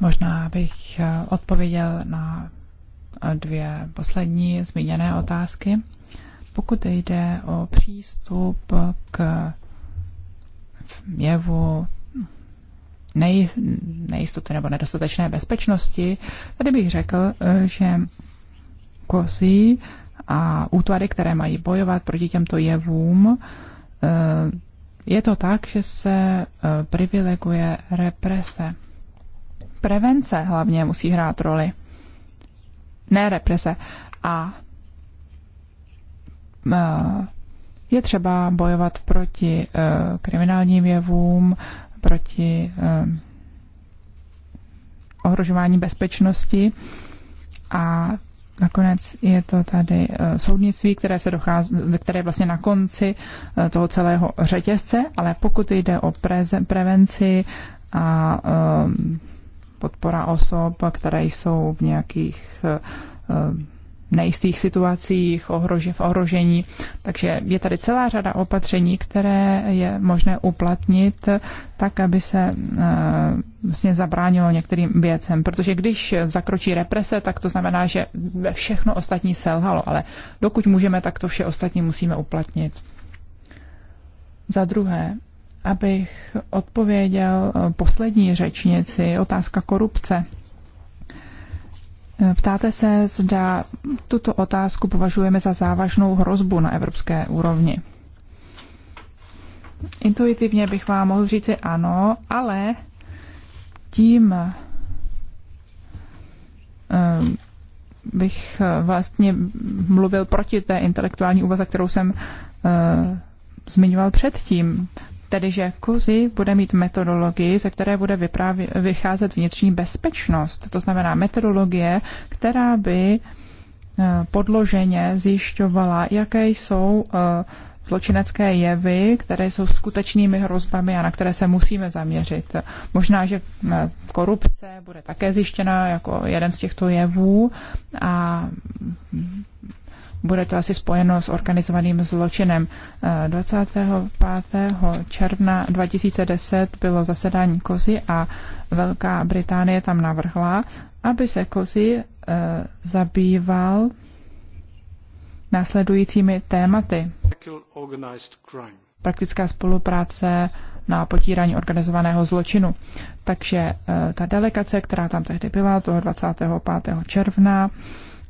Speaker 1: Možná bych eh, odpověděl
Speaker 3: na eh, dvě poslední zmíněné otázky. Pokud jde o přístup k jevu nej, nejistoty nebo nedostatečné bezpečnosti, tady bych řekl, eh, že kozy a útvary, které mají bojovat proti těmto jevům, je to tak, že se privileguje represe prevence hlavně musí hrát roli, ne represe. A e, je třeba bojovat proti e, kriminálním jevům, proti e, ohrožování bezpečnosti a Nakonec je to tady soudnictví, které, se dochází, které je vlastně na konci toho celého řetězce, ale pokud jde o preze, prevenci a um, podpora osob, které jsou v nějakých eh, nejistých situacích, ohrože, v ohrožení. Takže je tady celá řada opatření, které je možné uplatnit tak, aby se eh, vlastně zabránilo některým věcem. Protože když zakročí represe, tak to znamená, že všechno ostatní selhalo. Ale dokud můžeme, tak to vše ostatní musíme uplatnit. Za druhé, abych odpověděl eh, poslední řečnici, otázka korupce. Eh, ptáte se, zda tuto otázku považujeme za závažnou hrozbu na evropské úrovni. Intuitivně bych vám mohl říci ano, ale tím eh, bych vlastně mluvil proti té intelektuální úvaze, kterou jsem zmiňoval předtím. Tedy, že kozy bude mít metodologii, ze které bude vyprávě, vycházet vnitřní bezpečnost. To znamená metodologie, která by eh, podloženě zjišťovala, jaké jsou eh, zločinecké jevy, které jsou skutečnými hrozbami a na které se musíme zaměřit. Možná, že eh, korupce bude také zjištěna jako jeden z těchto jevů a bude to asi spojeno s organizovaným zločinem. 25. Eh, června 2010 bylo zasedání Kozy a Velká Británie tam navrhla, aby se Kozy eh, zabýval následujícími tématy. Praktická spolupráce na potírání organizovaného zločinu. Takže eh, ta delegace, která tam tehdy byla, toho 25. června,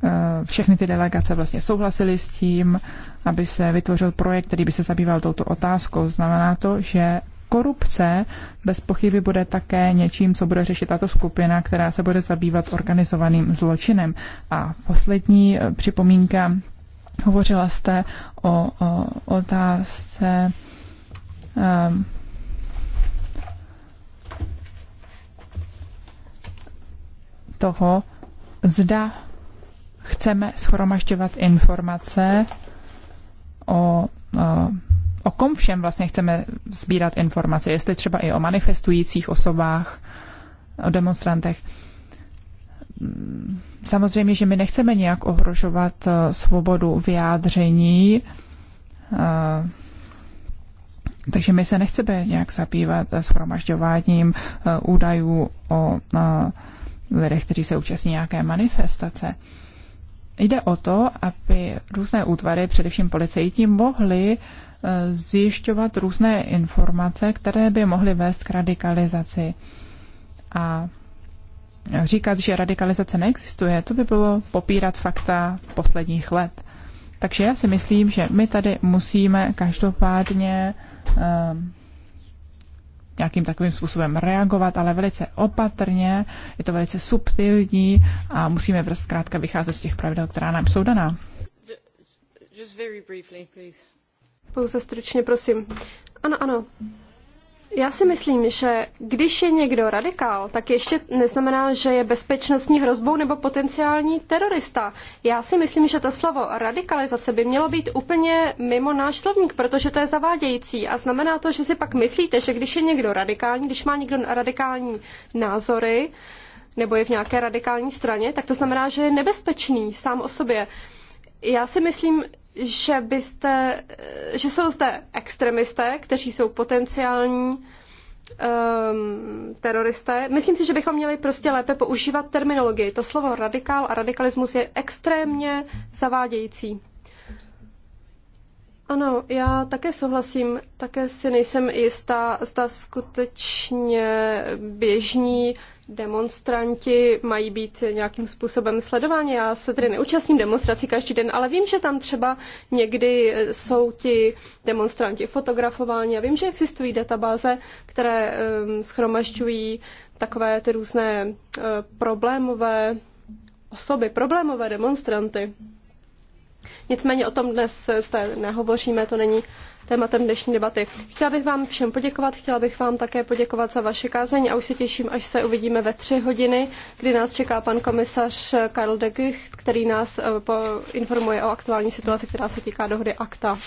Speaker 3: Eh, všechny ty delegace vlastně souhlasily s tím, aby se vytvořil projekt, který by se zabýval touto otázkou. Znamená to, že korupce bez pochyby bude také něčím, co bude řešit tato skupina, která se bude zabývat organizovaným zločinem. A poslední eh, připomínka, hovořila jste o, o otázce um, toho, zda chceme schromažďovat informace o, o kom všem vlastně chceme sbírat informace, jestli třeba i o manifestujících osobách, o demonstrantech. Samozřejmě, že my nechceme nějak ohrožovat eh, svobodu vyjádření, eh, takže my se nechceme nějak zabývat eh, shromažďováním údajů o lidech, kteří se účastní nějaké manifestace. Jde o to, aby různé útvary, především policejti, mohli e, zjišťovat různé informace, které by mohly vést k radikalizaci. A říkat, že radikalizace neexistuje, to by bylo popírat fakta posledních let. Takže já si myslím, že my tady musíme každopádně e, nějakým takovým způsobem reagovat, ale velice opatrně, je to velice subtilní a musíme zkrátka vycházet z těch pravidel, která nám jsou daná.
Speaker 1: Pouze stručně, prosím. Ano, ano. Já si myslím, že když je někdo radikál, tak ještě neznamená, že je bezpečnostní hrozbou nebo potenciální terorista. Já si myslím, že to slovo radikalizace by mělo být úplně mimo náš slovník, protože to je zavádějící a znamená to, že si pak myslíte, že když je někdo radikální, když má někdo radikální názory nebo je v nějaké radikální straně, tak to znamená, že je nebezpečný sám o sobě. Já si myslím, že byste, že jsou zde extremisté, kteří jsou potenciální um, teroristé. Myslím si, že bychom měli prostě lépe používat terminologii. To slovo radikál a radikalismus je extrémně zavádějící. Ano, já také souhlasím, také si nejsem jistá, zda skutečně běžní demonstranti mají být nějakým způsobem sledováni. Já se tedy neúčastním demonstrací každý den, ale vím, že tam třeba někdy jsou ti demonstranti fotografováni a vím, že existují databáze, které um, schromažďují takové ty různé uh, problémové osoby, problémové demonstranty. Nicméně o tom dnes nehovoříme, to není tématem dnešní debaty. Chtěla bych vám všem poděkovat, chtěla bych vám také poděkovat za vaše kázání a už se těším, až se uvidíme ve tři hodiny, kdy nás čeká pan komisař Karl de který nás eh, informuje o aktuální situaci, která se týká dohody ACTA.